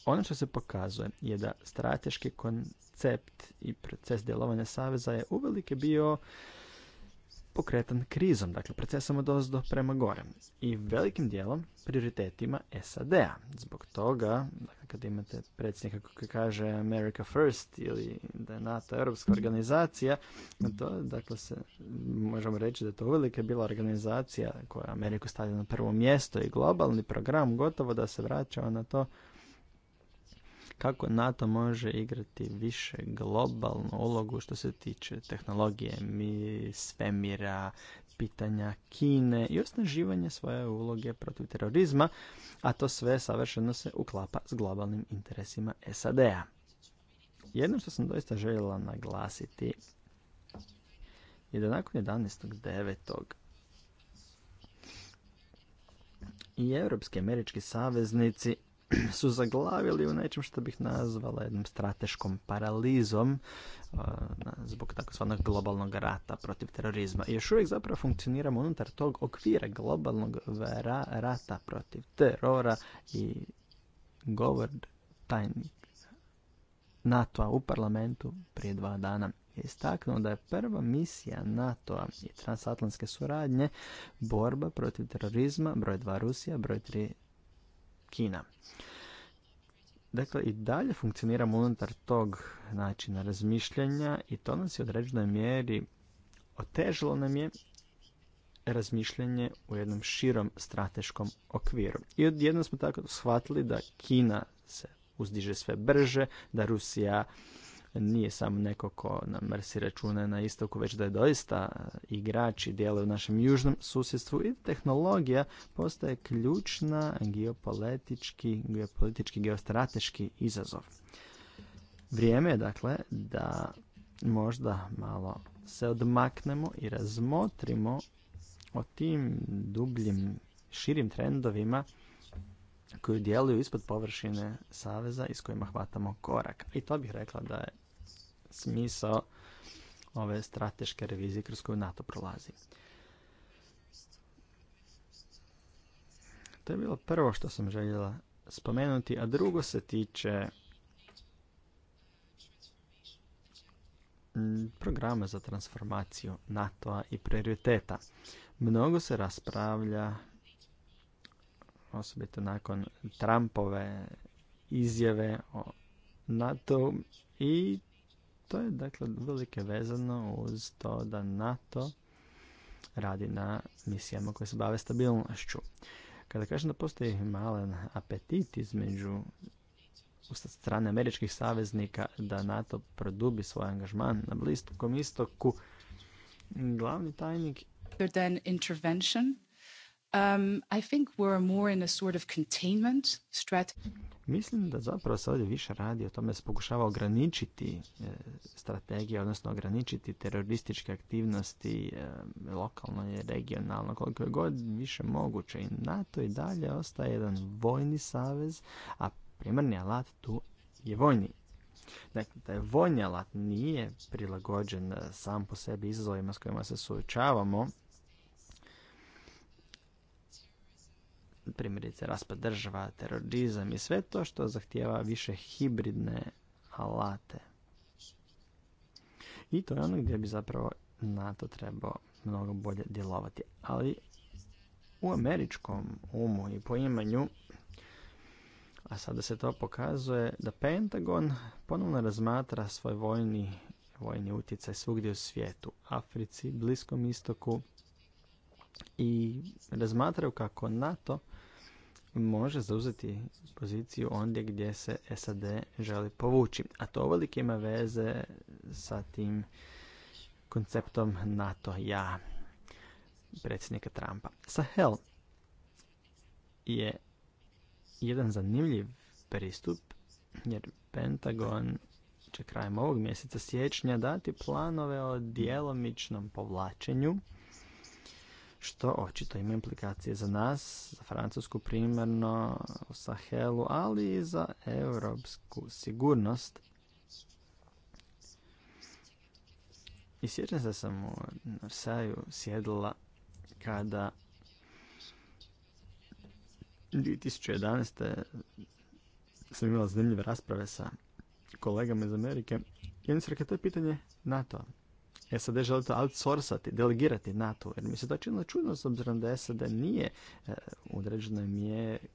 ono što se pokazuje je da strateški koncept i proces djelovanja Saveza je uvelike bio pokretan krizom, dakle procesom od ozdo prema gore i velikim dijelom prioritetima SAD-a. Zbog toga, dakle, kad imate predsjednika koji kaže America First ili da je NATO europska organizacija, to dakle se, možemo reći da je to uvelike bila organizacija koja Ameriku stavlja na prvo mjesto i globalni program gotovo da se vraća na to kako NATO može igrati više globalnu ulogu što se tiče tehnologije, mi, svemira, pitanja Kine i osnaživanje svoje uloge protiv terorizma, a to sve savršeno se uklapa s globalnim interesima SAD-a. Jedno što sam doista željela naglasiti je da nakon 11.9. i Europski američki saveznici su zaglavili u nečem što bih nazvala jednom strateškom paralizom zbog takozvanog globalnog rata protiv terorizma. I još uvijek zapravo funkcioniramo unutar tog okvira globalnog rata protiv terora i govor tajnik NATO-a u parlamentu prije dva dana je istaknuo da je prva misija NATO-a i transatlantske suradnje borba protiv terorizma, broj dva Rusija, broj 3 Kina. Dakle, i dalje funkcioniramo unutar tog načina razmišljanja i to nas je u određenoj mjeri otežilo nam je razmišljanje u jednom širom strateškom okviru. I odjedno smo tako shvatili da Kina se uzdiže sve brže, da Rusija nije samo neko ko nam mrsi račune na istoku, već da je doista i djeluju u našem južnom susjedstvu i tehnologija postaje ključna geopolitički, geopolitički geostrateški izazov. Vrijeme je dakle da možda malo se odmaknemo i razmotrimo o tim dubljim, širim trendovima koji djeluju ispod površine saveza i s kojima hvatamo korak. I to bih rekla da je smisao ove strateške revizije kroz koju NATO prolazi. To je bilo prvo što sam željela spomenuti, a drugo se tiče programa za transformaciju NATO-a i prioriteta. Mnogo se raspravlja, osobito nakon Trumpove izjave o NATO i to je dakle velike vezano uz to da NATO radi na misijama koje se bave stabilnošću. Kada kažem da postoji malen apetit između strane američkih saveznika da NATO produbi svoj angažman na Bliskom istoku, glavni tajnik intervention. Um, I think we're more in a sort of containment strategy. Mislim da zapravo se ovdje više radi o tome se pokušava ograničiti e, strategije, odnosno ograničiti terorističke aktivnosti e, lokalno i regionalno koliko je god više moguće i NATO i dalje ostaje jedan vojni savez, a primarni alat tu je vojni. Dakle, taj vojni alat nije prilagođen e, sam po sebi izazovima s kojima se suočavamo, primjerice raspad država, terorizam i sve to što zahtjeva više hibridne alate. I to je ono gdje bi zapravo NATO trebao mnogo bolje djelovati. Ali u američkom umu i poimanju, a sada se to pokazuje, da Pentagon ponovno razmatra svoj vojni, vojni utjecaj svugdje u svijetu, Africi, Bliskom istoku, i razmatraju kako NATO može zauzeti poziciju ondje gdje se SAD želi povući. A to velike ima veze sa tim konceptom NATO ja predsjednika Trumpa. Sahel je jedan zanimljiv pristup jer Pentagon će krajem ovog mjeseca siječnja dati planove o djelomičnom povlačenju što očito ima implikacije za nas, za Francusku primarno, u Sahelu, ali i za europsku sigurnost. I sjećam se da sam u Norsaju sjedila kada 2011. sam imala zanimljive rasprave sa kolegama iz Amerike. I oni to je pitanje NATO-a. SAD želi to outsourcati, delegirati NATO. Jer mi se to činilo čudno s obzirom da SAD nije e, u određenoj mjeri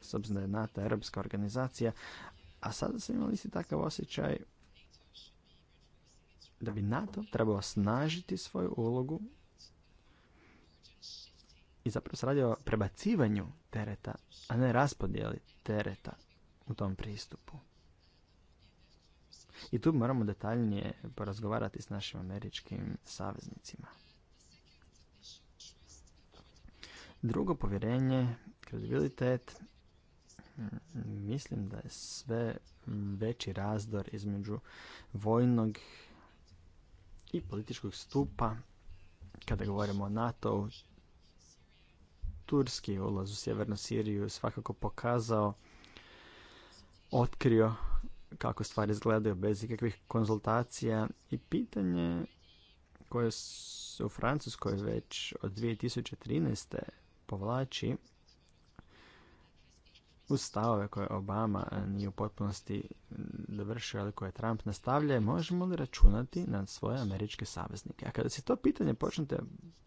s obzirom da je NATO europska organizacija, a sada sam imali isti takav osjećaj da bi NATO trebao snažiti svoju ulogu i zapravo se o prebacivanju tereta, a ne raspodjeli tereta u tom pristupu. I tu moramo detaljnije porazgovarati s našim američkim saveznicima. Drugo povjerenje, kredibilitet, mm, mislim da je sve veći razdor između vojnog i političkog stupa kada govorimo o nato Turski ulaz u Sjevernu Siriju svakako pokazao, otkrio kako stvari izgledaju bez ikakvih konzultacija i pitanje koje se u Francuskoj već od 2013. povlači uz stavove koje Obama nije u potpunosti dovršio, ali koje Trump nastavlja, možemo li računati na svoje američke saveznike? A kada se to pitanje počnete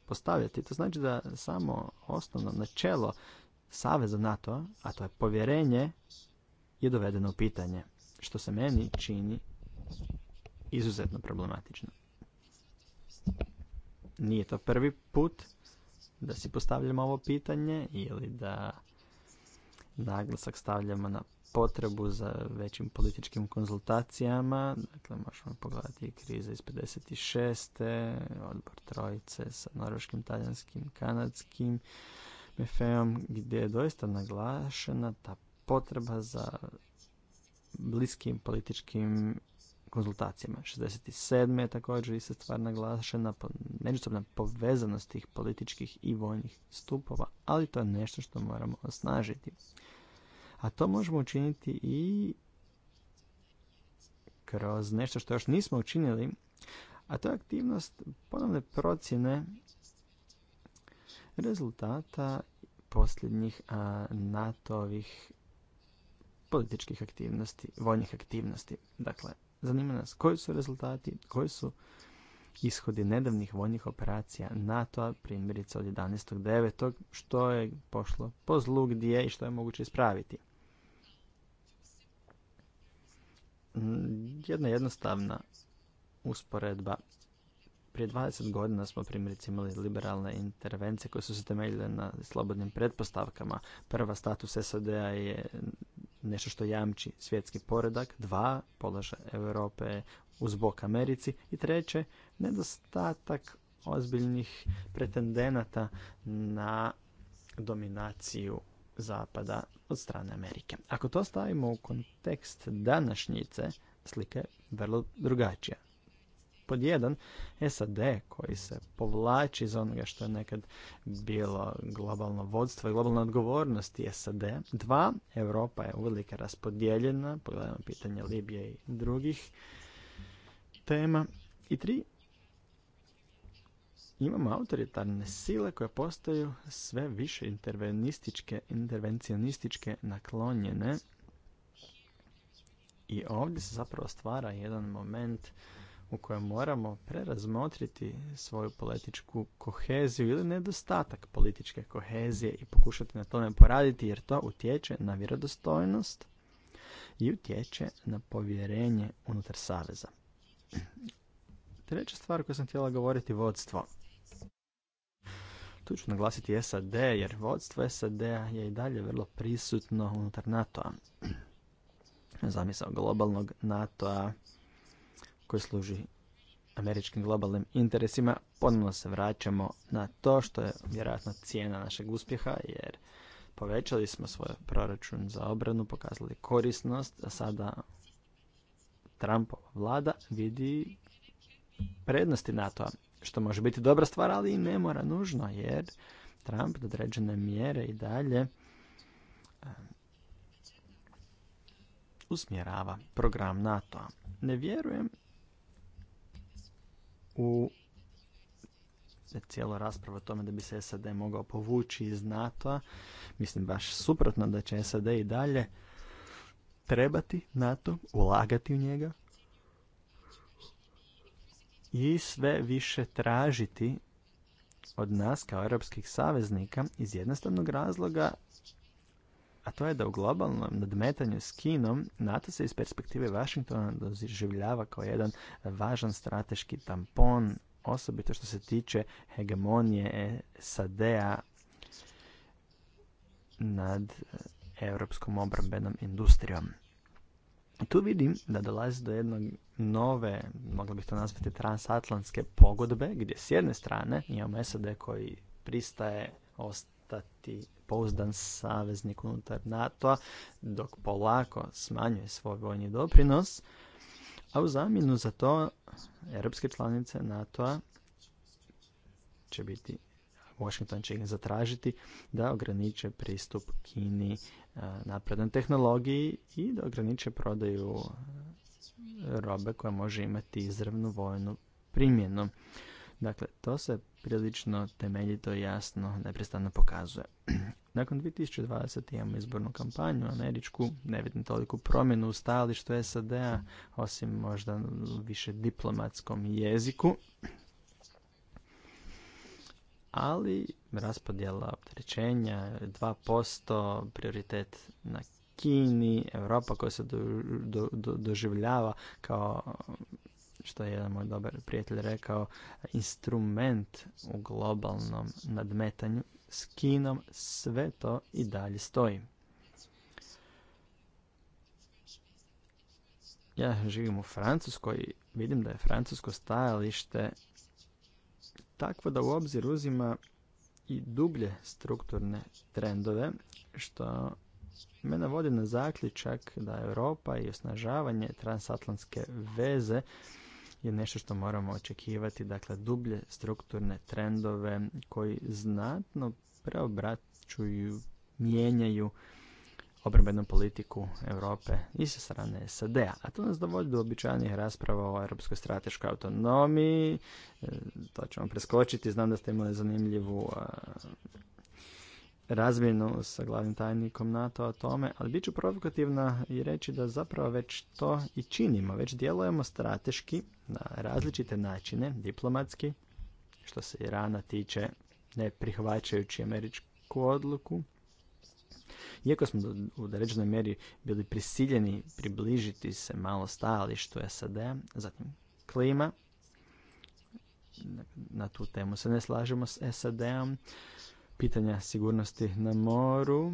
postavljati, to znači da samo osnovno načelo saveza NATO, a to je povjerenje, je dovedeno u pitanje što se meni čini izuzetno problematično. Nije to prvi put da si postavljamo ovo pitanje ili da naglasak stavljamo na potrebu za većim političkim konzultacijama. Dakle, možemo pogledati krize iz 56. odbor trojice sa norveškim, talijanskim, kanadskim mefeom gdje je doista naglašena ta potreba za bliskim političkim konzultacijama. 67. je također se stvar naglašena, međusobna povezanost tih političkih i vojnih stupova, ali to je nešto što moramo osnažiti. A to možemo učiniti i kroz nešto što još nismo učinili, a to je aktivnost ponovne procjene rezultata posljednjih NATO-ovih političkih aktivnosti, vojnih aktivnosti. Dakle, zanima nas koji su rezultati, koji su ishodi nedavnih vojnih operacija NATO-a, primjerice od 11.9. što je pošlo po zlu gdje i što je moguće ispraviti. Mm, jedna jednostavna usporedba. Prije 20 godina smo primjerice imali liberalne intervencije koje su se temeljile na slobodnim pretpostavkama. Prva status SAD-a je nešto što jamči svjetski poredak, dva, položaj Europe uz bok Americi i treće, nedostatak ozbiljnih pretendenata na dominaciju Zapada od strane Amerike. Ako to stavimo u kontekst današnjice, slika je vrlo drugačija. Pod jedan, e, SAD koji se povlači iz onoga što je nekad bilo globalno vodstvo i globalna odgovornost i SAD. Dva, Europa je uvelike raspodijeljena, pogledajmo pitanje Libije i drugih tema. I tri, imamo autoritarne sile koje postaju sve više intervenističke, intervencionističke naklonjene. I ovdje se zapravo stvara jedan moment u kojem moramo prerazmotriti svoju političku koheziju ili nedostatak političke kohezije i pokušati na tome poraditi jer to utječe na vjerodostojnost i utječe na povjerenje unutar saveza. Treća stvar koju sam htjela govoriti vodstvo. Tu ću naglasiti SAD jer vodstvo SAD-a je i dalje vrlo prisutno unutar NATO-a. Zamisao globalnog NATO-a koji služi američkim globalnim interesima, ponovno se vraćamo na to što je vjerojatno cijena našeg uspjeha, jer povećali smo svoj proračun za obranu, pokazali korisnost, a sada Trumpova vlada vidi prednosti NATO-a, što može biti dobra stvar, ali i ne mora nužno, jer Trump do određene mjere i dalje usmjerava program NATO-a. Ne vjerujem u cijelu raspravu o tome da bi se SAD mogao povući iz NATO-a. Mislim baš suprotno da će SAD i dalje trebati NATO, ulagati u njega i sve više tražiti od nas kao europskih saveznika iz jednostavnog razloga a to je da u globalnom nadmetanju s Kinom NATO se iz perspektive Washingtona doživljava kao jedan važan strateški tampon, osobito što se tiče hegemonije SAD-a nad europskom obrambenom industrijom. Tu vidim da dolazi do jednog nove, mogli bih to nazvati transatlantske pogodbe, gdje s jedne strane imamo SAD koji pristaje ost postati pouzdan saveznik unutar nato dok polako smanjuje svoj vojni doprinos, a u zamjenu za to europske članice NATO-a će biti Washington će ih zatražiti da ograniče pristup Kini e, naprednoj tehnologiji i da ograniče prodaju e, robe koja može imati izravnu vojnu primjenu. Dakle, to se prilično temeljito i jasno neprestano pokazuje. Nakon 2020. imamo izbornu kampanju američku, ne vidim toliku promjenu u stajalištu SAD-a, osim možda više diplomatskom jeziku. Ali raspodjela opterećenja, 2% prioritet na Kini, Europa koja se doživljava kao što je jedan moj dobar prijatelj rekao, instrument u globalnom nadmetanju s Kinom, sve to i dalje stoji. Ja živim u Francuskoj i vidim da je francusko stajalište takvo da u obzir uzima i dublje strukturne trendove, što mene vodi na zaključak da Europa i osnažavanje transatlantske veze je nešto što moramo očekivati, dakle dublje strukturne trendove koji znatno preobraćuju, mijenjaju obrambenu politiku Europe i sa strane SAD-a. A to nas dovodi do običajnih rasprava o europskoj strateškoj autonomiji. E, to ćemo preskočiti. Znam da ste imali zanimljivu razmjenu sa glavnim tajnikom NATO o tome, ali bit ću provokativna i reći da zapravo već to i činimo, već djelujemo strateški na različite načine, diplomatski, što se Irana tiče, ne prihvaćajući američku odluku. Iako smo u određenoj mjeri bili prisiljeni približiti se malo stajalištu SAD, zatim klima, na tu temu se ne slažemo s SAD-om, pitanja sigurnosti na moru.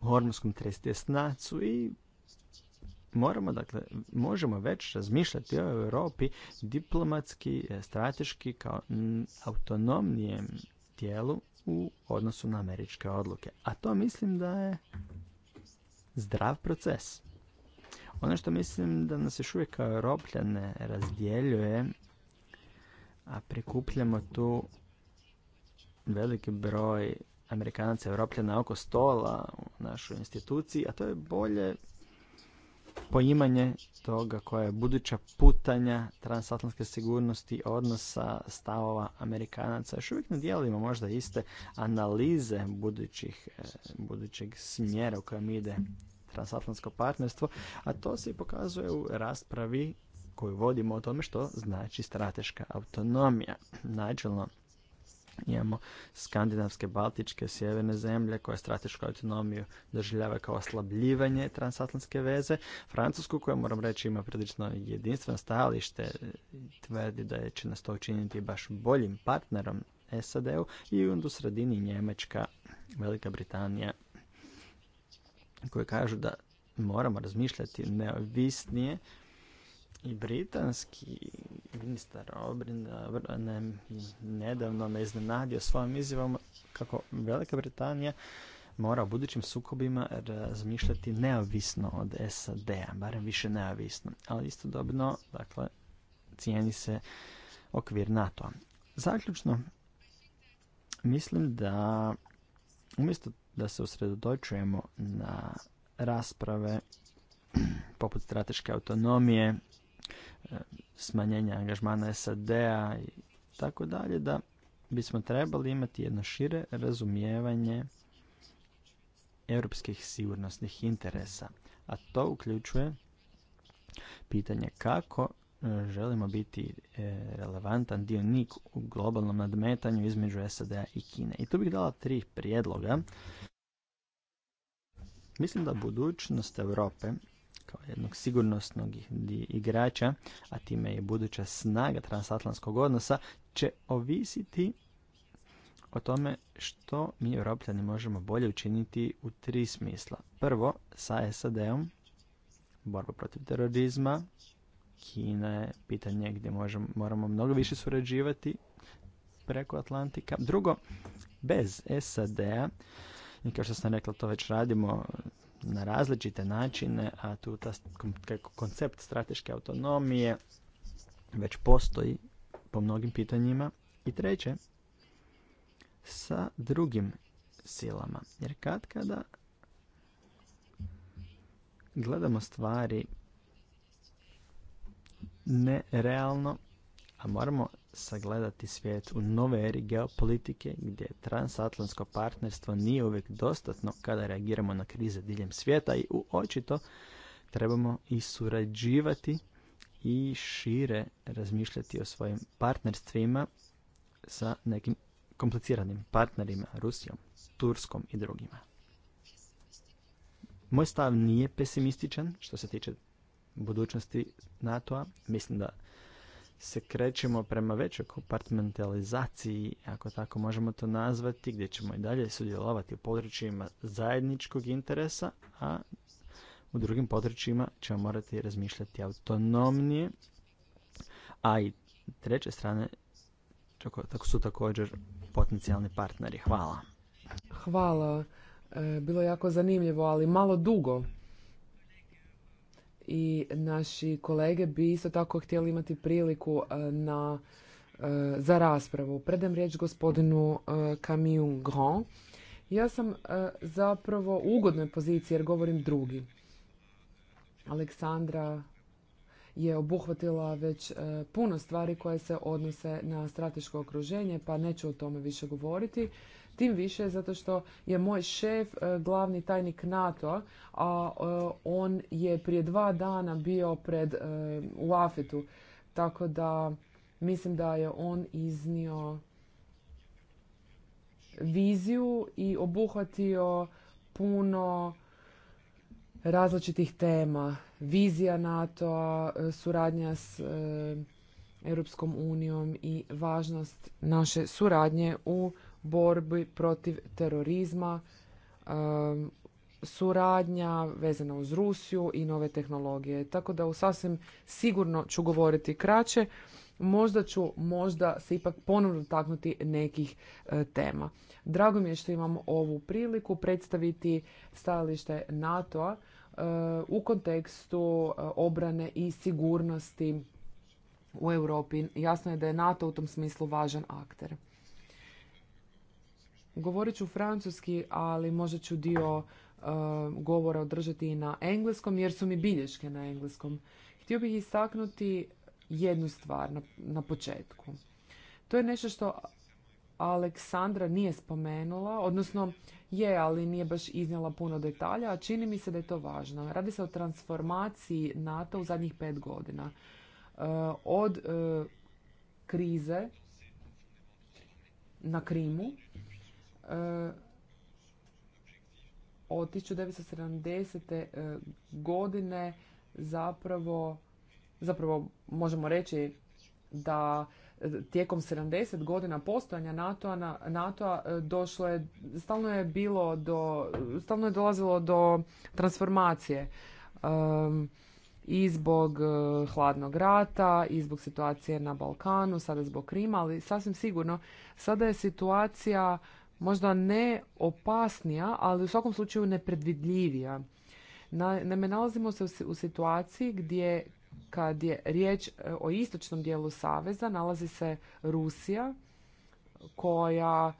U hormonskom trestjesnacu i moramo, dakle, možemo već razmišljati o Europi diplomatski, strateški kao autonomnijem tijelu u odnosu na američke odluke. A to mislim da je zdrav proces. Ono što mislim da nas još uvijek kao Europljane razdjeljuje a prikupljamo tu veliki broj Amerikanaca i na oko stola u našoj instituciji, a to je bolje poimanje toga koja je buduća putanja transatlantske sigurnosti odnosa stavova Amerikanaca. Još uvijek ne dijelimo možda iste analize budućih, e, budućeg smjera u kojem ide transatlantsko partnerstvo, a to se i pokazuje u raspravi koju vodimo o tome što znači strateška autonomija. Načelno imamo skandinavske, baltičke, sjeverne zemlje koje stratešku autonomiju doživljava kao oslabljivanje transatlantske veze. Francusku koja moram reći ima prilično jedinstveno stajalište tvrdi da će nas to učiniti baš boljim partnerom SAD-u i u sredini Njemačka, Velika Britanija koje kažu da moramo razmišljati neovisnije i britanski ministar obrane nedavno me iznenadio svojom izjavom kako Velika Britanija mora u budućim sukobima razmišljati neovisno od SAD-a, barem više neovisno, ali istodobno, dakle, cijeni se okvir NATO-a. Zaključno, mislim da umjesto da se usredotočujemo na rasprave poput strateške autonomije, smanjenja angažmana SAD-a i tako dalje, da bismo trebali imati jedno šire razumijevanje europskih sigurnosnih interesa, a to uključuje pitanje kako e, želimo biti e, relevantan dionik u globalnom nadmetanju između SAD-a i Kine. I tu bih dala tri prijedloga. Mislim da budućnost Europe kao jednog sigurnosnog igrača, a time i buduća snaga transatlantskog odnosa, će ovisiti o tome što mi europljani možemo bolje učiniti u tri smisla. Prvo, sa SAD-om, borba protiv terorizma, Kina je pitanje gdje možemo, moramo mnogo više surađivati preko Atlantika. Drugo, bez SAD-a, i kao što sam rekla, to već radimo na različite načine, a tu ta koncept strateške autonomije već postoji po mnogim pitanjima. I treće, sa drugim silama. Jer kad kada gledamo stvari nerealno, a moramo sagledati svijet u nove eri geopolitike gdje transatlantsko partnerstvo nije uvijek dostatno kada reagiramo na krize diljem svijeta i u očito trebamo i surađivati i šire razmišljati o svojim partnerstvima sa nekim kompliciranim partnerima, Rusijom, Turskom i drugima. Moj stav nije pesimističan što se tiče budućnosti NATO-a. Mislim da se krećemo prema većoj kompartmentalizaciji, ako tako možemo to nazvati, gdje ćemo i dalje sudjelovati u područjima zajedničkog interesa, a u drugim područjima ćemo morati razmišljati autonomnije, a i treće strane tako su također potencijalni partneri. Hvala. Hvala. E, bilo je jako zanimljivo, ali malo dugo i naši kolege bi isto tako htjeli imati priliku e, na, e, za raspravu. Predam riječ gospodinu Camille e, Grand. Ja sam zapravo u ugodnoj poziciji jer govorim drugi. Aleksandra je obuhvatila već puno stvari koje se odnose na strateško okruženje, pa neću o tome više govoriti. Tim više zato što je moj šef e, glavni tajnik NATO-a, e, on je prije dva dana bio pred, e, u Afetu. Tako da mislim da je on iznio viziju i obuhvatio puno različitih tema. Vizija NATO-a, suradnja s Europskom unijom i važnost naše suradnje u borbi protiv terorizma, um, suradnja vezana uz Rusiju i nove tehnologije. Tako da u sasvim sigurno ću govoriti kraće. Možda ću možda se ipak ponovno taknuti nekih e, tema. Drago mi je što imam ovu priliku predstaviti stajalište NATO-a e, u kontekstu e, obrane i sigurnosti u Europi. Jasno je da je NATO u tom smislu važan akter. Govorit ću francuski, ali možda ću dio uh, govora održati i na engleskom, jer su mi bilješke na engleskom. Htio bih istaknuti jednu stvar na, na početku. To je nešto što Aleksandra nije spomenula, odnosno je, ali nije baš iznijela puno detalja, a čini mi se da je to važno. Radi se o transformaciji NATO u zadnjih pet godina. Uh, od uh, krize na Krimu E, od 1970. E, godine zapravo, zapravo možemo reći da e, tijekom 70 godina postojanja NATO-a NATO došlo je, stalno je bilo do, stalno je dolazilo do transformacije um, i zbog hladnog rata, i zbog situacije na Balkanu, sada zbog Krima, ali sasvim sigurno sada je situacija možda ne opasnija, ali u svakom slučaju nepredvidljivija. Naime, nalazimo se u situaciji gdje kad je riječ e, o istočnom dijelu Saveza, nalazi se Rusija koja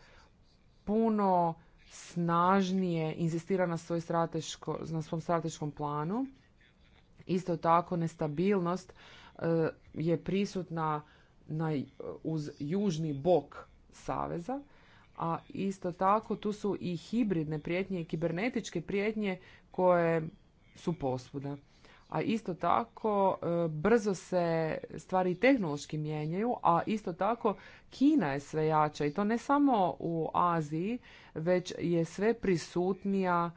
puno snažnije inzistira na, svoj strateško, na svom strateškom planu. Isto tako nestabilnost e, je prisutna na, uz južni bok Saveza a isto tako tu su i hibridne prijetnje i kibernetičke prijetnje koje su posvuda. A isto tako e, brzo se stvari tehnološki mijenjaju, a isto tako Kina je sve jača i to ne samo u Aziji, već je sve prisutnija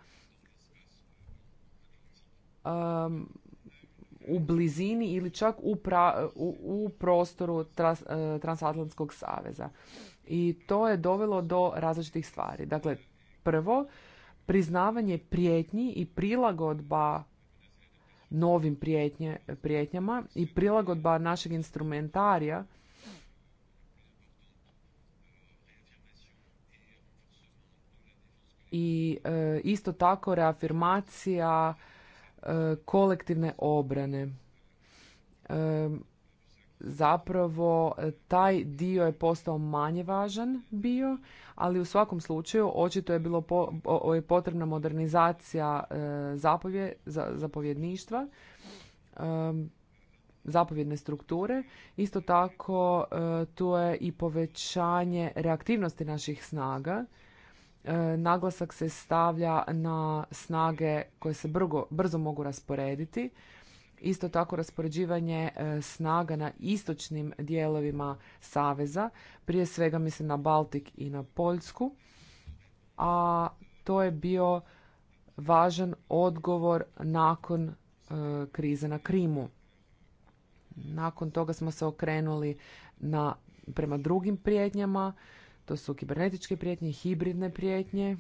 um, u blizini ili čak u, u, prostoru e, transatlantskog saveza i to je dovelo do različitih stvari. Dakle, prvo, priznavanje prijetnji i prilagodba novim prijetnjama i prilagodba našeg instrumentarija i e, isto tako reafirmacija e, kolektivne obrane. E, zapravo e, taj dio je postao manje važan bio, ali u svakom slučaju očito je bilo po, je potrebna modernizacija e, zapovje, zapovjedništva, zapovjedne strukture. Isto tako e, tu je i povećanje reaktivnosti naših snaga. Naglasak se stavlja na snage koje se brzo mogu rasporediti isto tako raspoređivanje e, snaga na istočnim dijelovima saveza, prije svega mislim na Baltik i na Poljsku, a to je bio važan odgovor nakon e, krize na Krimu. Nakon toga smo se okrenuli na prema drugim prijetnjama, to su kibernetičke prijetnje, hibridne prijetnje.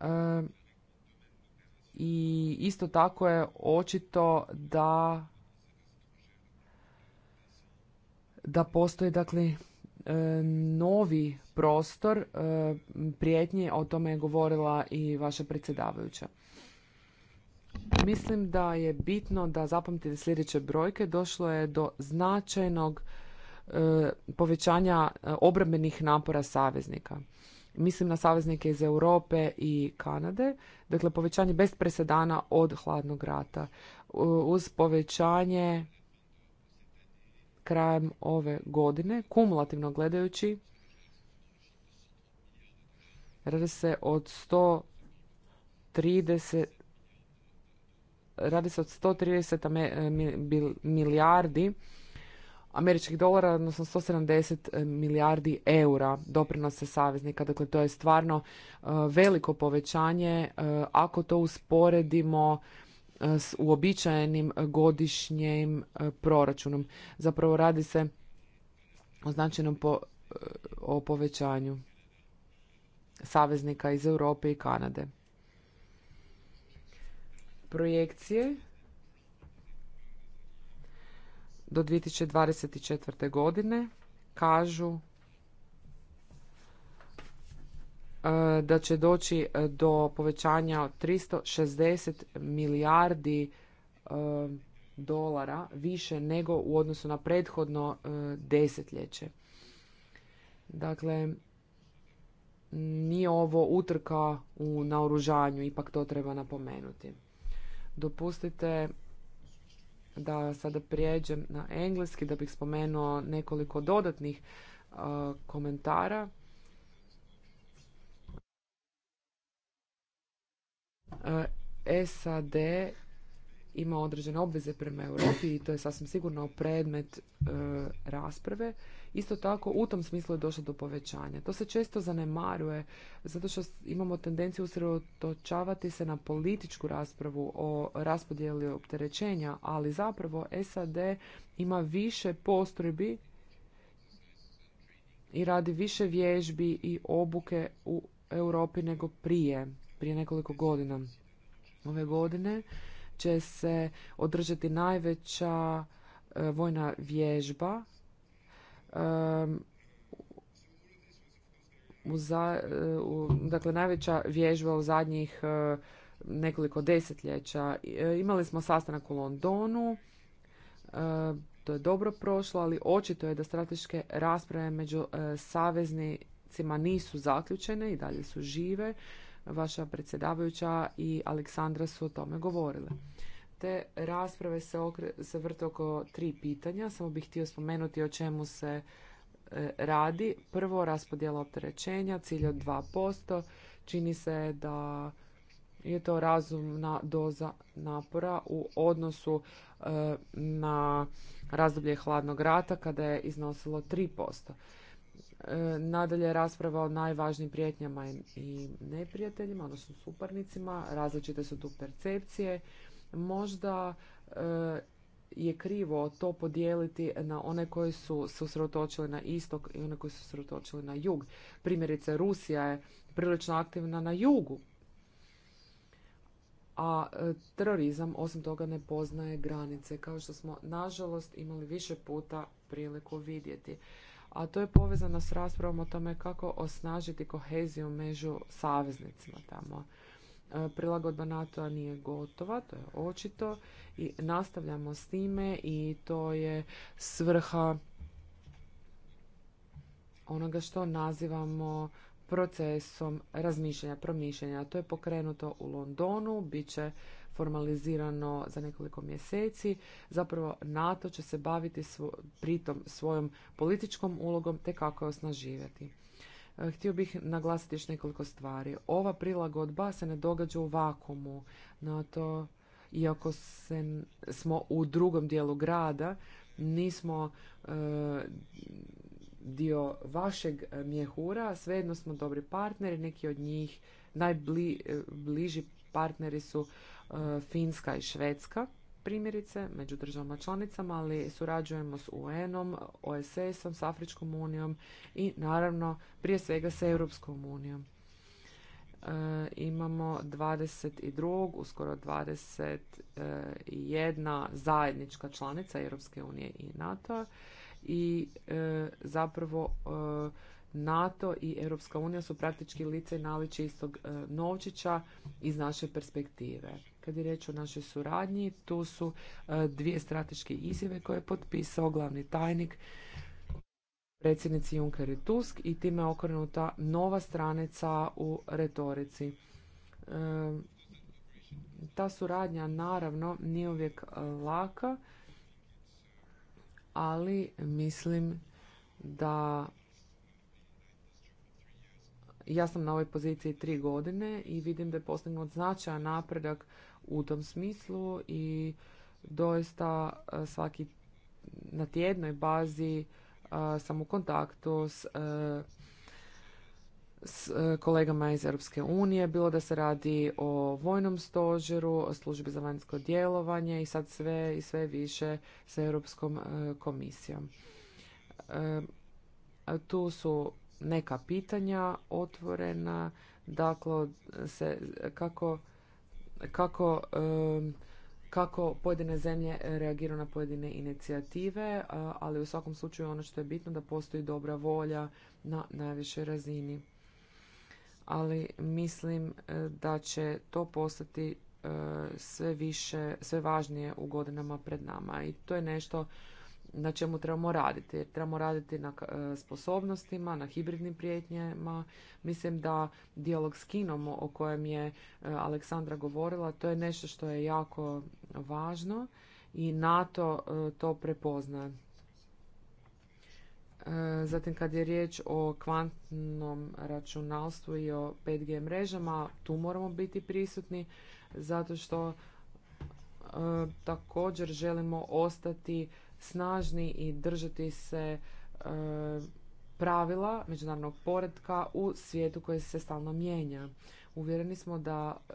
E, i isto tako je očito da da postoji dakle e, novi prostor e, prijetnje, o tome je govorila i vaša predsjedavajuća. Mislim da je bitno da zapamtite sljedeće brojke. Došlo je do značajnog e, povećanja obrambenih napora saveznika. Mislim na saveznike iz Europe i Kanade, dakle povećanje bez presedana od hladnog rata. Uz povećanje krajem ove godine, kumulativno gledajući, radi se od 130 radi se od 130 eh, milijardi američkih dolara, odnosno 170 eh, milijardi eura doprinose saveznika. Dakle, to je stvarno eh, veliko povećanje eh, ako to usporedimo s uobičajenim godišnjim proračunom. Zapravo radi se o značajnom o povećanju saveznika iz Europe i Kanade. Projekcije do 2024. godine kažu e, da će doći e, do povećanja od 360 milijardi e, dolara više nego u odnosu na prethodno desetljeće. Dakle, nije ovo utrka u naoružanju, ipak to treba napomenuti. Dopustite da sada prijeđem na engleski da bih spomenuo nekoliko dodatnih e, komentara. E, SAD ima određene obveze prema Europi i to je sasvim sigurno predmet e, rasprave Isto tako u tom smislu je došlo do povećanja. To se često zanemaruje zato što imamo tendenciju usredotočavati se na političku raspravu o raspodjeli opterećenja, ali zapravo SAD ima više postrojbi i radi više vježbi i obuke u Europi nego prije, prije nekoliko godina. Ove godine će se održati najveća e, vojna vježba E, u dakle najveća vježba u zadnjih e, nekoliko desetljeća. E, imali smo sastanak u Londonu, to je dobro prošlo, ali očito je da strateške rasprave među saveznicima nisu zaključene i dalje su žive. Vaša predsjedavajuća i Aleksandra su o tome govorile te rasprave se, okre, se vrte oko tri pitanja. Samo bih htio spomenuti o čemu se e, radi. Prvo, raspodjela opterećenja, cilj od 2%. Čini se da je to razumna doza napora u odnosu e, na razdoblje hladnog rata kada je iznosilo 3%. E, nadalje rasprava o najvažnijim prijetnjama i neprijateljima, odnosno suparnicima. Različite su tu percepcije Možda e, je krivo to podijeliti na one koji su se na istok i one koji su se na jug. Primjerice, Rusija je prilično aktivna na jugu, a e, terorizam osim toga ne poznaje granice, kao što smo nažalost imali više puta priliku vidjeti. A to je povezano s raspravom o tome kako osnažiti koheziju među saveznicima tamo. E, prilagodba NATO-a nije gotova, to je očito i nastavljamo s time i to je svrha onoga što nazivamo procesom razmišljanja, promišljanja. To je pokrenuto u Londonu, bit će formalizirano za nekoliko mjeseci. Zapravo NATO će se baviti pritom svojom političkom ulogom te kako je osnaživati. E, htio bih naglasiti još nekoliko stvari. Ova prilagodba se ne događa u vakumu. Na to, iako se, smo u drugom dijelu grada, nismo e, dio vašeg e, mjehura, svejedno smo dobri partneri, neki od njih najbliži partneri su Finska i Švedska primjerice među državama članicama, ali surađujemo s UN-om, OSS-om, s Afričkom unijom i naravno prije svega s Europskom unijom. E, imamo 22, uskoro 21 zajednička članica Europske unije i NATO i e, zapravo e, NATO i Europska unija su praktički lice i istog e, novčića iz naše perspektive kad je riječ o našoj suradnji, tu su e, dvije strateške izjave koje je potpisao glavni tajnik predsjednici Juncker i Tusk i time je okrenuta nova stranica u retorici. E, ta suradnja naravno nije uvijek laka, ali mislim da ja sam na ovoj poziciji tri godine i vidim da je postignut značajan napredak u tom smislu i doista e, svaki na tjednoj bazi e, sam u kontaktu s e, kolegama iz Europske unije, bilo da se radi o vojnom stožeru, o službi za vanjsko djelovanje i sad sve i sve više s Europskom komisijom. Tu su neka pitanja otvorena, dakle, se, kako kako kako pojedine zemlje reagiraju na pojedine inicijative, ali u svakom slučaju ono što je bitno da postoji dobra volja na najvišoj razini. Ali mislim e, da će to postati e, sve više, sve važnije u godinama pred nama i to je nešto na čemu trebamo raditi. trebamo raditi na e, sposobnostima, na hibridnim prijetnjama. Mislim da dijalog s Kinom o kojem je e, Aleksandra govorila, to je nešto što je jako važno i NATO e, to prepoznaje. Zatim kad je riječ o kvantnom računalstvu i o 5G mrežama, tu moramo biti prisutni zato što također želimo ostati snažni i držati se e, pravila međunarodnog poretka u svijetu koji se stalno mijenja. Uvjereni smo da, e,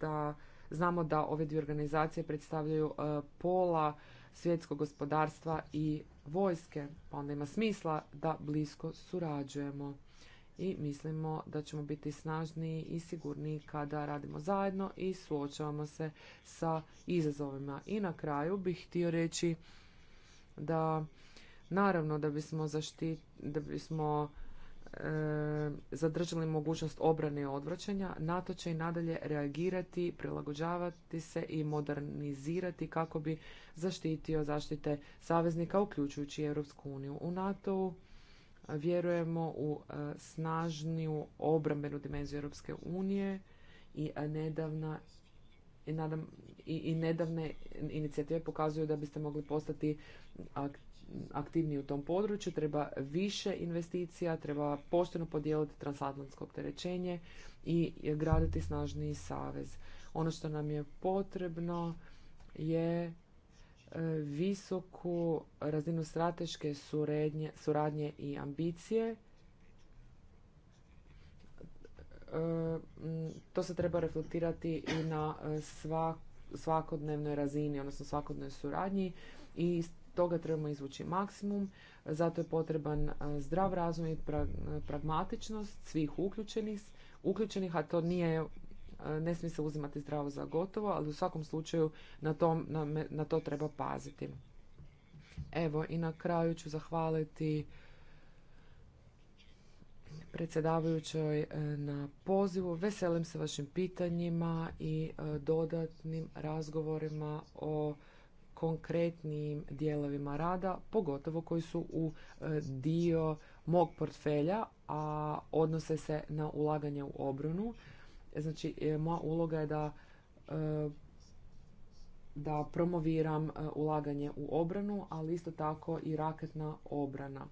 da znamo da ove dvije organizacije predstavljaju e, pola svjetskog gospodarstva i vojske, pa onda ima smisla da blisko surađujemo. I mislimo da ćemo biti snažniji i sigurniji kada radimo zajedno i suočavamo se sa izazovima. I na kraju bih htio reći da naravno da bismo zaštit, da bismo e, zadržali mogućnost obrane i odvraćanja, NATO će i nadalje reagirati, prilagođavati se i modernizirati kako bi zaštitio zaštite saveznika, uključujući Europsku uniju. U nato vjerujemo u e, snažniju obrambenu dimenziju Europske unije i nedavna i, nadam, i, i nedavne inicijative pokazuju da biste mogli postati aktivni u tom području. Treba više investicija, treba pošteno podijeliti transatlantsko opterećenje i graditi snažniji savez. Ono što nam je potrebno je e, visoku razinu strateške suradnje i ambicije E, to se treba reflektirati i na e, svakodnevnoj razini, odnosno svakodnevnoj suradnji i toga trebamo izvući maksimum. Zato je potreban e, zdrav razum i pragmatičnost svih uključenih, uključenih a to nije ne smije se uzimati zdravo za gotovo, ali u svakom slučaju na to, na, na to treba paziti. Evo i na kraju ću zahvaliti predsjedavajućoj e, na pozivu. Veselim se vašim pitanjima i e, dodatnim razgovorima o konkretnim dijelovima rada, pogotovo koji su u e, dio mog portfelja, a odnose se na ulaganje u obranu. Znači, moja uloga je da da promoviram ulaganje u obranu, ali isto tako i raketna obrana.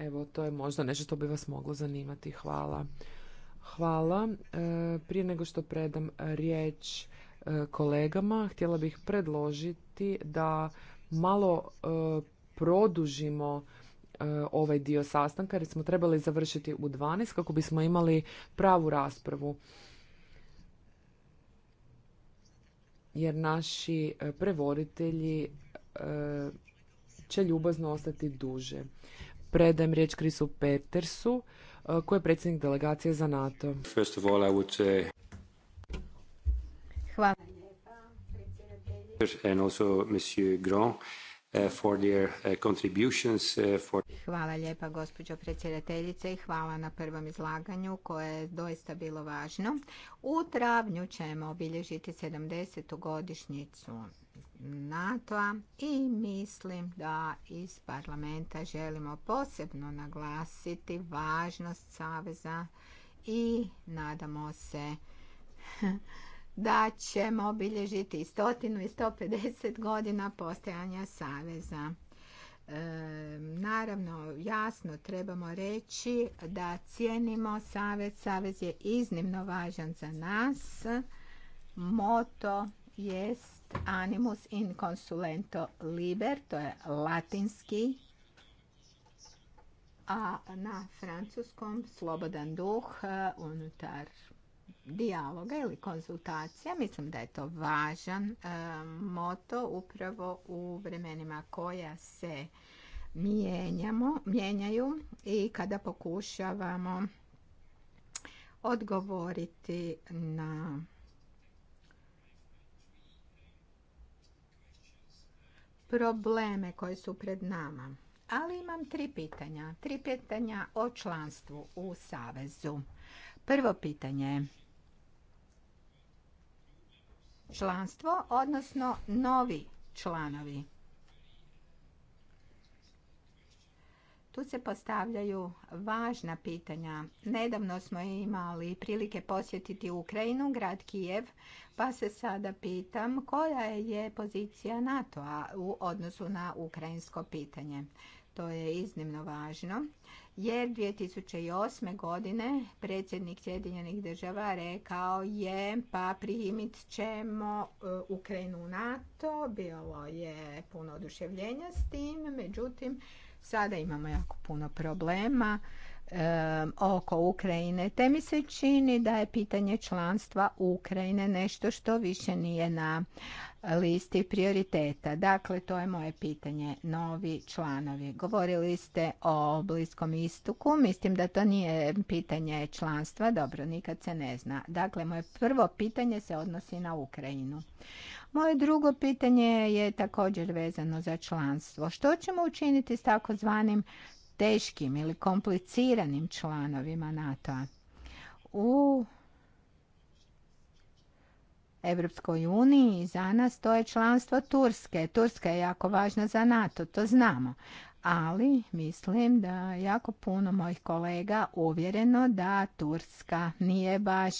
Evo, to je možda nešto što bi vas moglo zanimati. Hvala. Hvala. E, prije nego što predam riječ e, kolegama, htjela bih predložiti da malo e, produžimo ovaj dio sastanka jer smo trebali završiti u 12 kako bismo imali pravu raspravu. Jer naši prevoditelji će ljubazno ostati duže predajem riječ Krisu Petersu, e, koji je predsjednik delegacije za NATO. First of all, I would say... Hvala. And also Monsieur Grand Uh, uh, uh, hvala lijepa gospođo predsjedateljice i hvala na prvom izlaganju koje je doista bilo važno. U travnju ćemo obilježiti 70. godišnjicu NATO-a i mislim da iz parlamenta želimo posebno naglasiti važnost Saveza i nadamo se da ćemo obilježiti 100 i 150 godina postojanja Saveza. E, naravno, jasno trebamo reći da cijenimo Savez. Savez je iznimno važan za nas. Moto jest animus in consulento liber, to je latinski, a na francuskom slobodan duh e, unutar dijaloga ili konzultacija. Mislim da je to važan e, moto upravo u vremenima koja se mijenjamo, mijenjaju i kada pokušavamo odgovoriti na probleme koje su pred nama. Ali imam tri pitanja. Tri pitanja o članstvu u Savezu. Prvo pitanje je članstvo, odnosno novi članovi. Tu se postavljaju važna pitanja. Nedavno smo imali prilike posjetiti Ukrajinu, grad Kijev, pa se sada pitam koja je pozicija NATO-a u odnosu na ukrajinsko pitanje. To je iznimno važno jer 2008. godine predsjednik Sjedinjenih država rekao je pa primit ćemo e, Ukrajinu u NATO, bilo je puno oduševljenja s tim, međutim sada imamo jako puno problema e, oko Ukrajine. Te mi se čini da je pitanje članstva Ukrajine nešto što više nije na listi prioriteta. Dakle, to je moje pitanje. Novi članovi. Govorili ste o Bliskom istuku. Mislim da to nije pitanje članstva. Dobro, nikad se ne zna. Dakle, moje prvo pitanje se odnosi na Ukrajinu. Moje drugo pitanje je također vezano za članstvo. Što ćemo učiniti s takozvanim teškim ili kompliciranim članovima NATO-a? U Evropskoj uniji i za nas to je članstvo Turske. Turska je jako važna za NATO, to znamo. Ali mislim da jako puno mojih kolega uvjereno da Turska nije baš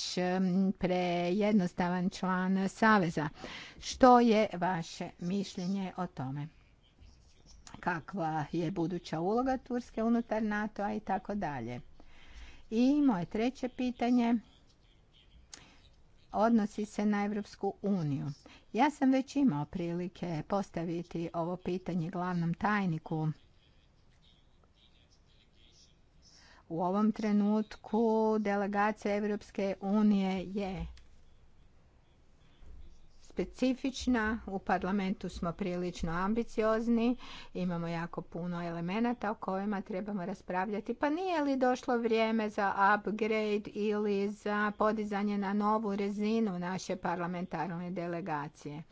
prejednostavan član Saveza. Što je vaše mišljenje o tome? Kakva je buduća uloga Turske unutar NATO-a i tako dalje? I moje treće pitanje odnosi se na Europsku uniju. Ja sam već imao prilike postaviti ovo pitanje glavnom tajniku u ovom trenutku delegacija Europske unije je specifična. U parlamentu smo prilično ambiciozni, imamo jako puno elemenata o kojima trebamo raspravljati. Pa nije li došlo vrijeme za upgrade ili za podizanje na novu rezinu naše parlamentarne delegacije?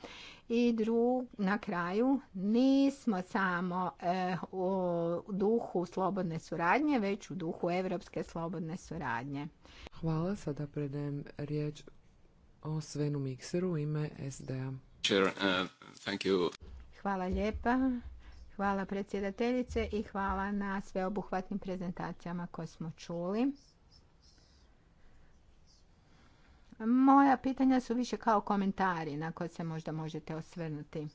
I drug, na kraju, nismo samo e, u duhu slobodne suradnje, već u duhu evropske slobodne suradnje. Hvala, sada predajem riječ o Svenu Mikseru u ime SDA. Uh, hvala lijepa. Hvala predsjedateljice i hvala na sveobuhvatnim prezentacijama koje smo čuli. Moja pitanja su više kao komentari na koje se možda možete osvrnuti.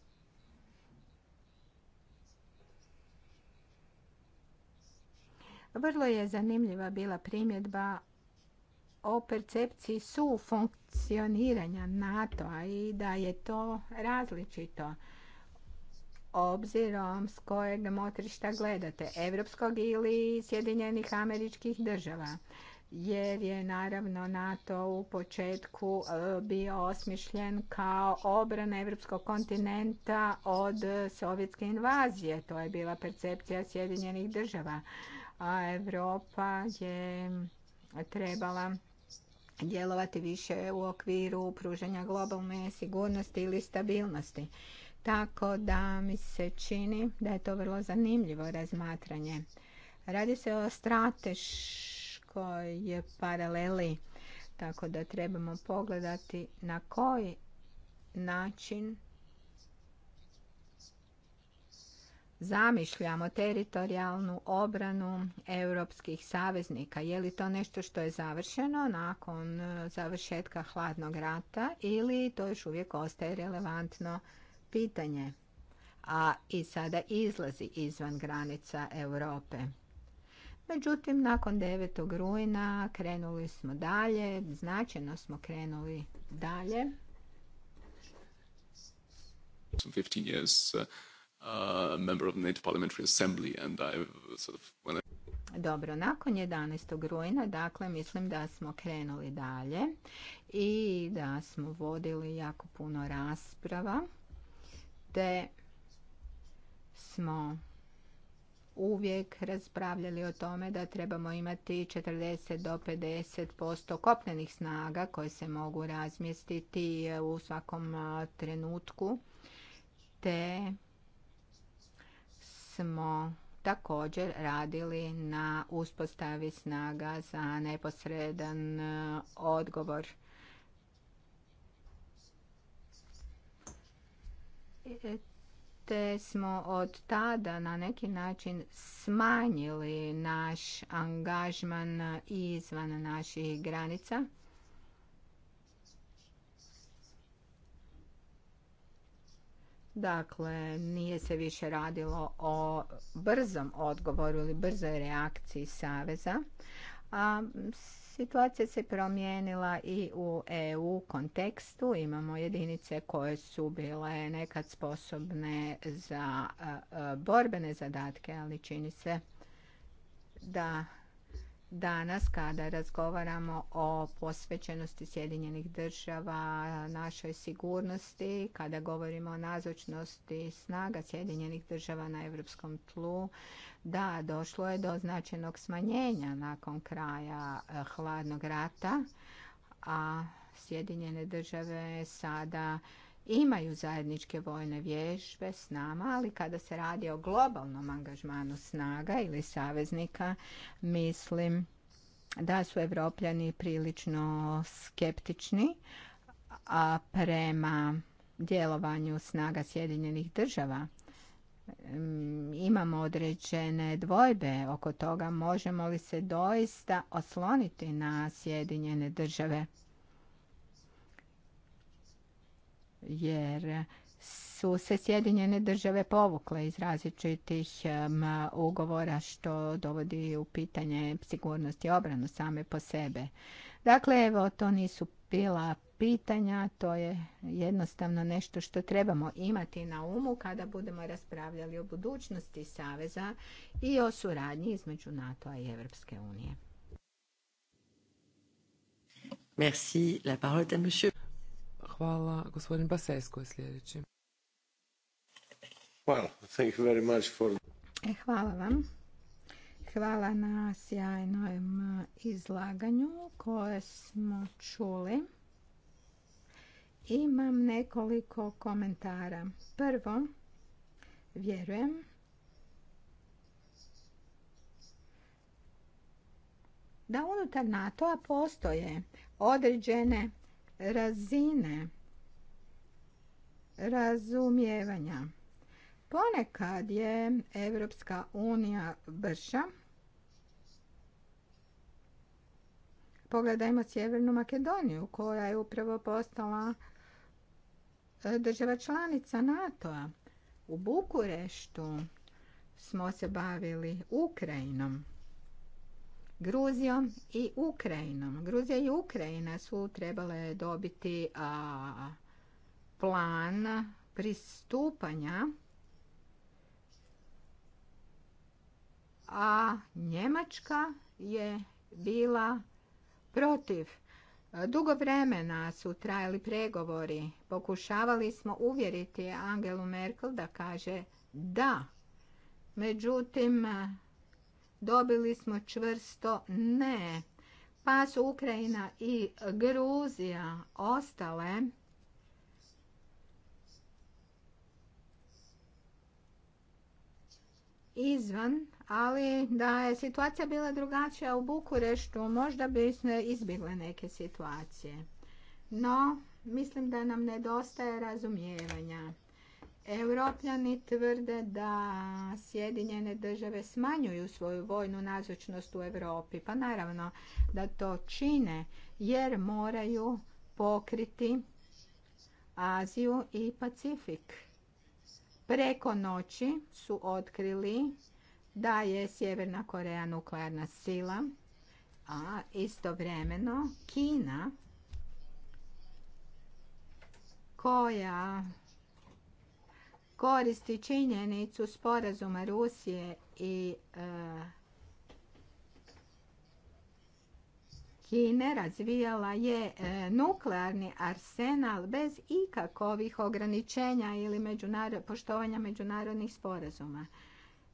Vrlo je zanimljiva bila primjedba o percepciji su funkcioniranja NATO-a i da je to različito obzirom s kojeg motrišta gledate, evropskog ili Sjedinjenih američkih država. Jer je naravno NATO u početku e, bio osmišljen kao obrana evropskog kontinenta od sovjetske invazije. To je bila percepcija Sjedinjenih država. A Europa je trebala djelovati više u okviru pružanja globalne sigurnosti ili stabilnosti. Tako da mi se čini da je to vrlo zanimljivo razmatranje. Radi se o strateškoj paraleli, tako da trebamo pogledati na koji način zamišljamo teritorijalnu obranu europskih saveznika? Je li to nešto što je završeno nakon e, završetka hladnog rata ili to još uvijek ostaje relevantno pitanje? A i sada izlazi izvan granica Europe. Međutim, nakon 9. rujna krenuli smo dalje, značajno smo krenuli dalje. 15 years uh, Uh, member of Parliamentary Assembly and I uh, sort of when I... Dobro, nakon 11. rujna, dakle, mislim da smo krenuli dalje i da smo vodili jako puno rasprava, te smo uvijek raspravljali o tome da trebamo imati 40 do 50% kopnenih snaga koje se mogu razmjestiti uh, u svakom trenutku, te smo također radili na uspostavi snaga za neposredan e, odgovor. E, te smo od tada na neki način smanjili naš angažman izvan naših granica. Dakle, nije se više radilo o brzom odgovoru ili brzoj reakciji Saveza, a situacija se promijenila i u EU kontekstu. Imamo jedinice koje su bile nekad sposobne za e, e, borbene zadatke, ali čini se da danas kada razgovaramo o posvećenosti Sjedinjenih država našoj sigurnosti, kada govorimo o nazočnosti snaga Sjedinjenih država na europskom tlu, da došlo je do značajnog smanjenja nakon kraja eh, hladnog rata, a Sjedinjene države sada imaju zajedničke vojne vježbe s nama, ali kada se radi o globalnom angažmanu snaga ili saveznika, mislim da su evropljani prilično skeptični a prema djelovanju snaga Sjedinjenih država. Imamo određene dvojbe oko toga možemo li se doista osloniti na Sjedinjene države jer su se Sjedinjene države povukle iz različitih ugovora što dovodi u pitanje sigurnost i obranu same po sebe. Dakle, evo, to nisu bila pitanja, to je jednostavno nešto što trebamo imati na umu kada budemo raspravljali o budućnosti Saveza i o suradnji između NATO-a i Europske unije. Merci, la parole à monsieur. Hvala. Gospodin Basesko je sljedeći. thank you very much for... E, hvala vam. Hvala na sjajnom e, izlaganju koje smo čuli. Imam nekoliko komentara. Prvo, vjerujem da unutar NATO-a postoje određene razine razumijevanja. Ponekad je Evropska unija brša. Pogledajmo Sjevernu Makedoniju koja je upravo postala e, država članica NATO-a. U Bukureštu smo se bavili Ukrajinom. Gruzijom i Ukrajinom. Gruzija i Ukrajina su trebale dobiti a, plan pristupanja, a Njemačka je bila protiv. Dugo vremena su trajali pregovori. Pokušavali smo uvjeriti Angelu Merkel da kaže da. Međutim, dobili smo čvrsto ne. Pa su Ukrajina i Gruzija ostale izvan, ali da je situacija bila drugačija u Bukureštu, možda bi izbjegle neke situacije. No, mislim da nam nedostaje razumijevanja. Europljani tvrde da Sjedinjene države smanjuju svoju vojnu nazočnost u Europi. Pa naravno da to čine jer moraju pokriti Aziju i Pacifik. Preko noći su otkrili da je Sjeverna Koreja nuklearna sila, a istovremeno Kina koja koristi činjenicu sporazuma Rusije i e, Kine razvijala je e, nuklearni arsenal bez ikakvih ograničenja ili poštovanja međunarodnih sporazuma.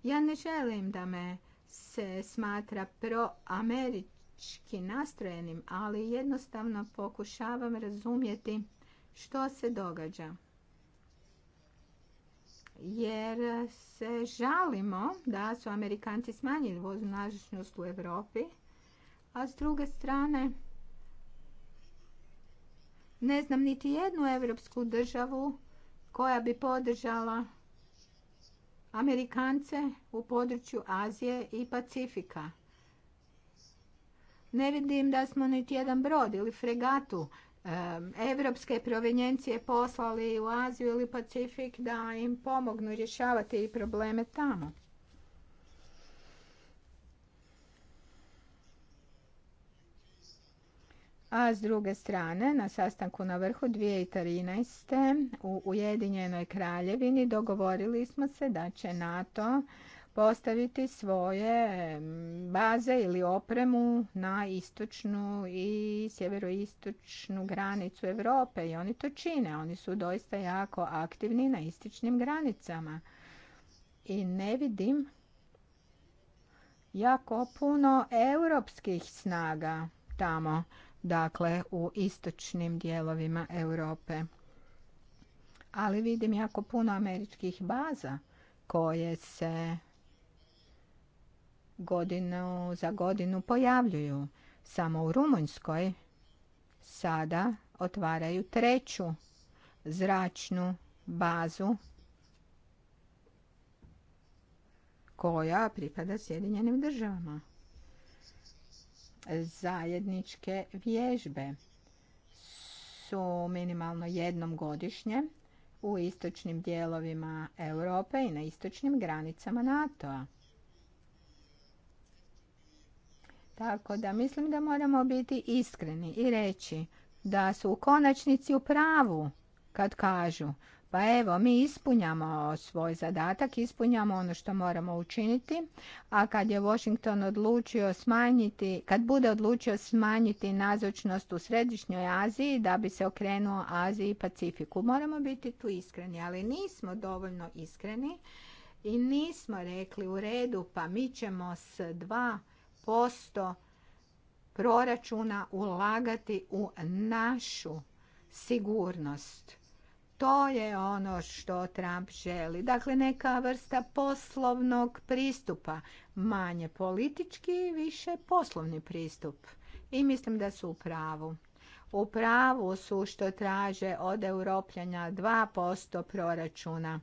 Ja ne želim da me se smatra proamerički nastrojenim, ali jednostavno pokušavam razumjeti što se događa jer se žalimo da su Amerikanci smanjili voznu u Europi, a s druge strane ne znam niti jednu europsku državu koja bi podržala Amerikance u području Azije i Pacifika. Ne vidim da smo niti jedan brod ili fregatu evropske provenjencije poslali u Aziju ili Pacifik da im pomognu rješavati i probleme tamo. A s druge strane, na sastanku na vrhu 2013. u Ujedinjenoj kraljevini dogovorili smo se da će NATO postaviti svoje baze ili opremu na istočnu i sjeveroistočnu granicu Europe i oni to čine. Oni su doista jako aktivni na istočnim granicama. I ne vidim jako puno europskih snaga tamo, dakle u istočnim dijelovima Europe. Ali vidim jako puno američkih baza koje se godinu za godinu pojavljuju. Samo u Rumunjskoj sada otvaraju treću zračnu bazu koja pripada Sjedinjenim državama. Zajedničke vježbe su minimalno jednom godišnje u istočnim dijelovima Europe i na istočnim granicama NATO-a. Tako da mislim da moramo biti iskreni i reći da su u konačnici u pravu kad kažu pa evo, mi ispunjamo svoj zadatak, ispunjamo ono što moramo učiniti, a kad je Washington odlučio smanjiti, kad bude odlučio smanjiti nazočnost u Središnjoj Aziji da bi se okrenuo Aziji i Pacifiku, moramo biti tu iskreni, ali nismo dovoljno iskreni i nismo rekli u redu pa mi ćemo s dva posto proračuna ulagati u našu sigurnost. To je ono što Trump želi. Dakle, neka vrsta poslovnog pristupa. Manje politički, više poslovni pristup. I mislim da su u pravu. U pravu su što traže od europljanja 2% proračuna.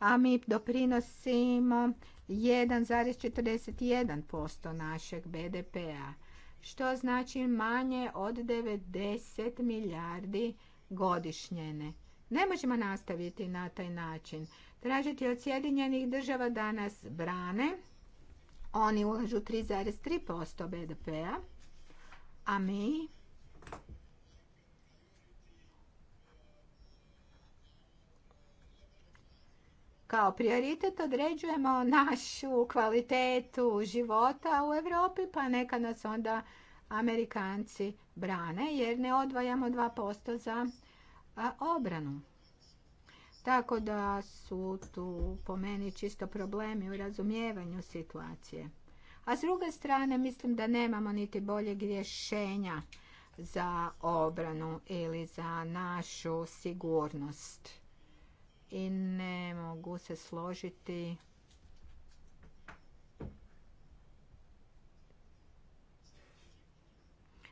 A mi doprinosimo 1,41% našeg BDP-a, što znači manje od 90 milijardi godišnjene. Ne možemo nastaviti na taj način. Tražiti od Sjedinjenih država danas brane. Oni ulažu 3,3% BDP-a, a mi kao prioritet određujemo našu kvalitetu života u Europi, pa neka nas onda Amerikanci brane jer ne odvajamo 2% za obranu. Tako da su tu po meni čisto problemi u razumijevanju situacije. A s druge strane mislim da nemamo niti boljeg rješenja za obranu ili za našu sigurnost i ne mogu se složiti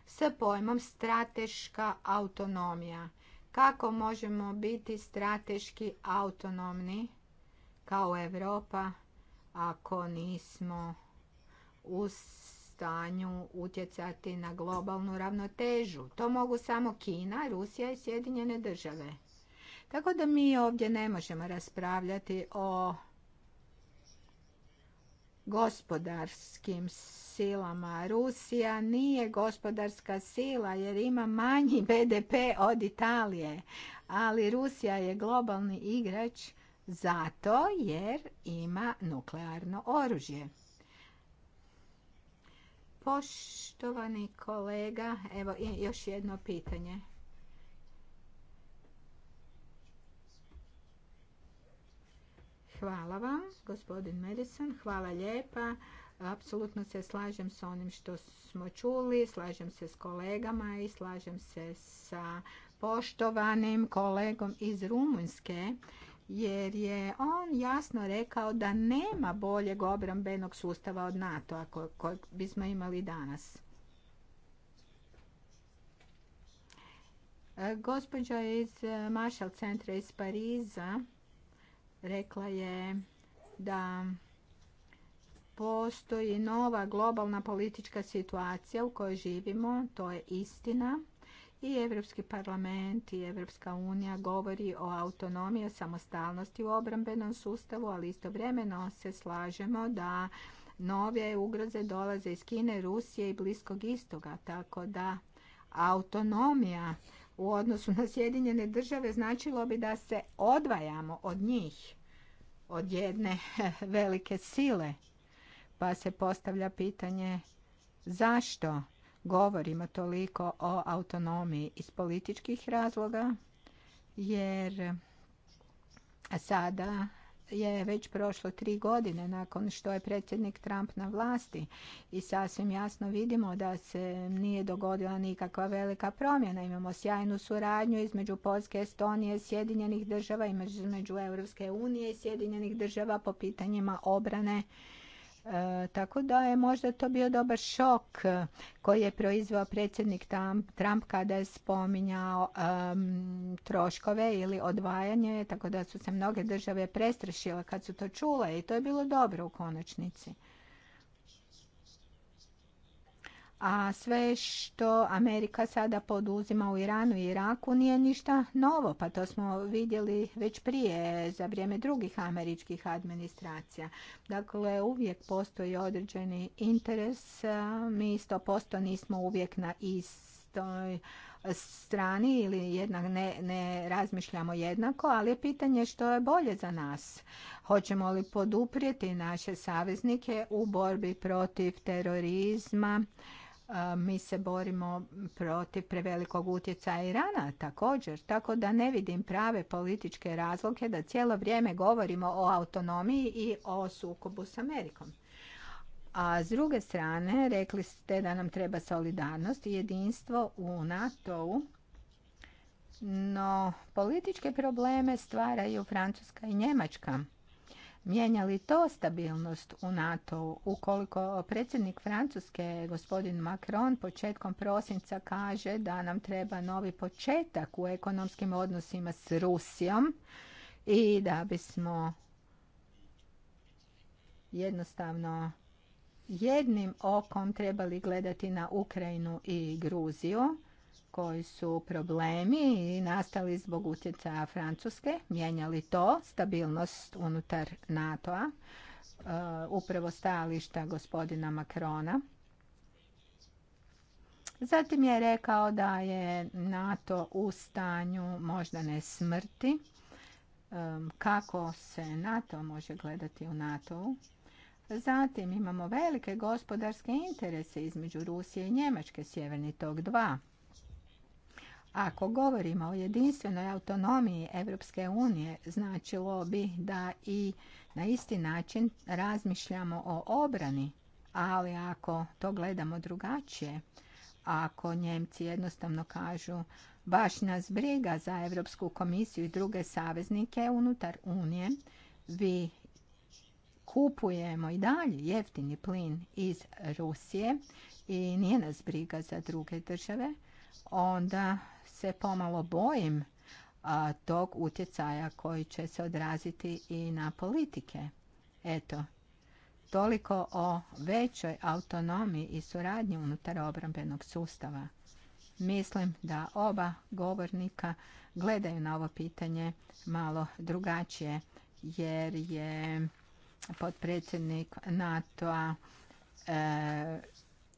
sa pojmom strateška autonomija. Kako možemo biti strateški autonomni kao Europa ako nismo u stanju utjecati na globalnu ravnotežu? To mogu samo Kina, Rusija i Sjedinjene države. Tako da mi ovdje ne možemo raspravljati o gospodarskim silama. Rusija nije gospodarska sila jer ima manji BDP od Italije, ali Rusija je globalni igrač zato jer ima nuklearno oružje. Poštovani kolega, evo još jedno pitanje. Hvala vam, gospodin Madison. Hvala lijepa. Apsolutno se slažem sa onim što smo čuli, slažem se s kolegama i slažem se sa poštovanim kolegom iz Rumunjske jer je on jasno rekao da nema boljeg obrambenog sustava od NATO-a kojeg bismo imali danas. Gospođa iz Marshall centra iz Pariza rekla je da postoji nova globalna politička situacija u kojoj živimo, to je istina. I Europski parlament i Europska unija govori o autonomiji, o samostalnosti u obrambenom sustavu, ali istovremeno se slažemo da nove ugroze dolaze iz Kine, Rusije i Bliskog istoga, tako da autonomija u odnosu na Sjedinjene države značilo bi da se odvajamo od njih, od jedne velike sile. Pa se postavlja pitanje zašto govorimo toliko o autonomiji iz političkih razloga, jer sada je već prošlo tri godine nakon što je predsjednik Trump na vlasti i sasvim jasno vidimo da se nije dogodila nikakva velika promjena. Imamo sjajnu suradnju između Polske, Estonije, Sjedinjenih država, između Europske unije i Sjedinjenih država po pitanjima obrane E, tako da je možda to bio dobar šok e, koji je proizveo predsjednik Trump kada je spominjao troškove ili odvajanje, tako da su se mnoge države prestrašile kad su to čule i to je bilo dobro u konačnici. A sve što Amerika sada poduzima u Iranu i Iraku nije ništa novo, pa to smo vidjeli već prije za vrijeme drugih američkih administracija. Dakle, uvijek postoji određeni interes, mi posto nismo uvijek na istoj strani ili jednak ne, ne razmišljamo jednako, ali je pitanje što je bolje za nas. Hoćemo li poduprijeti naše saveznike u borbi protiv terorizma, mi se borimo protiv prevelikog utjecaja Irana također, tako da ne vidim prave političke razloge da cijelo vrijeme govorimo o autonomiji i o sukobu s Amerikom. A s druge strane, rekli ste da nam treba solidarnost i jedinstvo u NATO-u, no političke probleme stvaraju Francuska i Njemačka mijenja li to stabilnost u NATO-u ukoliko predsjednik Francuske gospodin Macron početkom prosinca kaže da nam treba novi početak u ekonomskim odnosima s Rusijom i da bismo jednostavno jednim okom trebali gledati na Ukrajinu i Gruziju koji su problemi i nastali zbog utjecaja Francuske, mijenjali to, stabilnost unutar NATO-a, e, upravo stajališta gospodina Makrona. Zatim je rekao da je NATO u stanju možda ne smrti, e, kako se NATO može gledati u NATO-u. Zatim imamo velike gospodarske interese između Rusije i Njemačke, sjeverni tog dva. Ako govorimo o jedinstvenoj autonomiji Europske unije, značilo bi da i na isti način razmišljamo o obrani, ali ako to gledamo drugačije, ako Njemci jednostavno kažu baš nas briga za Europsku komisiju i druge saveznike unutar Unije, vi kupujemo i dalje jeftini plin iz Rusije i nije nas briga za druge države, onda se pomalo bojim tog utjecaja koji će se odraziti i na politike. Eto, toliko o većoj autonomiji i suradnji unutar obrambenog sustava. Mislim da oba govornika gledaju na ovo pitanje malo drugačije, jer je potpredsjednik NATO-a e,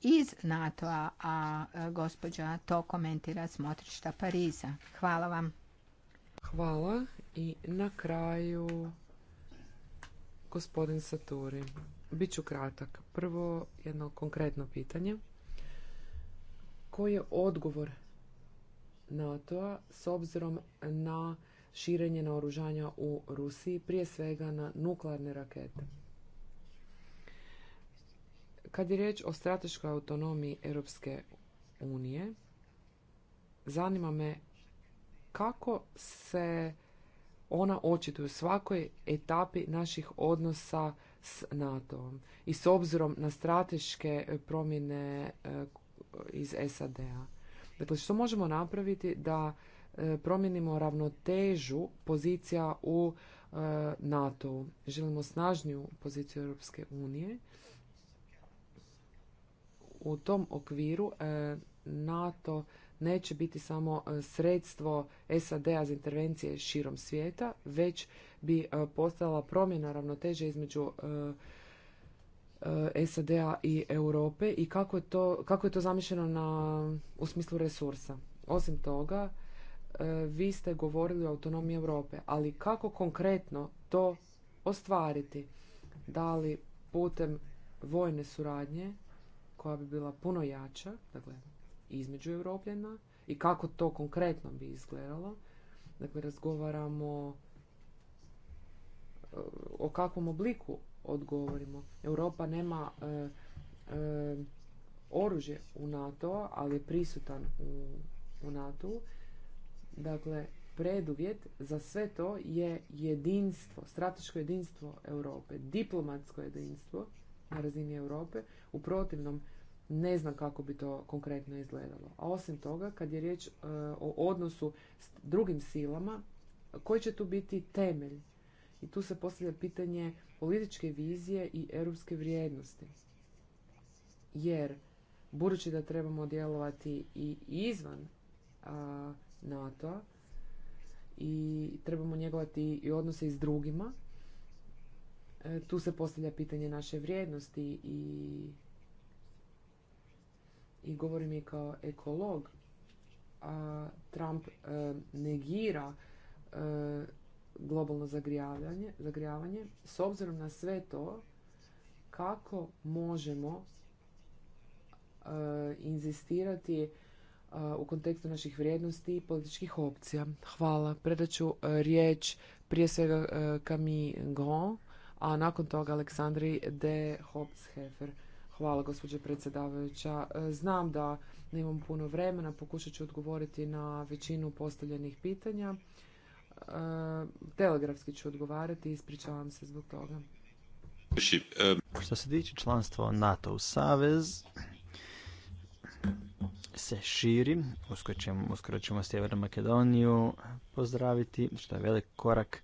iz NATO-a, a e, gospođa to komentira smotrišta Pariza. Hvala vam. Hvala i na kraju gospodin Saturi. Biću kratak. Prvo jedno konkretno pitanje. Koji je odgovor NATO-a s obzirom na širenje naoružanja u Rusiji, prije svega na nuklearne rakete? Kad je riječ o strateškoj autonomiji Europske unije, zanima me kako se ona očituje u svakoj etapi naših odnosa s NATO-om i s obzirom na strateške promjene e, iz SAD-a. Dakle, što možemo napraviti da e, promijenimo ravnotežu pozicija u e, NATO-u. Želimo snažniju poziciju Europske unije u tom okviru e, NATO neće biti samo e, sredstvo SAD-a za intervencije širom svijeta, već bi e, postala promjena ravnoteže između SAD-a i Europe i kako je to, kako je to zamišljeno na, u smislu resursa. Osim toga, vi ste govorili o autonomiji Europe, ali kako konkretno to ostvariti? Da li putem vojne suradnje koja bi bila puno jača, dakle između Europljena i kako to konkretno bi izgledalo. Dakle, razgovaramo eh, o kakvom obliku odgovorimo. Europa nema eh, eh, oružje u NATO, ali je prisutan u, u NATO. Dakle, preduvjet za sve to je jedinstvo, strateško jedinstvo Europe, diplomatsko jedinstvo na razini Europe. U protivnom ne znam kako bi to konkretno izgledalo. A osim toga, kad je riječ e, o odnosu s drugim silama, koji će tu biti temelj? I tu se postavlja pitanje političke vizije i europske vrijednosti. Jer, budući da trebamo djelovati i izvan NATO-a i trebamo njegovati i odnose s drugima, e, tu se postavlja pitanje naše vrijednosti i i govorim i kao ekolog, a Trump e, negira e, globalno zagrijavanje, zagrijavanje, s obzirom na sve to, kako možemo e, inzistirati e, u kontekstu naših vrijednosti i političkih opcija. Hvala. Predat ću riječ prije svega Camille Grand, a nakon toga Aleksandri de Hopshefer. Hvala, gospođo predsjedavajuća. E, znam da nemam puno vremena, pokušat ću odgovoriti na većinu postavljenih pitanja. E, telegrafski ću odgovarati i ispričavam se zbog toga. Što se tiče članstva NATO u Savez, se širi, uskoro uskoro ćemo Sjevernu Makedoniju pozdraviti, što je velik korak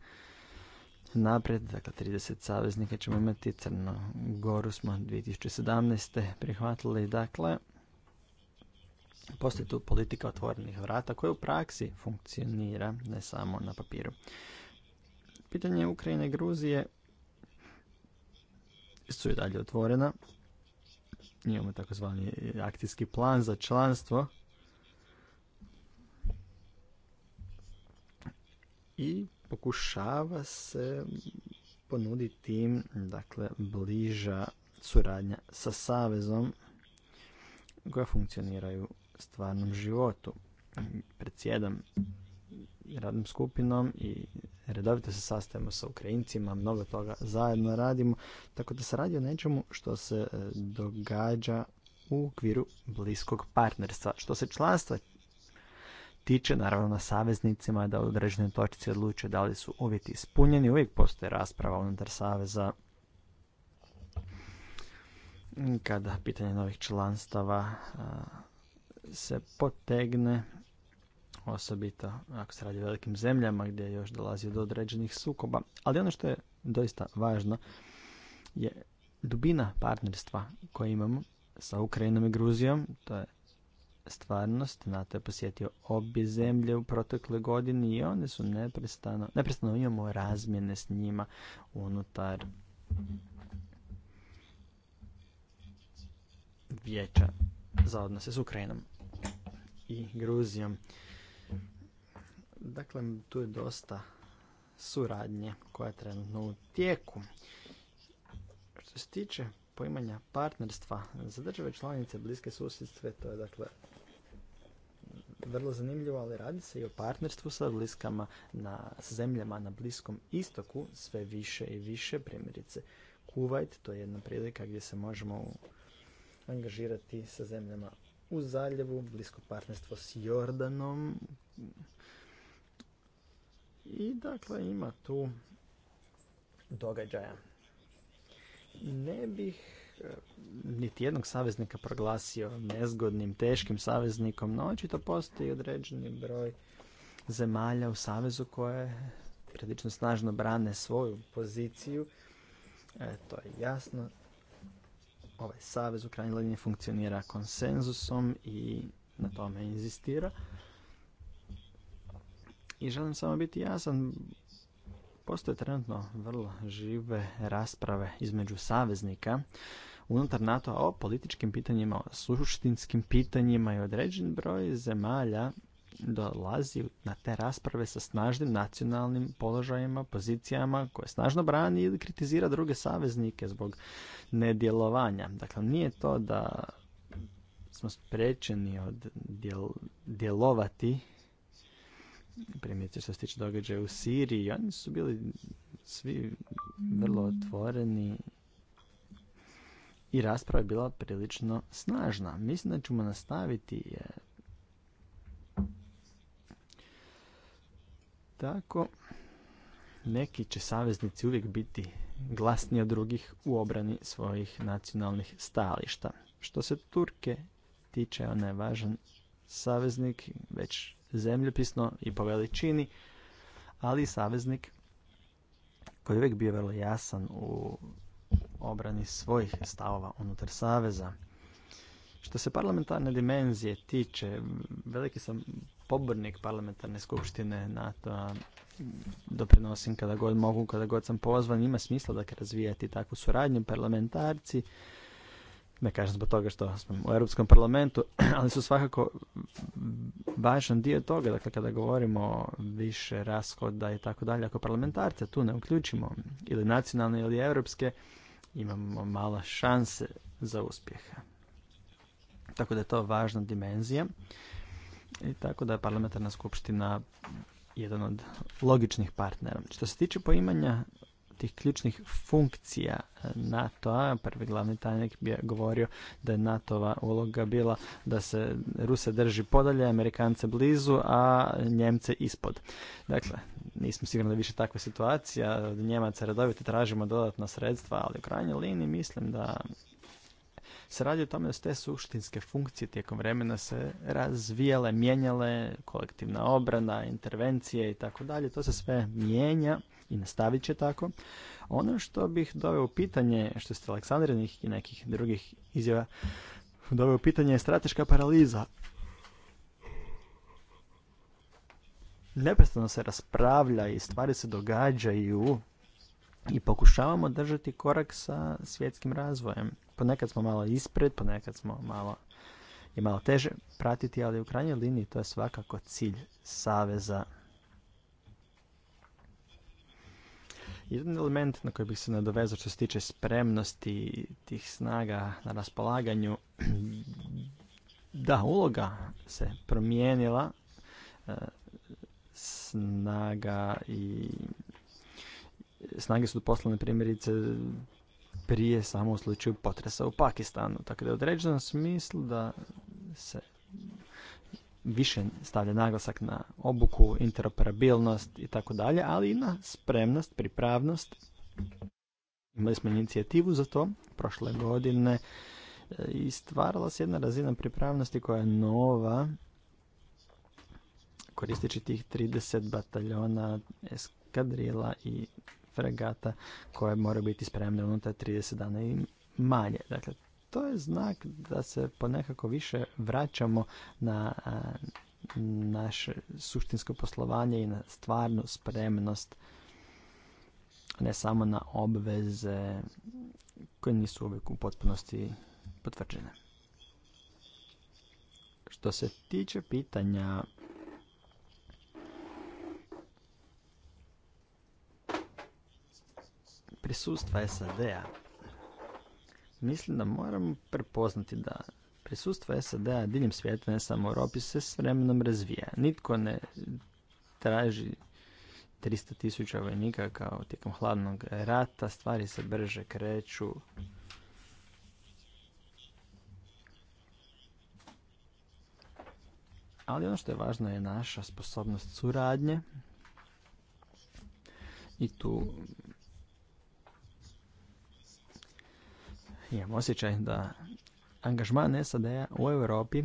naprijed, dakle 30 saveznika ćemo imati, Crnu Goru smo 2017. prihvatili, dakle postoji tu politika otvorenih vrata koja u praksi funkcionira, ne samo na papiru. Pitanje Ukrajine i Gruzije su i dalje otvorena. Imamo takozvani akcijski plan za članstvo. I pokušava se ponuditi dakle, bliža suradnja sa savezom koja funkcioniraju u stvarnom životu. Predsjedam radnom skupinom i redovito se sastavimo sa Ukrajincima, mnogo toga zajedno radimo, tako da se radi o nečemu što se e, događa u okviru bliskog partnerstva. Što se članstva tiče, naravno na saveznicima da u određenoj točci odluče da li su uvjeti ispunjeni. Uvijek postoji rasprava unutar saveza kada pitanje novih članstava se potegne, osobito ako se radi o velikim zemljama gdje još dolazi do određenih sukoba. Ali ono što je doista važno je dubina partnerstva koje imamo sa Ukrajinom i Gruzijom, to je stvarnost. NATO je posjetio obje zemlje u protekle godini i one su neprestano, neprestano imamo razmjene s njima unutar vijeća za odnose s Ukrajinom i Gruzijom. Dakle, tu je dosta suradnje koja je trenutno u tijeku. Što se tiče poimanja partnerstva za države članice bliske susjedstve, to je dakle vrlo zanimljivo, ali radi se i o partnerstvu sa bliskama na zemljama na Bliskom istoku, sve više i više, primjerice Kuwait, to je jedna prilika gdje se možemo angažirati sa zemljama u zaljevu, blisko partnerstvo s Jordanom. I dakle ima tu događaja. Ne bih niti jednog saveznika proglasio nezgodnim, teškim saveznikom, no očito postoji određeni broj zemalja u savezu koje prilično snažno brane svoju poziciju. E, to je jasno. Ovaj savez u krajnjoj liniji funkcionira konsenzusom i na tome inzistira. I želim samo biti jasan, postoje trenutno vrlo žive rasprave između saveznika unutar nato o političkim pitanjima, o suštinskim pitanjima i određen broj zemalja dolazi na te rasprave sa snažnim nacionalnim položajima, pozicijama koje snažno brani ili kritizira druge saveznike zbog nedjelovanja. Dakle, nije to da smo sprečeni od djel, djelovati primjerice što se tiče događaja u Siriji, oni su bili svi vrlo otvoreni i rasprava je bila prilično snažna. Mislim da ćemo nastaviti e, tako. Neki će saveznici uvijek biti glasniji od drugih u obrani svojih nacionalnih stajališta. Što se Turke tiče, ona je važan saveznik, već zemljopisno i po veličini, ali saveznik koji je uvijek bio vrlo jasan u obrani svojih stavova unutar Saveza. Što se parlamentarne dimenzije tiče, veliki sam pobornik parlamentarne skupštine NATO-a, doprinosim kada god mogu, kada god sam pozvan, ima smisla da razvijati takvu suradnju parlamentarci, ne kažem zbog toga što smo u Europskom parlamentu, ali su svakako važan dio toga, dakle kada govorimo više rashoda i tako dalje, ako parlamentarce tu ne uključimo ili nacionalne ili europske, imamo mala šanse za uspjeh. Tako da je to važna dimenzija i tako da je parlamentarna skupština jedan od logičnih partnera. Što se tiče poimanja tih ključnih funkcija NATO-a, prvi glavni tajnik bi govorio da je NATO-va uloga bila da se Ruse drži podalje, Amerikance blizu, a Njemce ispod. Dakle, nismo sigurni da više takva situacija. Od Njemaca redovito tražimo dodatna sredstva, ali u krajnjoj liniji mislim da se radi o tome da su te suštinske funkcije tijekom vremena se razvijale, mijenjale, kolektivna obrana, intervencije i tako dalje. To se sve mijenja i nastavit će tako. Ono što bih doveo u pitanje, što ste Aleksandrinih i nekih drugih izjava, doveo u pitanje je strateška paraliza neprestano se raspravlja i stvari se događaju i pokušavamo držati korak sa svjetskim razvojem. Ponekad smo malo ispred, ponekad smo malo i malo teže pratiti, ali u krajnjoj liniji to je svakako cilj saveza. Jedan element na koji bih se nadovezao što se tiče spremnosti tih snaga na raspolaganju, da uloga se promijenila, e, snaga i snage su poslane primjerice prije samo u slučaju potresa u Pakistanu. Tako da je određenom smislu da se više stavlja naglasak na obuku, interoperabilnost i tako dalje, ali i na spremnost, pripravnost. Imali smo inicijativu za to prošle godine e, i stvarala se jedna razina pripravnosti koja je nova koristeći tih 30 bataljona eskadrila i fregata koje moraju biti spremne unutar 30 dana i manje. Dakle, to je znak da se ponekako više vraćamo na naše suštinsko poslovanje i na stvarnu spremnost ne samo na obveze koje nisu uvijek u potpunosti potvrđene. Što se tiče pitanja prisustva SAD-a, mislim da moramo prepoznati da prisustvo SAD-a diljem svijeta, ne samo u Europi, se s vremenom razvija. Nitko ne traži 300 tisuća vojnika kao tijekom hladnog rata, stvari se brže kreću. Ali ono što je važno je naša sposobnost suradnje i tu Imam osjećaj da angažman SAD-a u Europi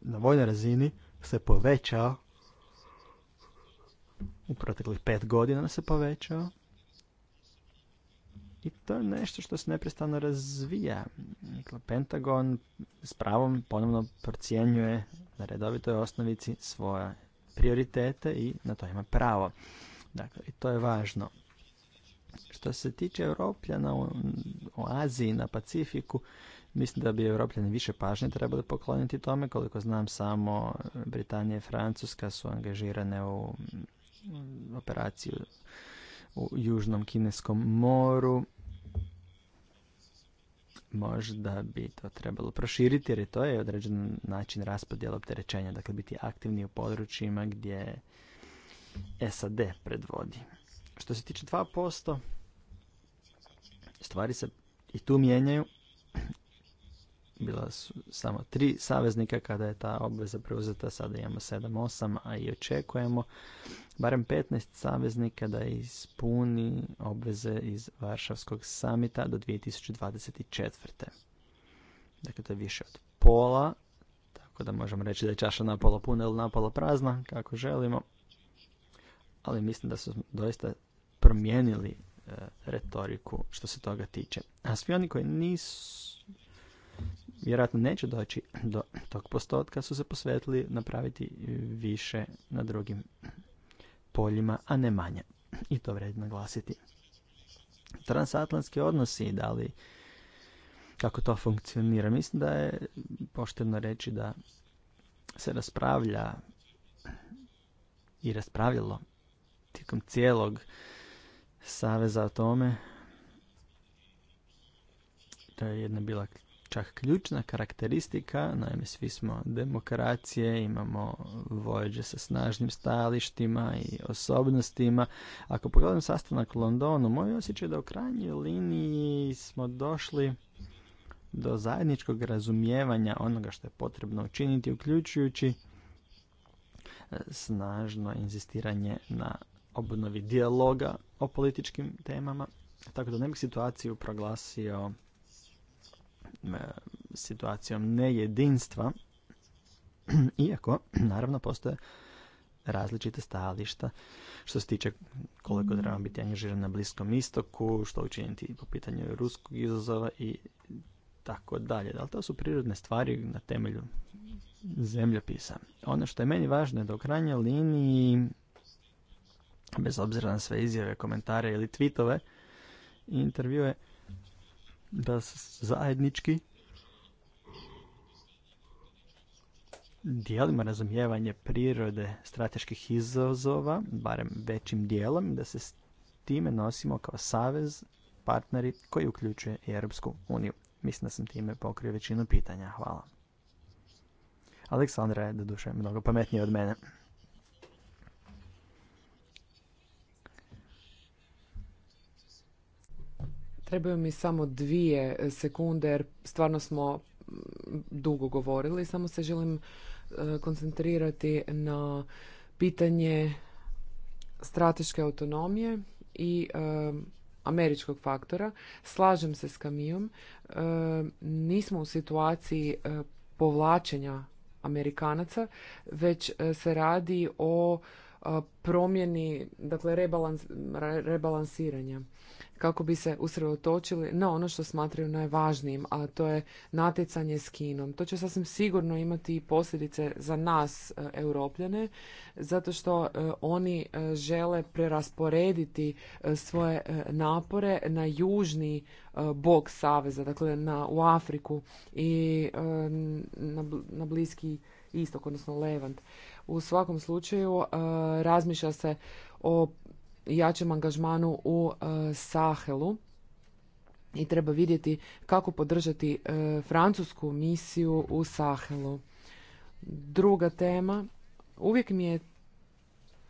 na vojnoj razini se povećao u proteklih pet godina se povećao i to je nešto što se neprestano razvija. Dakle, Pentagon s pravom ponovno procjenjuje na redovitoj osnovici svoje prioritete i na to ima pravo. Dakle, i to je važno. Što se tiče Europljana u Aziji na Pacifiku. Mislim da bi Europljani više pažnje trebali pokloniti tome. Koliko znam, samo Britanija i Francuska su angažirane u mm, operaciju u Južnom Kineskom moru. Možda bi to trebalo proširiti jer to je određen način raspodjela opterećenja. Dakle, biti aktivni u područjima gdje SAD predvodi. Što se tiče 2%, stvari se i tu mijenjaju. Bila su samo tri saveznika kada je ta obveza preuzeta, sada imamo 7-8, a i očekujemo barem 15 saveznika da ispuni obveze iz Varšavskog samita do 2024. Dakle, to je više od pola, tako da možemo reći da je čaša napolo puna ili napola prazna, kako želimo. Ali mislim da su doista promijenili E, retoriku što se toga tiče. A svi oni koji nisu, vjerojatno neće doći do tog postotka, su se posvetili napraviti više na drugim poljima, a ne manje. I to vredi naglasiti. Transatlantski odnosi, da li kako to funkcionira. Mislim da je pošteno reći da se raspravlja i raspravljalo tijekom cijelog saveza o tome. To je jedna bila čak ključna karakteristika, naime svi smo demokracije, imamo vođe sa snažnim stajalištima i osobnostima. Ako pogledam sastanak u Londonu, moj osjećaj da u krajnjoj liniji smo došli do zajedničkog razumijevanja onoga što je potrebno učiniti, uključujući e, snažno inzistiranje na obnovi dijaloga o političkim temama, tako da ne bih situaciju proglasio e, situacijom nejedinstva, iako, naravno, postoje različite stajališta što se tiče koliko treba biti angažiran na Bliskom istoku, što učiniti po pitanju ruskog izazova i tako dalje. Da to su prirodne stvari na temelju zemljopisa? Ono što je meni važno je da u krajnjoj liniji bez obzira na sve izjave, komentare ili tweetove i intervjue, da zajednički dijelimo razumijevanje prirode strateških izazova, barem većim dijelom, da se s time nosimo kao savez, partneri koji uključuje i Europsku uniju. Mislim da sam time pokrio većinu pitanja. Hvala. Aleksandra je duše, mnogo pametnije od mene. Trebaju mi samo dvije e, sekunde jer stvarno smo dugo govorili. Samo se želim e, koncentrirati na pitanje strateške autonomije i e, američkog faktora. Slažem se s Kamijom. Nismo u situaciji povlačenja Amerikanaca, već se radi o promjeni, dakle rebalans, rebalansiranja kako bi se usredotočili na ono što smatraju najvažnijim, a to je natjecanje s Kinom. To će sasvim sigurno imati i posljedice za nas, e, europljane, zato što e, oni e, žele prerasporediti svoje napore na južni bok Saveza, dakle na, u Afriku i na, na Bliski istok, odnosno Levant. U svakom slučaju e, razmišlja se o jačem angažmanu u e, Sahelu i treba vidjeti kako podržati e, francusku misiju u Sahelu. Druga tema, uvijek mi je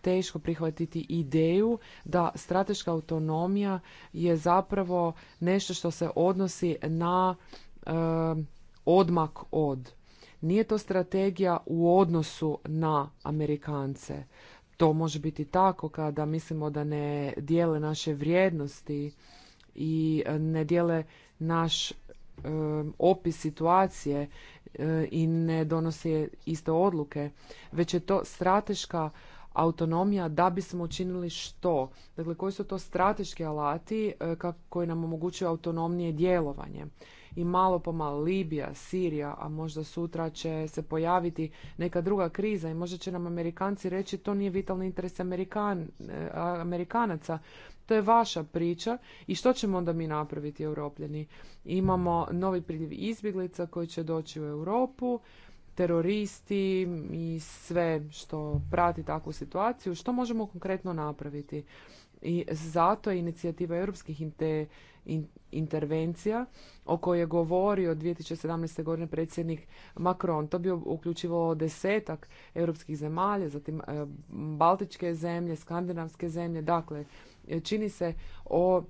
teško prihvatiti ideju da strateška autonomija je zapravo nešto što se odnosi na odmak od nije to strategija u odnosu na Amerikance. To može biti tako kada mislimo da ne dijele naše vrijednosti i ne dijele naš opis situacije i ne donose iste odluke, već je to strateška autonomija da bismo učinili što? Dakle, koji su to strateški alati e, koji nam omogućuju autonomnije djelovanje? I malo po malo Libija, Sirija, a možda sutra će se pojaviti neka druga kriza i možda će nam Amerikanci reći to nije vitalni interes Amerikan, e, Amerikanaca. To je vaša priča i što ćemo onda mi napraviti, europljeni? Imamo novi priljev izbjeglica koji će doći u Europu, teroristi i sve što prati takvu situaciju, što možemo konkretno napraviti. I zato je inicijativa europskih intervencija o kojoj je govorio 2017. godine predsjednik Macron. To bi uključivo desetak europskih zemalja, zatim e, baltičke zemlje, skandinavske zemlje. Dakle, e, čini se o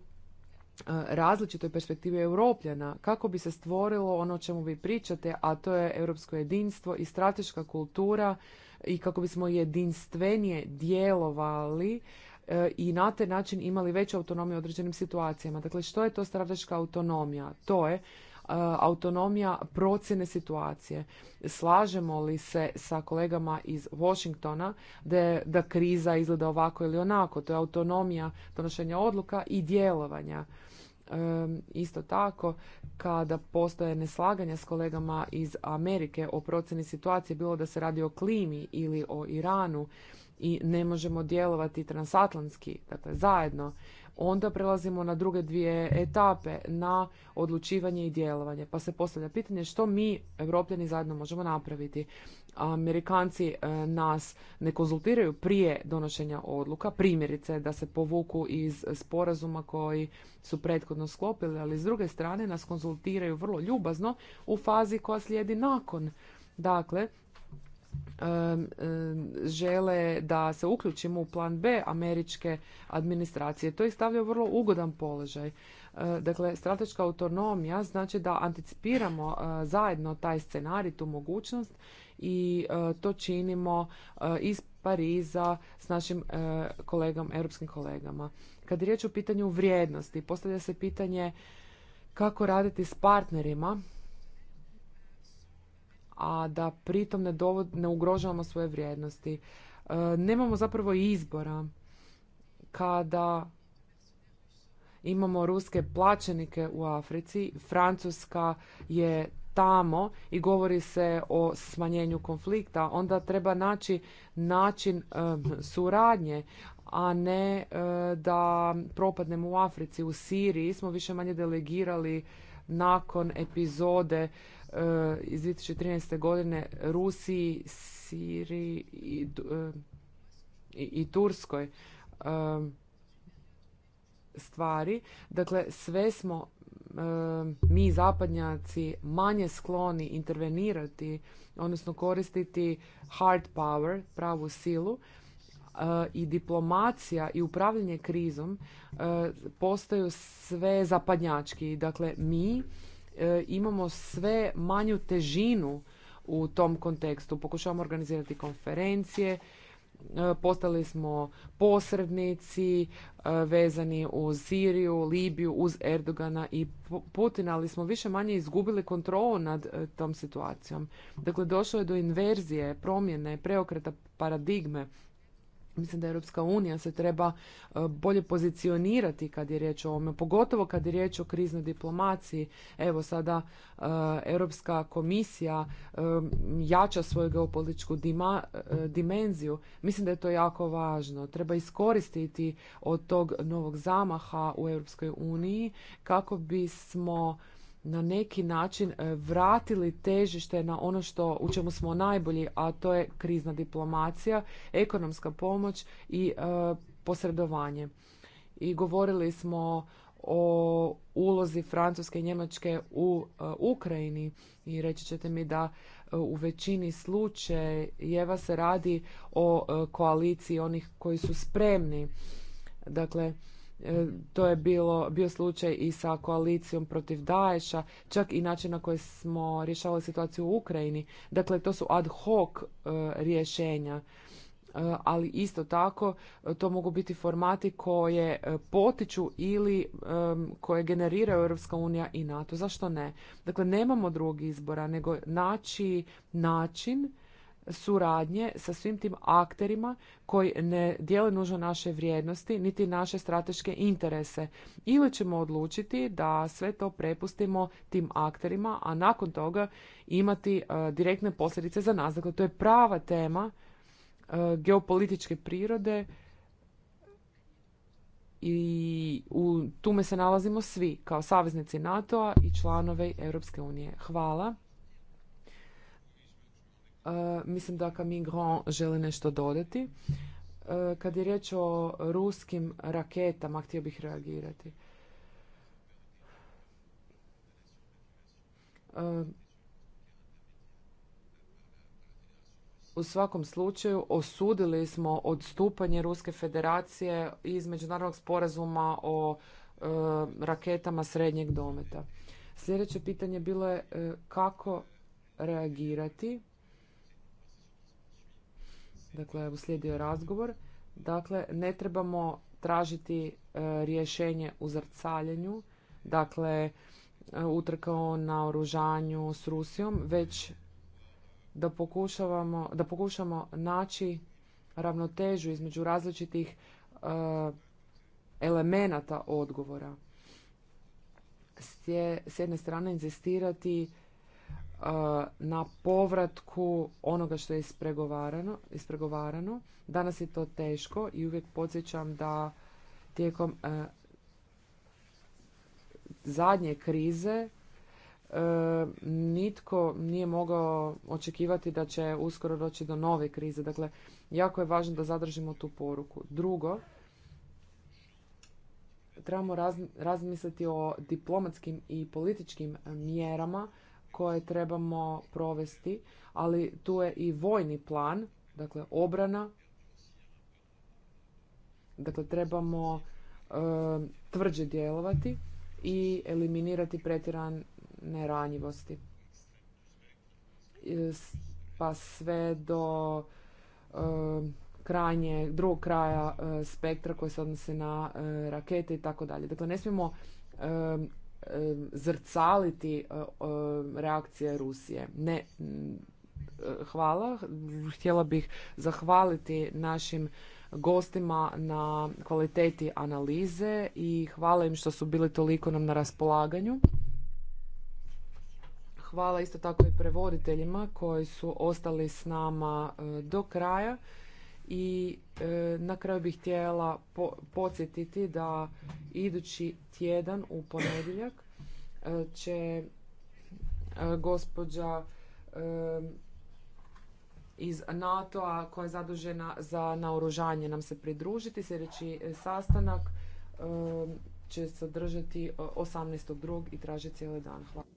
E, različitoj perspektivi europljana kako bi se stvorilo ono o čemu vi pričate, a to je europsko jedinstvo i strateška kultura i kako bismo jedinstvenije djelovali e, i na taj način imali veću autonomiju u određenim situacijama. Dakle, što je to strateška autonomija? To je E, autonomija procjene situacije. Slažemo li se sa kolegama iz Washingtona da, da kriza izgleda ovako ili onako? To je autonomija donošenja odluka i djelovanja. E, isto tako, kada postoje neslaganja s kolegama iz Amerike o procjeni situacije, bilo da se radi o klimi ili o Iranu, i ne možemo djelovati transatlantski, dakle zajedno, onda prelazimo na druge dvije etape, na odlučivanje i djelovanje. Pa se postavlja pitanje što mi, Evropljani, zajedno možemo napraviti. Amerikanci e, nas ne konzultiraju prije donošenja odluka, primjerice da se povuku iz sporazuma koji su prethodno sklopili, ali s druge strane nas konzultiraju vrlo ljubazno u fazi koja slijedi nakon. Dakle, žele da se uključimo u plan B američke administracije. To ih stavlja u vrlo ugodan položaj. E, dakle, strateška autonomija znači da anticipiramo e, zajedno taj scenarij, tu mogućnost i e, to činimo iz Pariza s našim kolegom, europskim kolegama. Kad je riječ o pitanju vrijednosti, postavlja se pitanje kako raditi s partnerima a da pritom ne, dovod, ne ugrožavamo svoje vrijednosti. E, nemamo zapravo izbora kada imamo ruske plaćenike u Africi, Francuska je tamo i govori se o smanjenju konflikta, onda treba naći način e, suradnje, a ne e, da propadnemo u Africi. U Siriji smo više manje delegirali nakon epizode Eh, iz 2013. godine Rusiji, Siriji i, eh, i, i Turskoj eh, stvari. Dakle, sve smo mi zapadnjaci manje skloni intervenirati, odnosno koristiti hard power, pravu silu, i diplomacija i upravljanje krizom postaju sve zapadnjački. Dakle, mi E, imamo sve manju težinu u tom kontekstu. Pokušavamo organizirati konferencije, e, postali smo posrednici e, vezani uz Siriju, Libiju, uz Erdogana i Putina, ali smo više manje izgubili kontrolu nad tom situacijom. Dakle, došlo je do inverzije, promjene, preokreta paradigme Mislim da Europska unija se treba e, bolje pozicionirati kad je riječ o ovome, pogotovo kad je riječ o kriznoj diplomaciji. Evo sada e, Europska komisija e, jača svoju geopolitičku dimenziju. Mislim da je to jako važno. Treba iskoristiti od tog novog zamaha u Europskoj uniji kako bismo na neki način e, vratili težište na ono što u čemu smo najbolji, a to je krizna diplomacija, ekonomska pomoć i e, posredovanje. I govorili smo o ulozi Francuske i Njemačke u e, Ukrajini i reći ćete mi da u većini slučajeva se radi o koaliciji onih koji su spremni. Dakle, E, to je bilo, bio slučaj i sa koalicijom protiv Daesha, čak i način na koji smo rješavali situaciju u Ukrajini. Dakle, to su ad hoc e, rješenja e, ali isto tako to mogu biti formati koje potiču ili koje generiraju Europska unija i NATO. Zašto ne? Dakle, nemamo drugi izbora nego naći način suradnje sa svim tim akterima koji ne dijele nužno naše vrijednosti niti naše strateške interese. Ili ćemo odlučiti da sve to prepustimo tim akterima, a nakon toga imati e, direktne posljedice za nas. Dakle, to je prava tema e, geopolitičke prirode i u, tome se nalazimo svi kao saveznici NATO-a i članovi Europske unije. Hvala. E, mislim da Camille želi nešto dodati. E, kad je riječ o ruskim raketama, htio bih reagirati. E, u svakom slučaju osudili smo odstupanje Ruske federacije iz međunarodnog sporazuma o raketama srednjeg dometa. Sljedeće pitanje bilo je kako reagirati Dakle, uslijedio je razgovor. Dakle, ne trebamo tražiti e, rješenje u zrcaljenju, dakle, e, utrkao na oružanju s Rusijom, već da pokušavamo, da pokušamo naći ravnotežu između različitih e, elemenata odgovora. S jedne strane inzistirati na povratku onoga što je ispregovarano, ispregovarano. Danas je to teško i uvijek podsjećam da tijekom e, zadnje krize e, nitko nije mogao očekivati da će uskoro doći do nove krize. Dakle, jako je važno da zadržimo tu poruku. Drugo, trebamo razmisliti o diplomatskim i političkim mjerama koje trebamo provesti, ali tu je i vojni plan, dakle obrana. Dakle, trebamo e, tvrđe djelovati i eliminirati pretjerane ranjivosti. E, pa sve do e, krajnje, drugog kraja e, spektra koji se odnose na e, rakete i tako dalje. Dakle, ne smijemo zrcaliti e, reakcije Rusije. Ne, e, hvala. Htjela bih zahvaliti našim gostima na kvaliteti analize i hvala im što su bili toliko nam na raspolaganju. Hvala isto tako i prevoditeljima koji su ostali s nama e, do kraja i e, na kraju bih htjela podsjetiti da idući tjedan u ponedjeljak e, će e, gospođa iz NATO-a koja je zadužena za naoružanje nam se pridružiti. Sljedeći sastanak će se održati 18.2. i traži cijeli dan. Hvala.